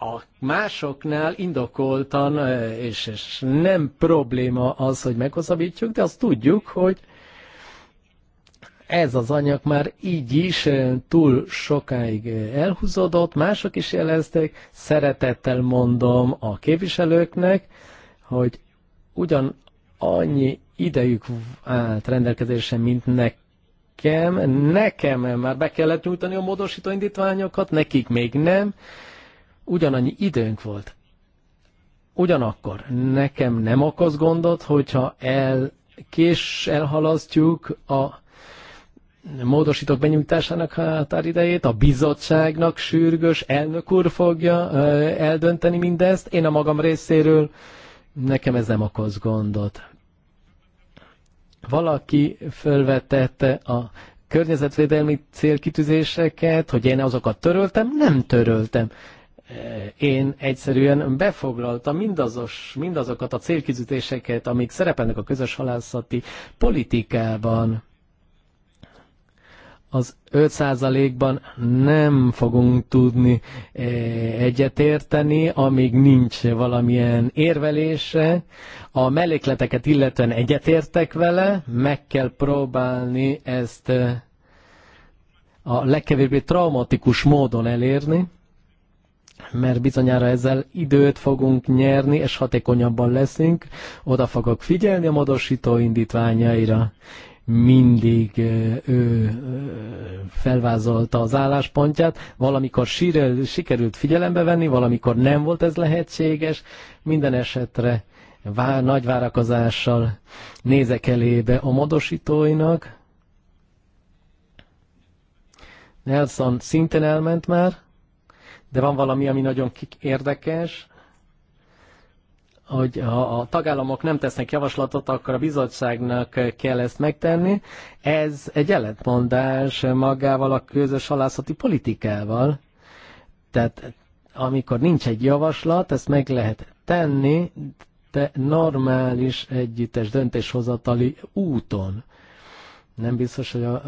a másoknál indokoltan, és, és nem probléma az, hogy meghosszabbítjuk, de azt tudjuk, hogy ez az anyag már így is túl sokáig elhúzódott, mások is jelezték, szeretettel mondom a képviselőknek, hogy ugyan annyi idejük állt rendelkezésre, mint nekem. Nekem már be kellett nyújtani a módosító indítványokat, nekik még nem. Ugyanannyi időnk volt. Ugyanakkor nekem nem okoz gondot, hogyha el, kés elhalasztjuk a módosítók benyújtásának határidejét, a bizottságnak sürgős elnök úr fogja eldönteni mindezt. Én a magam részéről nekem ez nem okoz gondot. Valaki fölvetette a környezetvédelmi célkitűzéseket, hogy én azokat töröltem, nem töröltem. Én egyszerűen befoglaltam mindazos, mindazokat a célkitűzéseket, amik szerepelnek a közös halászati politikában az 5%-ban nem fogunk tudni e, egyetérteni, amíg nincs valamilyen érvelése. A mellékleteket illetően egyetértek vele, meg kell próbálni ezt e, a legkevésbé traumatikus módon elérni, mert bizonyára ezzel időt fogunk nyerni, és hatékonyabban leszünk. Oda fogok figyelni a módosító indítványaira, mindig ő felvázolta az álláspontját, valamikor sírel, sikerült figyelembe venni, valamikor nem volt ez lehetséges, minden esetre vár, nagy várakozással nézek elébe a modosítóinak. Nelson szintén elment már, de van valami, ami nagyon érdekes, hogy ha a tagállamok nem tesznek javaslatot, akkor a bizottságnak kell ezt megtenni. Ez egy ellentmondás magával a közös halászati politikával. Tehát amikor nincs egy javaslat, ezt meg lehet tenni, de normális együttes döntéshozatali úton. Nem biztos, hogy a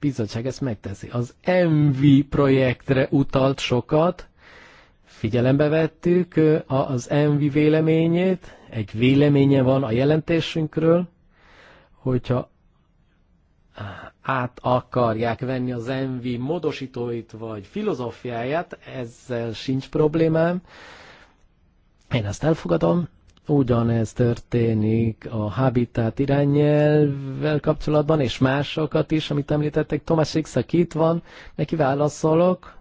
bizottság ezt megteszi. Az MV projektre utalt sokat, Figyelembe vettük az Envi véleményét, egy véleménye van a jelentésünkről, hogyha át akarják venni az envi módosítóit vagy filozófiáját, ezzel sincs problémám. Én ezt elfogadom. Ugyanez történik a Habitat irányelvvel kapcsolatban, és másokat is, amit említettek. Tomás X, itt van, neki válaszolok.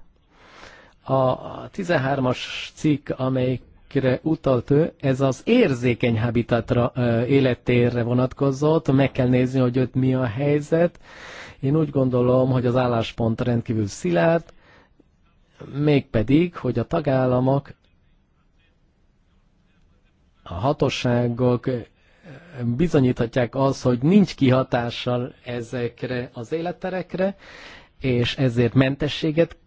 A 13-as cikk, amelyikre utalt ő, ez az érzékeny habitatra, élettérre vonatkozott, meg kell nézni, hogy ott mi a helyzet. Én úgy gondolom, hogy az álláspont rendkívül szilárd, mégpedig, hogy a tagállamok a hatóságok bizonyíthatják azt, hogy nincs kihatással ezekre az életterekre, és ezért mentességet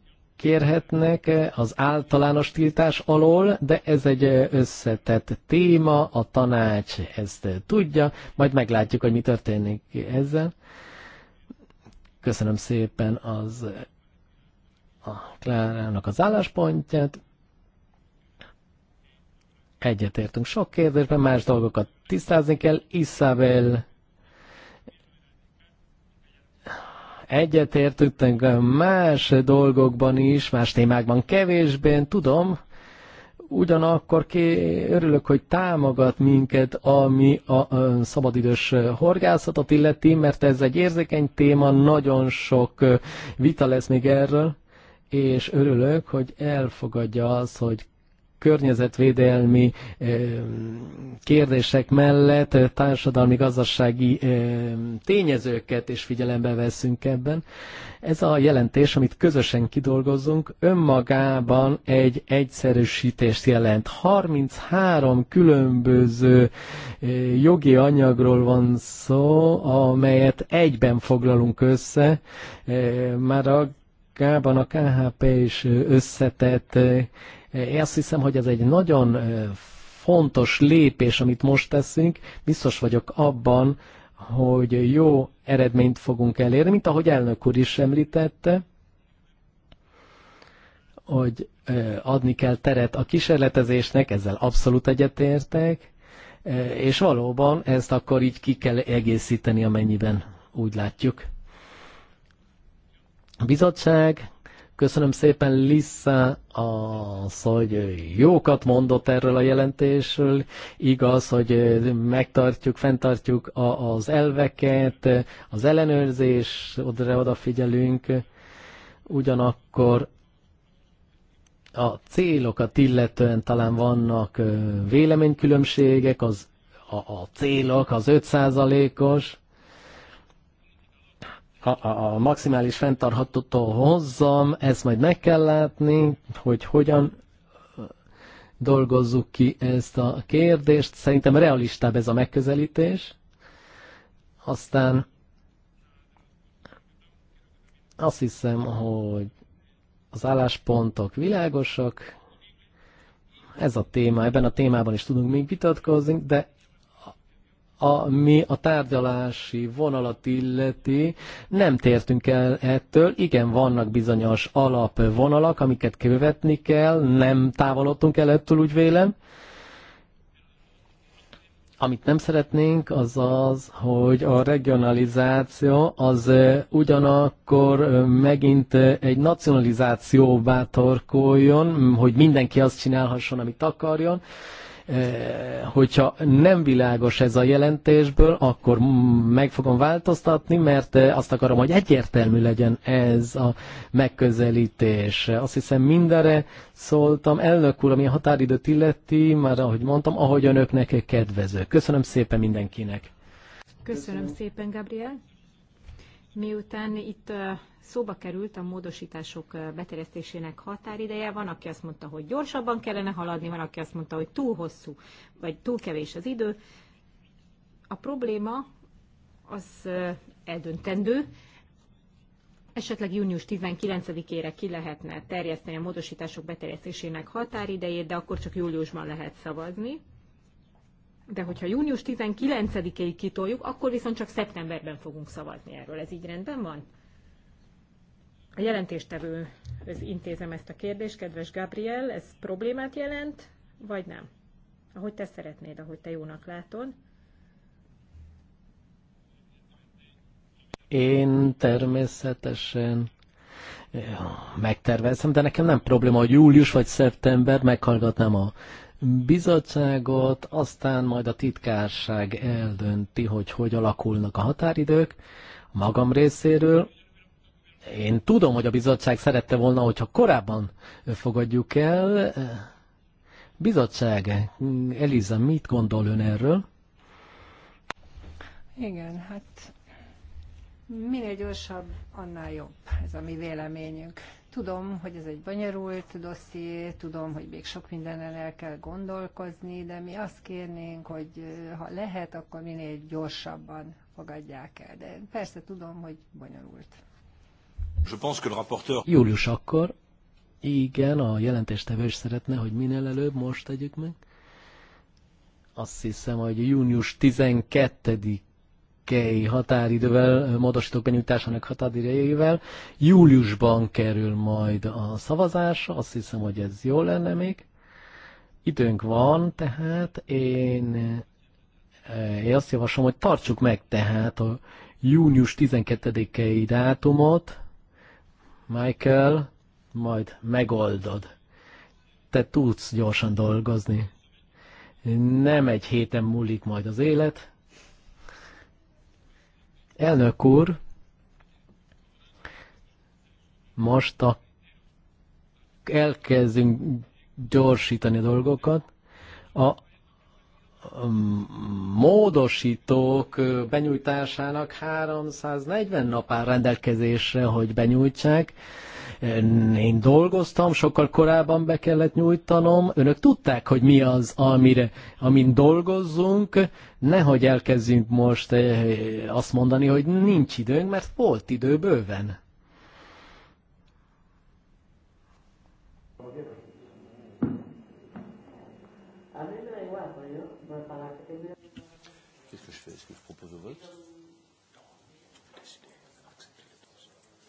kérhetnek az általános tiltás alól, de ez egy összetett téma, a tanács ezt tudja, majd meglátjuk, hogy mi történik ezzel. Köszönöm szépen az a Klárának az álláspontját. Egyetértünk sok kérdésben, más dolgokat tisztázni kell. Isabel egyetértünk más dolgokban is, más témákban kevésbé, tudom, ugyanakkor ki örülök, hogy támogat minket, ami a, a szabadidős horgászatot illeti, mert ez egy érzékeny téma, nagyon sok vita lesz még erről, és örülök, hogy elfogadja az, hogy környezetvédelmi eh, kérdések mellett eh, társadalmi-gazdasági eh, tényezőket is figyelembe veszünk ebben. Ez a jelentés, amit közösen kidolgozunk, önmagában egy egyszerűsítést jelent. 33 különböző jogi anyagról van szó, amelyet egyben foglalunk össze. Már a Gában a KHP is összetett én azt hiszem, hogy ez egy nagyon fontos lépés, amit most teszünk. Biztos vagyok abban, hogy jó eredményt fogunk elérni, mint ahogy elnök úr is említette, hogy adni kell teret a kísérletezésnek, ezzel abszolút egyetértek, és valóban ezt akkor így ki kell egészíteni, amennyiben úgy látjuk. A bizottság Köszönöm szépen Lissa az, hogy jókat mondott erről a jelentésről. Igaz, hogy megtartjuk, fenntartjuk az elveket, az ellenőrzés, odra odafigyelünk. Ugyanakkor a célokat illetően talán vannak véleménykülönbségek, az, a, a célok, az 5 os a, a maximális fenntarthatótól hozzam, ezt majd meg kell látni, hogy hogyan dolgozzuk ki ezt a kérdést. Szerintem realistább ez a megközelítés. Aztán azt hiszem, hogy az álláspontok világosak. Ez a téma, ebben a témában is tudunk még vitatkozni, de ami a tárgyalási vonalat illeti, nem tértünk el ettől. Igen, vannak bizonyos alapvonalak, amiket követni kell, nem távolodtunk el ettől, úgy vélem. Amit nem szeretnénk, az az, hogy a regionalizáció az ugyanakkor megint egy nacionalizáció bátorkoljon, hogy mindenki azt csinálhasson, amit akarjon, Eh, hogyha nem világos ez a jelentésből, akkor meg fogom változtatni, mert eh, azt akarom, hogy egyértelmű legyen ez a megközelítés. Azt hiszem mindenre szóltam. Elnök úr, ami a határidőt illeti, már ahogy mondtam, ahogy önöknek kedvező. Köszönöm szépen mindenkinek. Köszönöm, Köszönöm szépen, Gabriel. Miután itt eh, szóba került a módosítások beterjesztésének határideje. Van, aki azt mondta, hogy gyorsabban kellene haladni, van, aki azt mondta, hogy túl hosszú, vagy túl kevés az idő. A probléma az eldöntendő, esetleg június 19-ére ki lehetne terjeszteni a módosítások beterjesztésének határidejét, de akkor csak júliusban lehet szavazni. De hogyha június 19-ig kitoljuk, akkor viszont csak szeptemberben fogunk szavazni erről. Ez így rendben van? A jelentéstevőhöz intézem ezt a kérdést, kedves Gabriel, ez problémát jelent, vagy nem? Ahogy te szeretnéd, ahogy te jónak látod. Én természetesen eh, megtervezem, de nekem nem probléma, hogy július vagy szeptember meghallgatnám a bizottságot, aztán majd a titkárság eldönti, hogy hogy alakulnak a határidők magam részéről. Én tudom, hogy a bizottság szerette volna, hogyha korábban fogadjuk el. Bizottság, Eliza, mit gondol ön erről? Igen, hát minél gyorsabb, annál jobb. Ez a mi véleményünk. Tudom, hogy ez egy bonyolult dosszié, tudom, hogy még sok mindenen el kell gondolkozni, de mi azt kérnénk, hogy ha lehet, akkor minél gyorsabban fogadják el. De persze tudom, hogy bonyolult. Július akkor. Igen, a jelentéstevő is szeretne, hogy minél előbb most tegyük meg. Azt hiszem, hogy június 12-i határidővel, módosítók benyújtásának határidőjével júliusban kerül majd a szavazás. Azt hiszem, hogy ez jó lenne még. Időnk van, tehát én, eh, én azt javaslom, hogy tartsuk meg tehát a június 12-i dátumot, Michael, majd megoldod. Te tudsz gyorsan dolgozni. Nem egy héten múlik majd az élet. Elnök úr, most a, elkezdünk gyorsítani a dolgokat. A módosítók benyújtásának 340 napán rendelkezésre, hogy benyújtsák. Én dolgoztam, sokkal korábban be kellett nyújtanom. Önök tudták, hogy mi az, amire, amin dolgozzunk. Nehogy elkezdjünk most eh, azt mondani, hogy nincs időnk, mert volt idő bőven.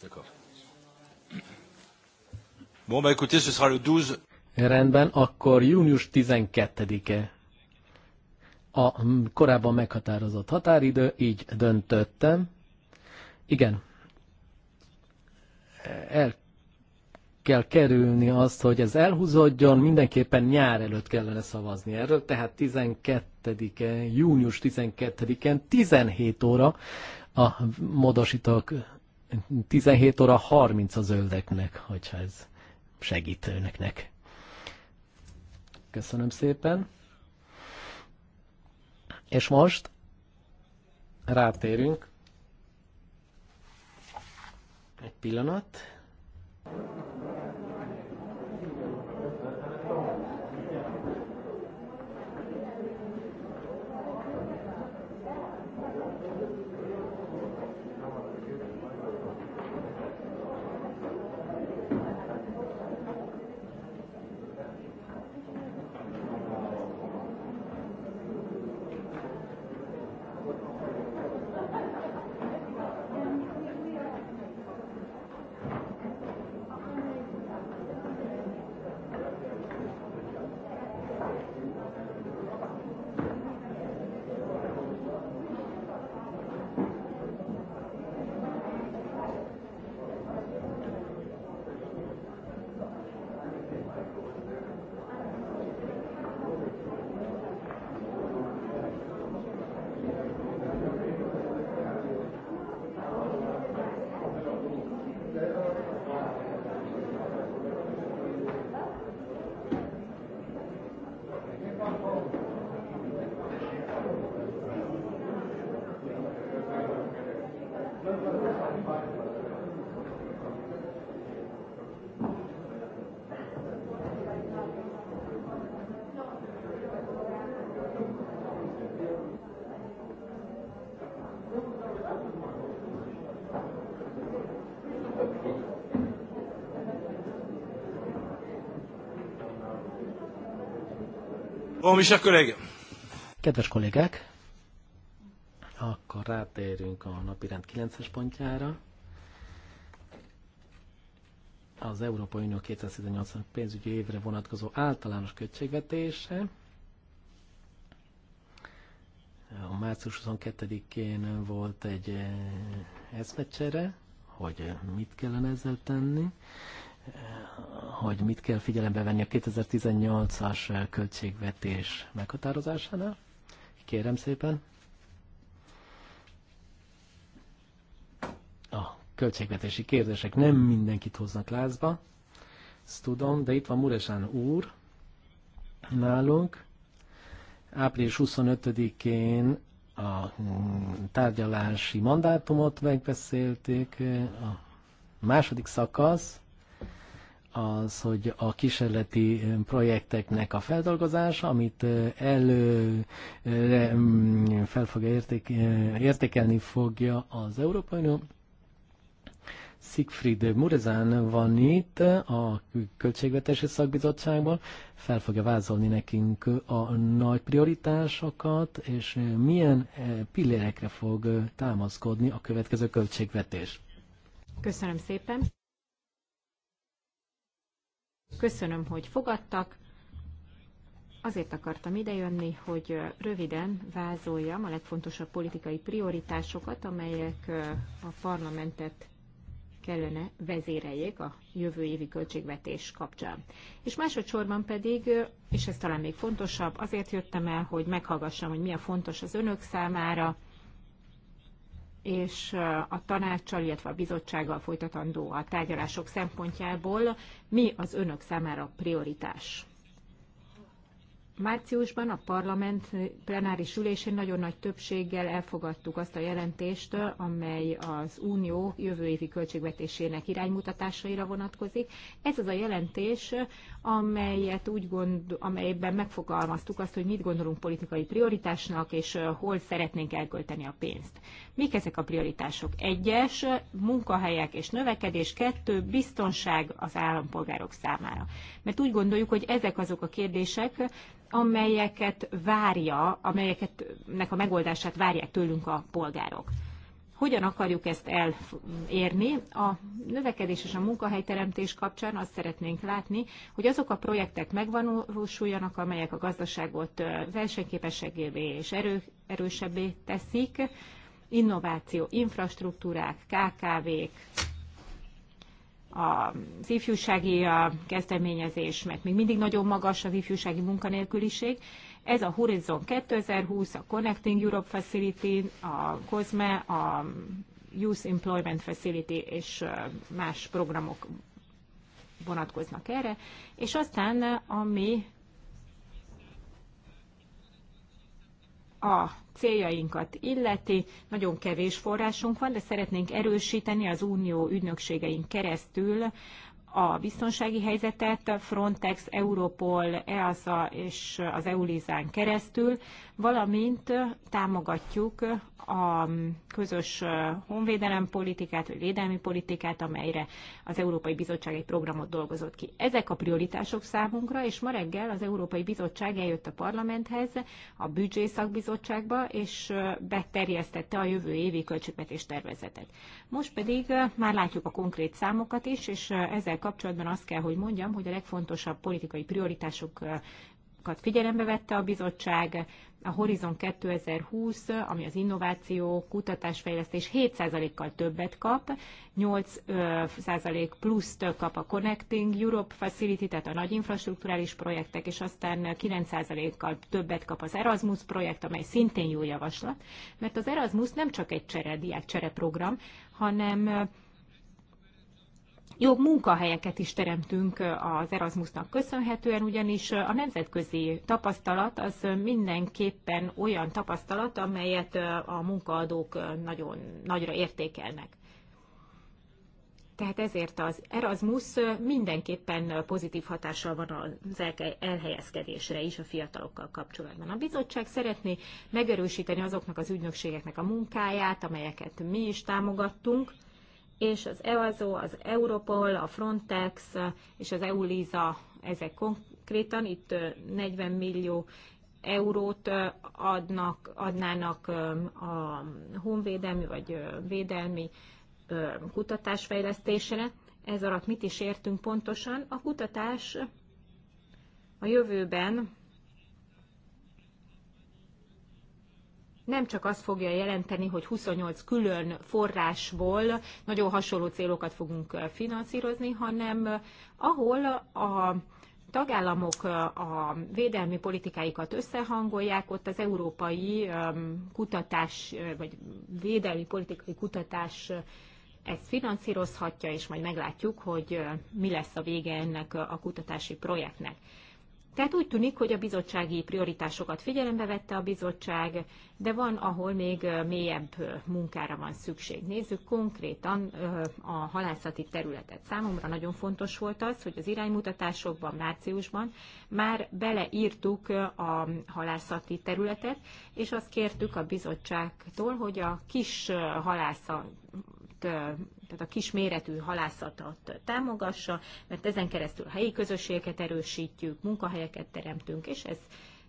D'accord. Bon, bah écoutez, ce sera le 12. Rendben, akkor június 12-e a korábban meghatározott határidő, így döntöttem. Igen, el kell kerülni azt, hogy ez elhúzódjon, mindenképpen nyár előtt kellene szavazni erről, tehát 12-en, június 12-en 17 óra a módosítók 17 óra 30 a zöldeknek, hogyha ez segít önöknek. Köszönöm szépen. És most rátérünk. Egy pillanat. Bon, mes chers collègues. Kedves kollégák, akkor rátérünk a napirend 9-es pontjára. Az Európai Unió 2018 pénzügyi évre vonatkozó általános költségvetése. A március 22-én volt egy eh, eszmecsere, hogy mit kellene ezzel tenni hogy mit kell figyelembe venni a 2018-as költségvetés meghatározásánál. Kérem szépen. A költségvetési kérdések nem mindenkit hoznak lázba, ezt tudom, de itt van Muresán úr nálunk. Április 25-én a tárgyalási mandátumot megbeszélték, a második szakasz, az, hogy a kísérleti projekteknek a feldolgozása, amit elő fel fogja érték, értékelni fogja az Európai Unió. Siegfried Murezán van itt a Költségvetési Szakbizottságban, fel fogja vázolni nekünk a nagy prioritásokat, és milyen pillérekre fog támaszkodni a következő költségvetés. Köszönöm szépen! Köszönöm, hogy fogadtak. Azért akartam idejönni, hogy röviden vázoljam a legfontosabb politikai prioritásokat, amelyek a parlamentet kellene vezéreljék a jövő évi költségvetés kapcsán. És másodszorban pedig, és ez talán még fontosabb, azért jöttem el, hogy meghallgassam, hogy milyen fontos az önök számára, és a tanácssal, illetve a bizottsággal folytatandó a tárgyalások szempontjából mi az önök számára prioritás? Márciusban a parlament plenáris ülésén nagyon nagy többséggel elfogadtuk azt a jelentést, amely az unió jövő évi költségvetésének iránymutatásaira vonatkozik. Ez az a jelentés, amelyet úgy gond, amelyben megfogalmaztuk azt, hogy mit gondolunk politikai prioritásnak, és hol szeretnénk elkölteni a pénzt. Mik ezek a prioritások? Egyes, munkahelyek és növekedés, kettő, biztonság az állampolgárok számára. Mert úgy gondoljuk, hogy ezek azok a kérdések, amelyeket várja, nek a megoldását várják tőlünk a polgárok. Hogyan akarjuk ezt elérni? A növekedés és a munkahelyteremtés kapcsán azt szeretnénk látni, hogy azok a projektek megvalósuljanak, amelyek a gazdaságot versenyképességévé és erő, erősebbé teszik, innováció, infrastruktúrák, KKV-k, az ifjúsági kezdeményezés, mert még mindig nagyon magas az ifjúsági munkanélküliség, ez a Horizon 2020, a Connecting Europe Facility, a COSME, a Youth Employment Facility és más programok vonatkoznak erre, és aztán ami a céljainkat illeti, nagyon kevés forrásunk van, de szeretnénk erősíteni az unió ügynökségeink keresztül a biztonsági helyzetet Frontex, Europol, EASA és az EULIZÁN keresztül, valamint támogatjuk a közös honvédelem politikát, vagy védelmi politikát, amelyre az Európai Bizottság egy programot dolgozott ki. Ezek a prioritások számunkra, és ma reggel az Európai Bizottság eljött a parlamenthez, a büdzsé szakbizottságba, és beterjesztette a jövő évi költségvetés tervezetet. Most pedig már látjuk a konkrét számokat is, és ezzel kapcsolatban azt kell, hogy mondjam, hogy a legfontosabb politikai prioritások figyelembe vette a bizottság, a Horizon 2020, ami az innováció, kutatásfejlesztés 7%-kal többet kap, 8% pluszt kap a Connecting Europe Facility, tehát a nagy infrastruktúrális projektek, és aztán 9%-kal többet kap az Erasmus projekt, amely szintén jó javaslat, mert az Erasmus nem csak egy csere, diákcsere program, hanem jobb munkahelyeket is teremtünk az Erasmusnak köszönhetően, ugyanis a nemzetközi tapasztalat az mindenképpen olyan tapasztalat, amelyet a munkaadók nagyon nagyra értékelnek. Tehát ezért az Erasmus mindenképpen pozitív hatással van az elhelyezkedésre is a fiatalokkal kapcsolatban. A bizottság szeretné megerősíteni azoknak az ügynökségeknek a munkáját, amelyeket mi is támogattunk, és az EASO, az Europol, a Frontex és az EULISA, ezek konkrétan itt 40 millió eurót adnak, adnának a honvédelmi vagy védelmi kutatásfejlesztésre. Ez alatt mit is értünk pontosan? A kutatás a jövőben nem csak azt fogja jelenteni, hogy 28 külön forrásból nagyon hasonló célokat fogunk finanszírozni, hanem ahol a tagállamok a védelmi politikáikat összehangolják, ott az európai kutatás, vagy védelmi politikai kutatás ezt finanszírozhatja, és majd meglátjuk, hogy mi lesz a vége ennek a kutatási projektnek. Tehát úgy tűnik, hogy a bizottsági prioritásokat figyelembe vette a bizottság, de van, ahol még mélyebb munkára van szükség. Nézzük konkrétan a halászati területet. Számomra nagyon fontos volt az, hogy az iránymutatásokban márciusban már beleírtuk a halászati területet, és azt kértük a bizottságtól, hogy a kis halászat tehát a kisméretű halászatot támogassa, mert ezen keresztül helyi közösségeket erősítjük, munkahelyeket teremtünk, és ez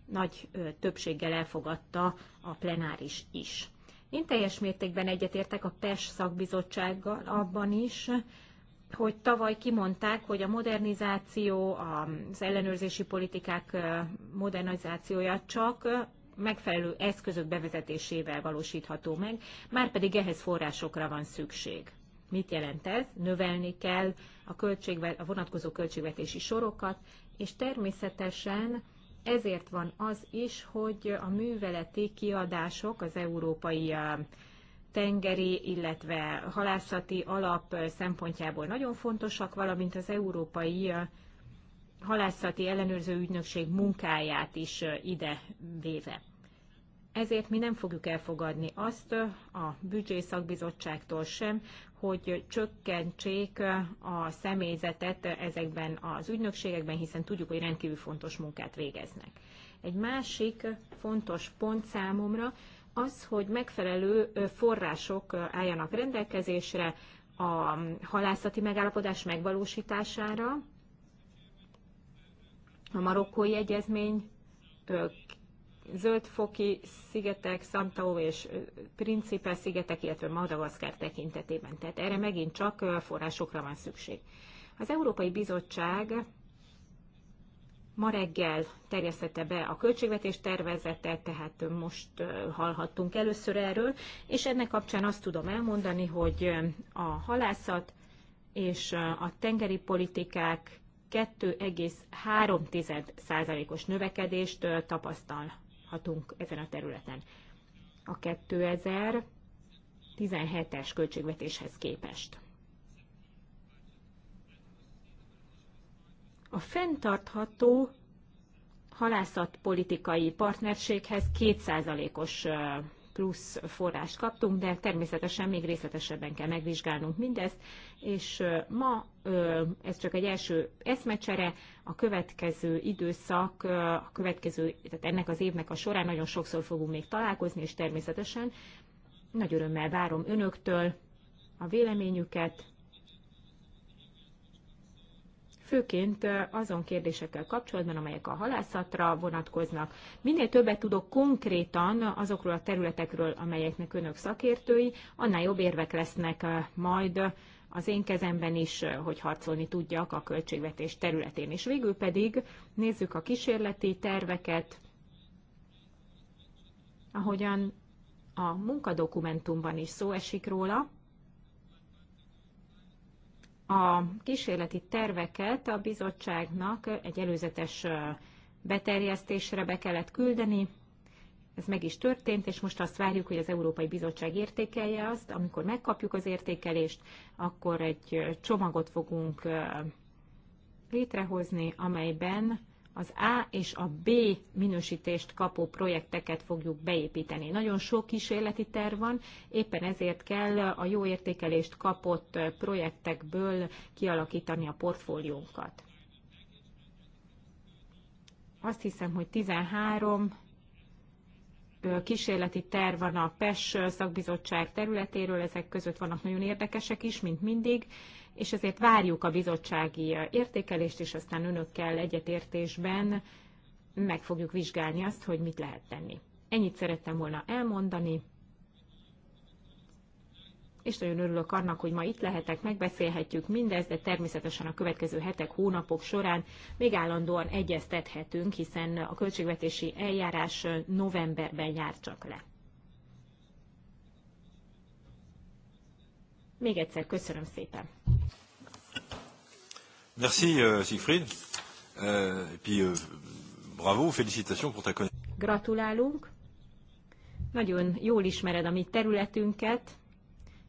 nagy többséggel elfogadta a plenáris is. Én teljes mértékben egyetértek a PES szakbizottsággal abban is, hogy tavaly kimondták, hogy a modernizáció, az ellenőrzési politikák modernizációja csak megfelelő eszközök bevezetésével valósítható meg, már pedig ehhez forrásokra van szükség. Mit jelent ez? Növelni kell a, költségvet, a vonatkozó költségvetési sorokat, és természetesen ezért van az is, hogy a műveleti kiadások az európai tengeri, illetve halászati alap szempontjából nagyon fontosak, valamint az európai halászati ellenőrző ügynökség munkáját is ide véve. Ezért mi nem fogjuk elfogadni azt a büdzsészakbizottságtól sem, hogy csökkentsék a személyzetet ezekben az ügynökségekben, hiszen tudjuk, hogy rendkívül fontos munkát végeznek. Egy másik fontos pont számomra az, hogy megfelelő források álljanak rendelkezésre a halászati megállapodás megvalósítására, a marokkói egyezmény Zöldfoki szigetek, szantaó és Principe szigetek, illetve Madagaszkár tekintetében. Tehát erre megint csak forrásokra van szükség. Az Európai Bizottság ma reggel terjesztette be a költségvetés tervezetet, tehát most hallhattunk először erről, és ennek kapcsán azt tudom elmondani, hogy a halászat és a tengeri politikák 2,3%-os növekedést tapasztal hatunk ezen a területen. A 2017-es költségvetéshez képest. A fenntartható halászatpolitikai partnerséghez 2%-os plusz forrást kaptunk, de természetesen még részletesebben kell megvizsgálnunk mindezt, és ma ez csak egy első eszmecsere, a következő időszak, a következő, tehát ennek az évnek a során nagyon sokszor fogunk még találkozni, és természetesen nagy örömmel várom önöktől a véleményüket, főként azon kérdésekkel kapcsolatban, amelyek a halászatra vonatkoznak. Minél többet tudok konkrétan azokról a területekről, amelyeknek önök szakértői, annál jobb érvek lesznek majd az én kezemben is, hogy harcolni tudjak a költségvetés területén. És végül pedig nézzük a kísérleti terveket, ahogyan a munkadokumentumban is szó esik róla, a kísérleti terveket a bizottságnak egy előzetes beterjesztésre be kellett küldeni. Ez meg is történt, és most azt várjuk, hogy az Európai Bizottság értékelje azt. Amikor megkapjuk az értékelést, akkor egy csomagot fogunk létrehozni, amelyben az A és a B minősítést kapó projekteket fogjuk beépíteni. Nagyon sok kísérleti terv van, éppen ezért kell a jó értékelést kapott projektekből kialakítani a portfóliónkat. Azt hiszem, hogy 13 kísérleti terv van a PES szakbizottság területéről, ezek között vannak nagyon érdekesek is, mint mindig és ezért várjuk a bizottsági értékelést, és aztán önökkel egyetértésben meg fogjuk vizsgálni azt, hogy mit lehet tenni. Ennyit szerettem volna elmondani, és nagyon örülök annak, hogy ma itt lehetek, megbeszélhetjük mindezt, de természetesen a következő hetek, hónapok során még állandóan egyeztethetünk, hiszen a költségvetési eljárás novemberben jár csak le. Még egyszer köszönöm szépen. Merci euh, Siegfried. Euh, et puis euh, bravo, félicitations pour ta connaissance. Gratulálunk. Nagyon jól ismered a mi területünket,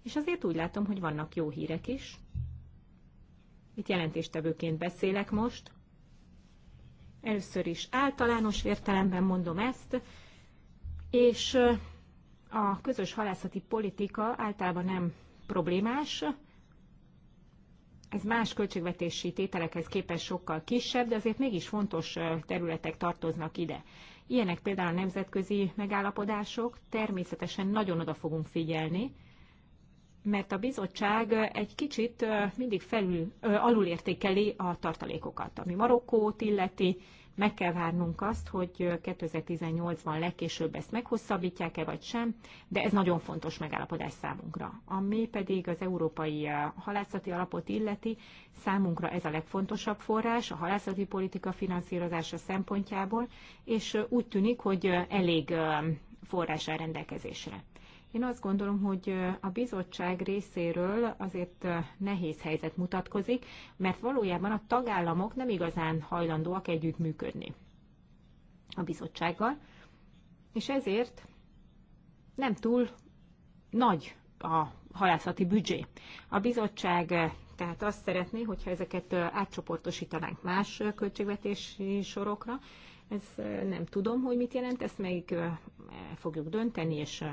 és azért úgy látom, hogy vannak jó hírek is. Itt jelentéstevőként beszélek most. Először is általános értelemben mondom ezt, és a közös halászati politika általában nem problémás. Ez más költségvetési tételekhez képest sokkal kisebb, de azért mégis fontos területek tartoznak ide. Ilyenek például a nemzetközi megállapodások, természetesen nagyon oda fogunk figyelni, mert a bizottság egy kicsit mindig felül, alulértékeli a tartalékokat, ami Marokkót illeti, meg kell várnunk azt, hogy 2018-ban legkésőbb ezt meghosszabbítják-e vagy sem, de ez nagyon fontos megállapodás számunkra. Ami pedig az Európai Halászati Alapot illeti, számunkra ez a legfontosabb forrás a halászati politika finanszírozása szempontjából, és úgy tűnik, hogy elég forrás rendelkezésre. Én azt gondolom, hogy a bizottság részéről azért nehéz helyzet mutatkozik, mert valójában a tagállamok nem igazán hajlandóak együttműködni a bizottsággal, és ezért nem túl nagy a halászati büdzsé. A bizottság tehát azt szeretné, hogyha ezeket átcsoportosítanánk más költségvetési sorokra. Ez nem tudom, hogy mit jelent, ezt még fogjuk dönteni, és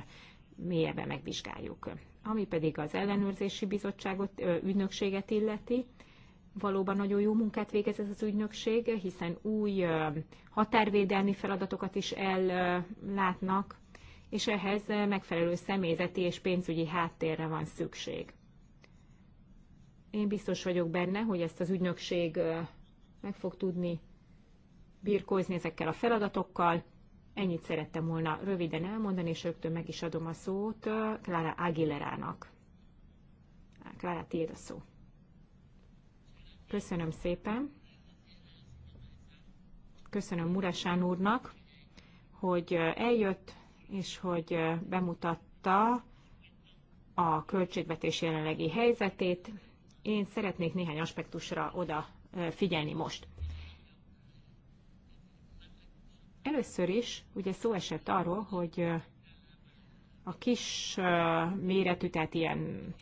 mélyebben megvizsgáljuk. Ami pedig az ellenőrzési bizottságot, ügynökséget illeti, valóban nagyon jó munkát végez ez az ügynökség, hiszen új határvédelmi feladatokat is ellátnak, és ehhez megfelelő személyzeti és pénzügyi háttérre van szükség. Én biztos vagyok benne, hogy ezt az ügynökség meg fog tudni birkózni ezekkel a feladatokkal, Ennyit szerettem volna röviden elmondani, és rögtön meg is adom a szót uh, Clara Aguilerának. Uh, Clara, tiéd a szó. Köszönöm szépen. Köszönöm Murasán úrnak, hogy uh, eljött, és hogy bemutatta a költségvetés jelenlegi helyzetét. Én szeretnék néhány aspektusra oda figyelni most. Először is ugye szó esett arról, hogy a kis méretű, tehát ilyen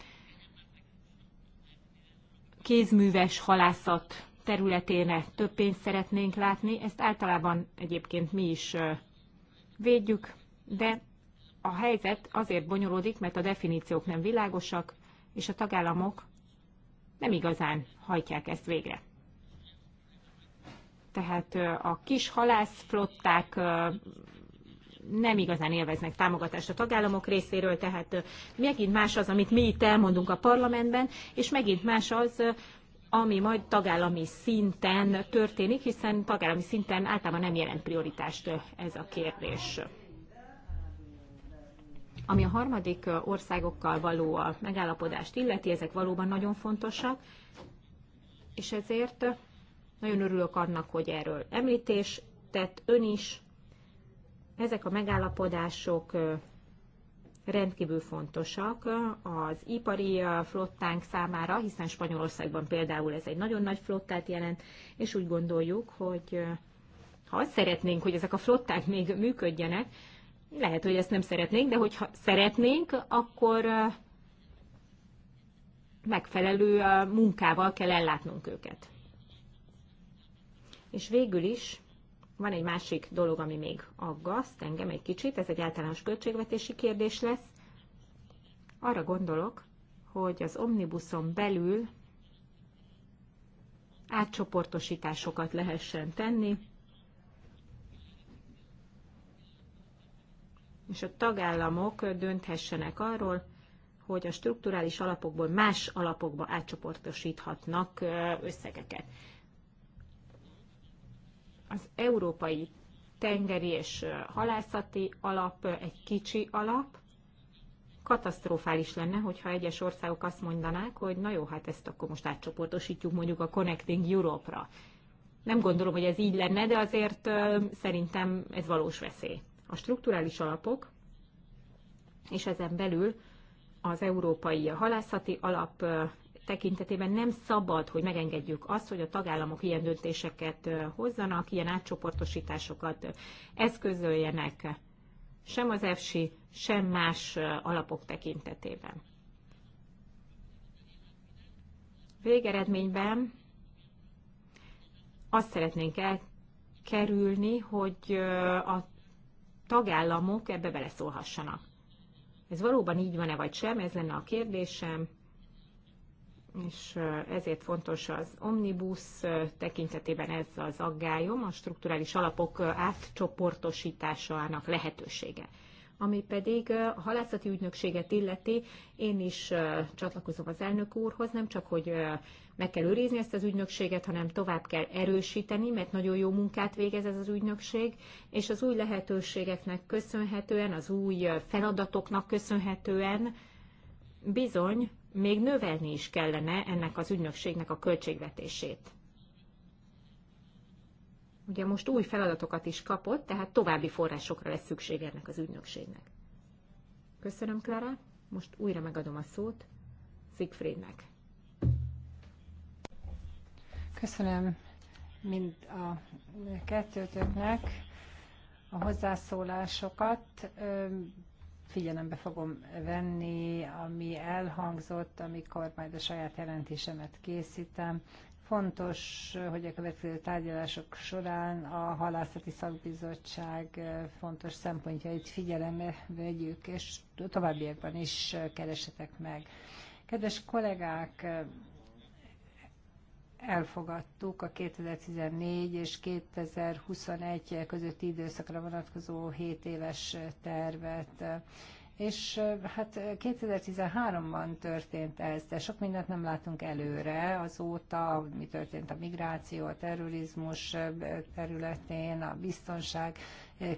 kézműves halászat területéne több pénzt szeretnénk látni. Ezt általában egyébként mi is védjük, de a helyzet azért bonyolódik, mert a definíciók nem világosak, és a tagállamok nem igazán hajtják ezt végre tehát a kis halászflották nem igazán élveznek támogatást a tagállamok részéről, tehát megint más az, amit mi itt elmondunk a parlamentben, és megint más az, ami majd tagállami szinten történik, hiszen tagállami szinten általában nem jelent prioritást ez a kérdés. Ami a harmadik országokkal való a megállapodást illeti, ezek valóban nagyon fontosak, és ezért nagyon örülök annak, hogy erről említés tett ön is. Ezek a megállapodások rendkívül fontosak az ipari flottánk számára, hiszen Spanyolországban például ez egy nagyon nagy flottát jelent, és úgy gondoljuk, hogy ha azt szeretnénk, hogy ezek a flották még működjenek, lehet, hogy ezt nem szeretnénk, de hogyha szeretnénk, akkor megfelelő munkával kell ellátnunk őket. És végül is van egy másik dolog, ami még aggaszt engem egy kicsit, ez egy általános költségvetési kérdés lesz. Arra gondolok, hogy az omnibuszon belül átcsoportosításokat lehessen tenni, és a tagállamok dönthessenek arról, hogy a strukturális alapokból más alapokba átcsoportosíthatnak összegeket. Az Európai Tengeri és Halászati Alap egy kicsi alap. Katasztrofális lenne, hogyha egyes országok azt mondanák, hogy na jó, hát ezt akkor most átcsoportosítjuk mondjuk a Connecting Europe-ra. Nem gondolom, hogy ez így lenne, de azért szerintem ez valós veszély. A strukturális alapok, és ezen belül az Európai Halászati Alap tekintetében nem szabad, hogy megengedjük azt, hogy a tagállamok ilyen döntéseket hozzanak, ilyen átcsoportosításokat eszközöljenek sem az EFSI, sem más alapok tekintetében. Végeredményben azt szeretnénk elkerülni, hogy a tagállamok ebbe beleszólhassanak. Ez valóban így van-e vagy sem, ez lenne a kérdésem és ezért fontos az omnibus tekintetében ez az aggályom, a strukturális alapok átcsoportosításának lehetősége. Ami pedig a halászati ügynökséget illeti, én is csatlakozom az elnök úrhoz, nem csak, hogy meg kell őrizni ezt az ügynökséget, hanem tovább kell erősíteni, mert nagyon jó munkát végez ez az ügynökség, és az új lehetőségeknek köszönhetően, az új feladatoknak köszönhetően bizony még növelni is kellene ennek az ügynökségnek a költségvetését. Ugye most új feladatokat is kapott, tehát további forrásokra lesz szükség ennek az ügynökségnek. Köszönöm, Klára. Most újra megadom a szót Siegfriednek. Köszönöm mind a kettőtöknek a hozzászólásokat figyelembe fogom venni, ami elhangzott, amikor majd a saját jelentésemet készítem. Fontos, hogy a következő tárgyalások során a halászati szakbizottság eh, fontos szempontjait figyelembe vegyük, és továbbiakban is eh, keresetek meg. Kedves kollégák, eh, elfogadtuk a 2014 és 2021 közötti időszakra vonatkozó 7 éves tervet. És hát 2013-ban történt ez, de sok mindent nem látunk előre azóta, mi történt a migráció, a terrorizmus területén, a biztonság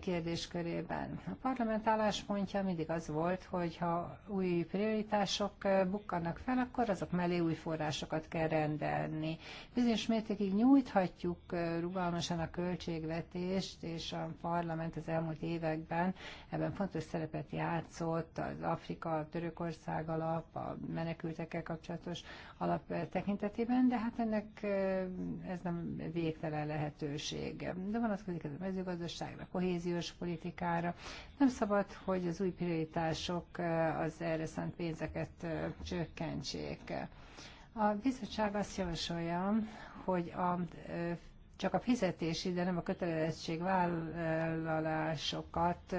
kérdéskörében. A parlament álláspontja mindig az volt, hogy ha új prioritások eh, bukkannak fel, akkor azok mellé új forrásokat kell rendelni. Bizonyos mértékig nyújthatjuk eh, rugalmasan a költségvetést, és a parlament az elmúlt években ebben fontos szerepet játszott, az Afrika, Törökország alap, a menekültekkel kapcsolatos alap tekintetében, de hát ennek ez nem végtelen lehetőség. De vonatkozik ez a mezőgazdaságra, kohéziós politikára. Nem szabad, hogy az új prioritások az erre szánt pénzeket csökkentsék. A bizottság azt javasolja, hogy a csak a fizetési, de nem a kötelezettségvállalásokat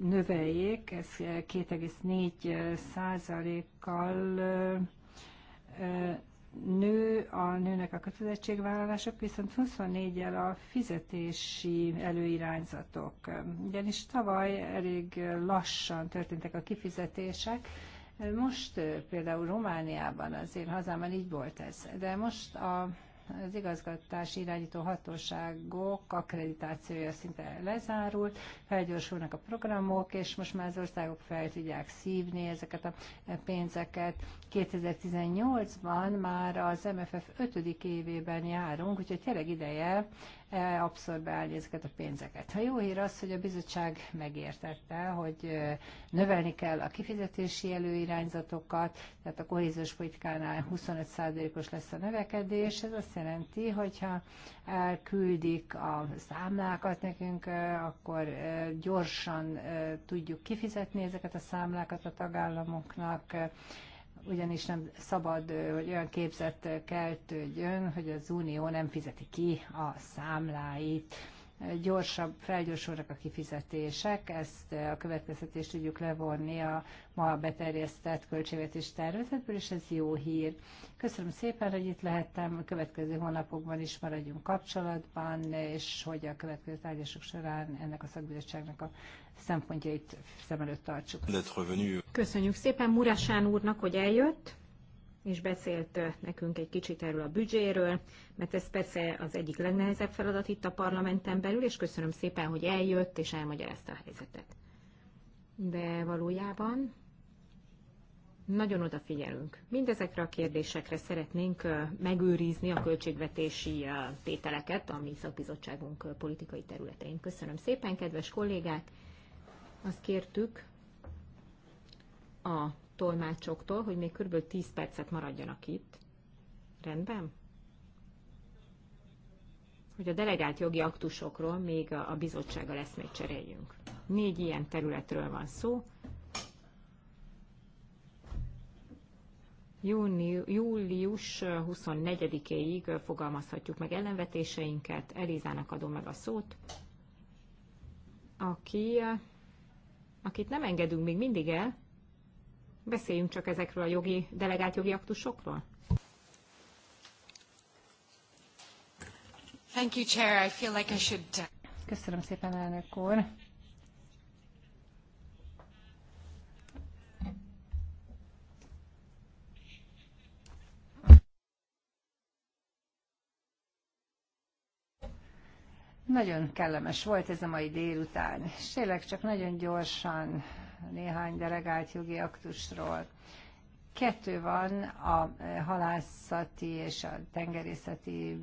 növeljék, ez 2,4 százalékkal nő a nőnek a kötelezettségvállalások, viszont 24-jel a fizetési előirányzatok. Ugyanis tavaly elég lassan történtek a kifizetések, most például Romániában, az én hazámban így volt ez, de most a az igazgatási irányító hatóságok akkreditációja szinte lezárult, felgyorsulnak a programok, és most már az országok fel tudják szívni ezeket a pénzeket. 2018-ban már az MFF 5. évében járunk, úgyhogy tényleg ideje E, abszorbálni ezeket a pénzeket. Ha jó hír az, hogy a bizottság megértette, hogy e, növelni kell a kifizetési előirányzatokat, tehát a kohéziós politikánál 25%-os lesz a növekedés, ez azt jelenti, hogyha elküldik a számlákat nekünk, e, akkor gyorsan tudjuk kifizetni ezeket a számlákat a tagállamoknak, ugyanis nem szabad, hogy olyan képzet keltődjön, hogy az Unió nem fizeti ki a számláit gyorsabb, felgyorsulnak a kifizetések, ezt eh, a következtetést tudjuk levonni a ma beterjesztett költségvetés tervezetből, és ez jó hír. Köszönöm szépen, hogy itt lehettem, a következő hónapokban is maradjunk kapcsolatban, és hogy a következő tárgyások során ennek a szakbizottságnak a szempontjait szem előtt tartsuk. Köszönjük szépen Murasán úrnak, hogy eljött és beszélt nekünk egy kicsit erről a büdzséről, mert ez persze az egyik legnehezebb feladat itt a parlamenten belül, és köszönöm szépen, hogy eljött és elmagyarázta a helyzetet. De valójában nagyon odafigyelünk. Mindezekre a kérdésekre szeretnénk megőrizni a költségvetési tételeket a mi szakbizottságunk politikai területein. Köszönöm szépen, kedves kollégák! Azt kértük a tolmácsoktól, hogy még kb. 10 percet maradjanak itt. Rendben? Hogy a delegált jogi aktusokról még a bizottsággal még cseréljünk. Négy ilyen területről van szó. Júni, július 24-éig fogalmazhatjuk meg ellenvetéseinket. Elizának adom meg a szót, aki, akit nem engedünk még mindig el, Beszéljünk csak ezekről a jogi, delegált jogi aktusokról. Thank you, Chair. I feel like I should... Uh, Köszönöm szépen, elnök úr. Nagyon kellemes volt ez a mai délután, és tényleg csak nagyon gyorsan néhány delegált jogi aktusról. Kettő van, a halászati és a tengerészeti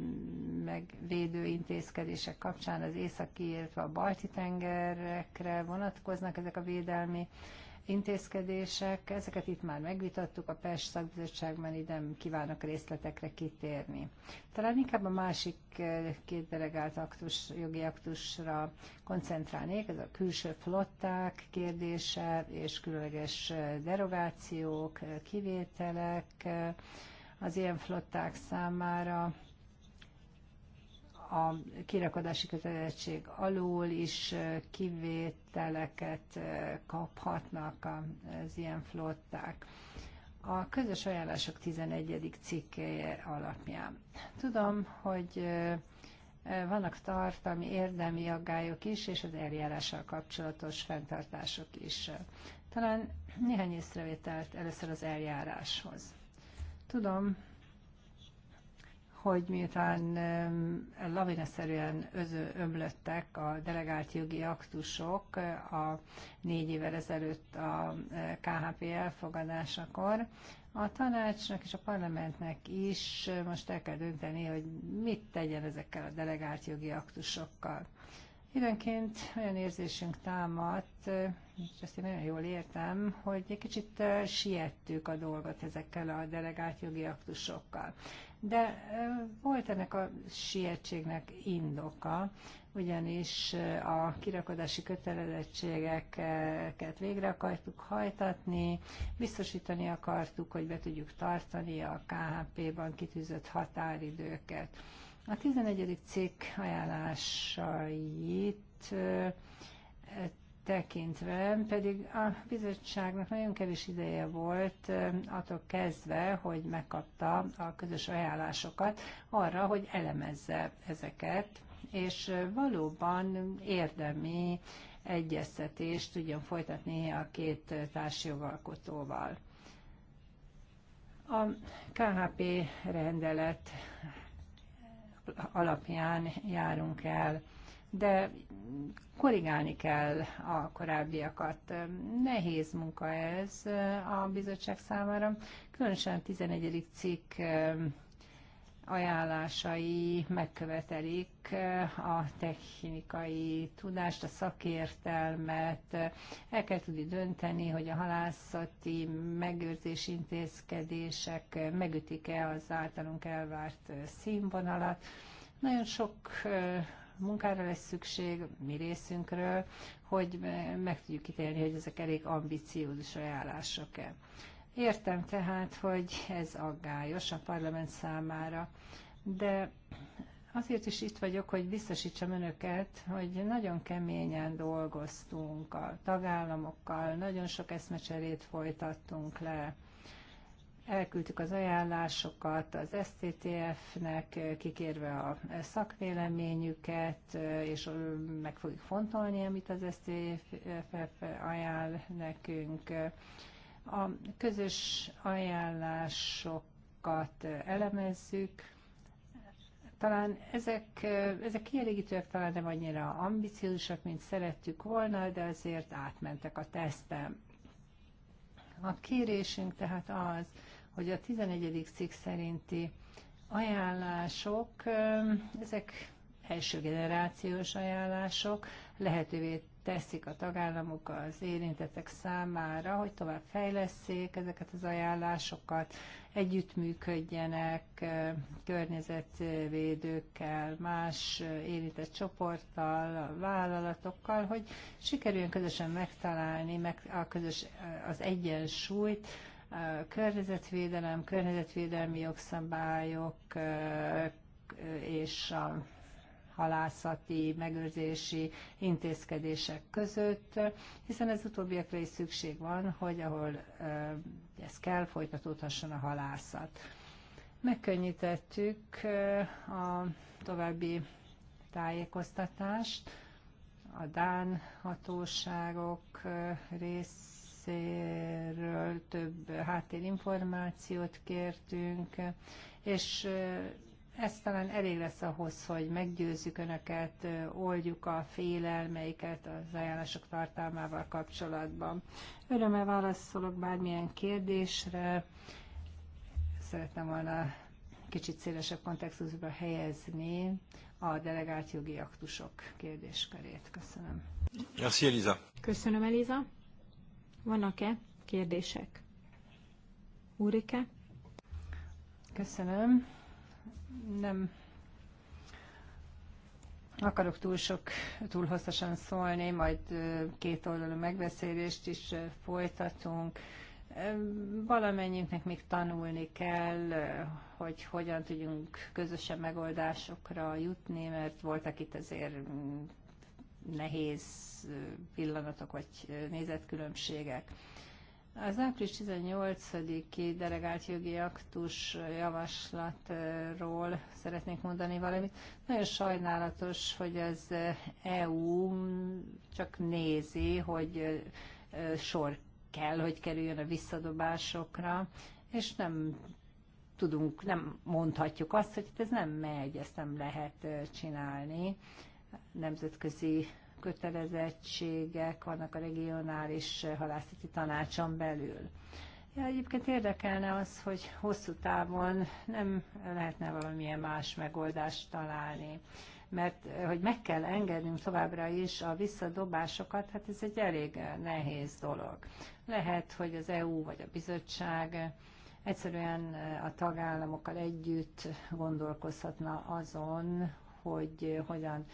megvédő intézkedések kapcsán az északi, illetve a balti tengerekre vonatkoznak ezek a védelmi intézkedések, ezeket itt már megvitattuk, a PES szakbizottságban ide nem kívánok részletekre kitérni. Talán inkább a másik eh, két delegált aktus, jogi aktusra koncentrálnék, ez a külső flották kérdése és különleges eh, derogációk, eh, kivételek az ilyen flották számára a kirakodási kötelezettség alól is kivételeket kaphatnak az ilyen flották. A közös ajánlások 11. cikkeje alapján. Tudom, hogy vannak tartalmi érdemi aggályok is, és az eljárással kapcsolatos fenntartások is. Talán néhány észrevételt először az eljáráshoz. Tudom, hogy miután lavinaszerűen öző, ömlöttek a delegált jogi aktusok eh, a négy évvel ezelőtt a eh, KHP elfogadásakor, a tanácsnak és a parlamentnek is eh, most el kell dönteni, hogy mit tegyen ezekkel a delegált jogi aktusokkal. Időnként olyan érzésünk támadt, és ezt én nagyon jól értem, hogy egy kicsit siettük a dolgot ezekkel a delegált jogi aktusokkal. De volt ennek a sietségnek indoka, ugyanis a kirakodási kötelezettségeket végre akartuk hajtatni, biztosítani akartuk, hogy be tudjuk tartani a KHP-ban kitűzött határidőket. A 11. cikk ajánlásait tekintve, pedig a bizottságnak nagyon kevés ideje volt attól kezdve, hogy megkapta a közös ajánlásokat arra, hogy elemezze ezeket, és valóban érdemi egyeztetést tudjon folytatni a két társjogalkotóval. A KHP rendelet alapján járunk el de korrigálni kell a korábbiakat. Nehéz munka ez a bizottság számára, különösen a 11. cikk ajánlásai megkövetelik a technikai tudást, a szakértelmet. El kell tudni dönteni, hogy a halászati megőrzés intézkedések megütik-e az általunk elvárt színvonalat. Nagyon sok munkára lesz szükség mi részünkről, hogy meg tudjuk ítélni, hogy ezek elég ambiciózus ajánlások-e. Értem tehát, hogy ez aggályos a parlament számára, de azért is itt vagyok, hogy biztosítsam önöket, hogy nagyon keményen dolgoztunk a tagállamokkal, nagyon sok eszmecserét folytattunk le, Elküldtük az ajánlásokat az sttf nek kikérve a szakvéleményüket, és meg fogjuk fontolni, amit az STTF ajánl nekünk. A közös ajánlásokat elemezzük, talán ezek, ezek kielégítőek, talán nem annyira ambiciózusak, mint szerettük volna, de azért átmentek a tesztem. A kérésünk tehát az, hogy a 11. cikk szerinti ajánlások, ezek első generációs ajánlások lehetővé teszik a tagállamok az érintettek számára, hogy tovább fejleszék ezeket az ajánlásokat, együttműködjenek környezetvédőkkel, más érintett csoporttal, vállalatokkal, hogy sikerüljön közösen megtalálni meg a közös, az egyensúlyt környezetvédelem, környezetvédelmi jogszabályok és a halászati, megőrzési intézkedések között, hiszen ez utóbbiakra is szükség van, hogy ahol ez kell, folytatódhasson a halászat. Megkönnyítettük a további tájékoztatást, a Dán hatóságok rész részéről több háttérinformációt kértünk, és ez talán elég lesz ahhoz, hogy meggyőzzük Önöket, oldjuk a félelmeiket az ajánlások tartalmával kapcsolatban. Örömmel válaszolok bármilyen kérdésre. Szeretném volna kicsit szélesebb kontextusba helyezni a delegált jogi aktusok kérdéskörét. Köszönöm. Merci, Eliza. Köszönöm, Eliza. Vannak-e kérdések? Úrike? Köszönöm. Nem akarok túl sok, túl hosszasan szólni, majd két oldalú megbeszélést is folytatunk. Valamennyinknek még tanulni kell, hogy hogyan tudjunk közösen megoldásokra jutni, mert voltak itt azért nehéz pillanatok vagy nézetkülönbségek. Az április 18-i delegált jogi aktus javaslatról szeretnék mondani valamit. Nagyon sajnálatos, hogy az EU csak nézi, hogy sor kell, hogy kerüljön a visszadobásokra, és nem tudunk, nem mondhatjuk azt, hogy ez nem megy, ezt nem lehet csinálni nemzetközi kötelezettségek vannak a regionális halászati tanácson belül. Ja, egyébként érdekelne az, hogy hosszú távon nem lehetne valamilyen más megoldást találni. Mert eh, hogy meg kell engednünk továbbra is a visszadobásokat, hát ez egy elég eh, nehéz dolog. Lehet, hogy az EU vagy a bizottság eh, egyszerűen a tagállamokkal együtt gondolkozhatna azon, hogy hogyan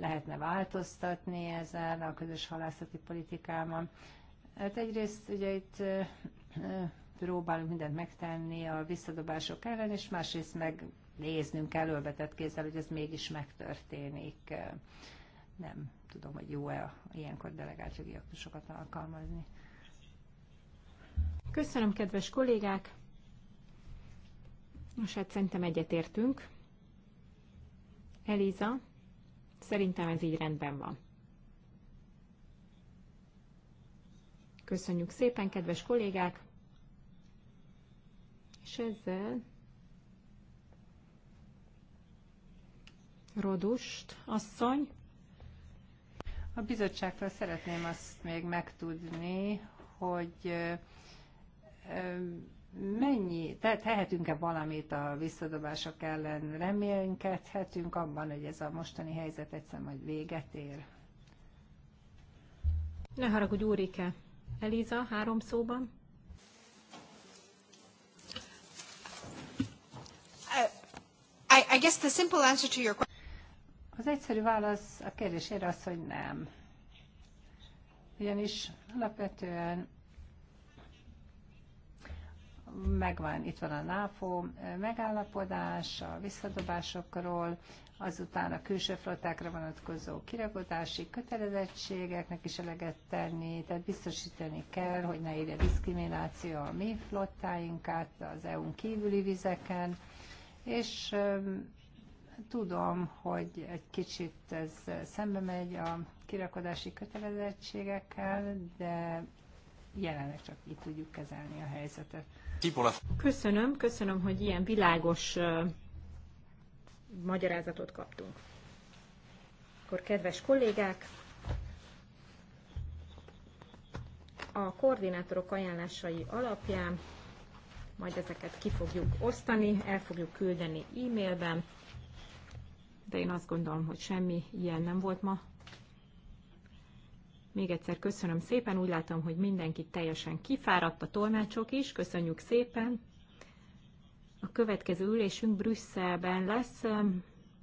lehetne változtatni ezzel a közös halászati politikában. Hát egyrészt ugye itt próbálunk mindent megtenni a visszadobások ellen, és másrészt meg néznünk előbetett kézzel, hogy ez mégis megtörténik. Nem tudom, hogy jó-e ilyenkor delegált jogi aktusokat alkalmazni. Köszönöm, kedves kollégák! Most hát szerintem egyetértünk. Eliza, Szerintem ez így rendben van. Köszönjük szépen, kedves kollégák! És ezzel Rodust asszony. A bizottságtól szeretném azt még megtudni, hogy mennyi, tehát tehetünk-e valamit a visszadobások ellen? Reménykedhetünk abban, hogy ez a mostani helyzet egyszer majd véget ér? Ne haragudj, Úrike. Eliza, három szóban. Uh, I, I guess the simple answer to your question... Az egyszerű válasz a kérdésére az, hogy nem. Ugyanis alapvetően megvan, itt van a NAFO megállapodás a visszadobásokról, azután a külső flottákra vonatkozó kirakodási kötelezettségeknek is eleget tenni, tehát biztosítani kell, hogy ne érje diszkrimináció a mi flottáinkat az EU-n kívüli vizeken, és tudom, hogy egy kicsit ez szembe megy a kirakodási kötelezettségekkel, de jelenleg csak így tudjuk kezelni a helyzetet. Köszönöm, köszönöm, hogy ilyen világos uh, magyarázatot kaptunk. Akkor kedves kollégák, a koordinátorok ajánlásai alapján majd ezeket ki fogjuk osztani, el fogjuk küldeni e-mailben, de én azt gondolom, hogy semmi ilyen nem volt ma még egyszer köszönöm szépen, úgy látom, hogy mindenki teljesen kifáradt, a tolmácsok is, köszönjük szépen. A következő ülésünk Brüsszelben lesz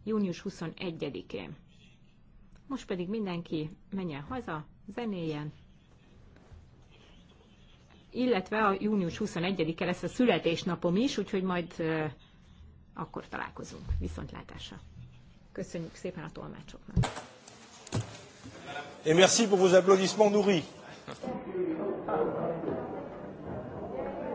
június 21-én. Most pedig mindenki menjen haza, zenéjen, illetve a június 21-e lesz a születésnapom is, úgyhogy majd akkor találkozunk. Viszontlátásra! Köszönjük szépen a tolmácsoknak! Et merci pour vos applaudissements nourris.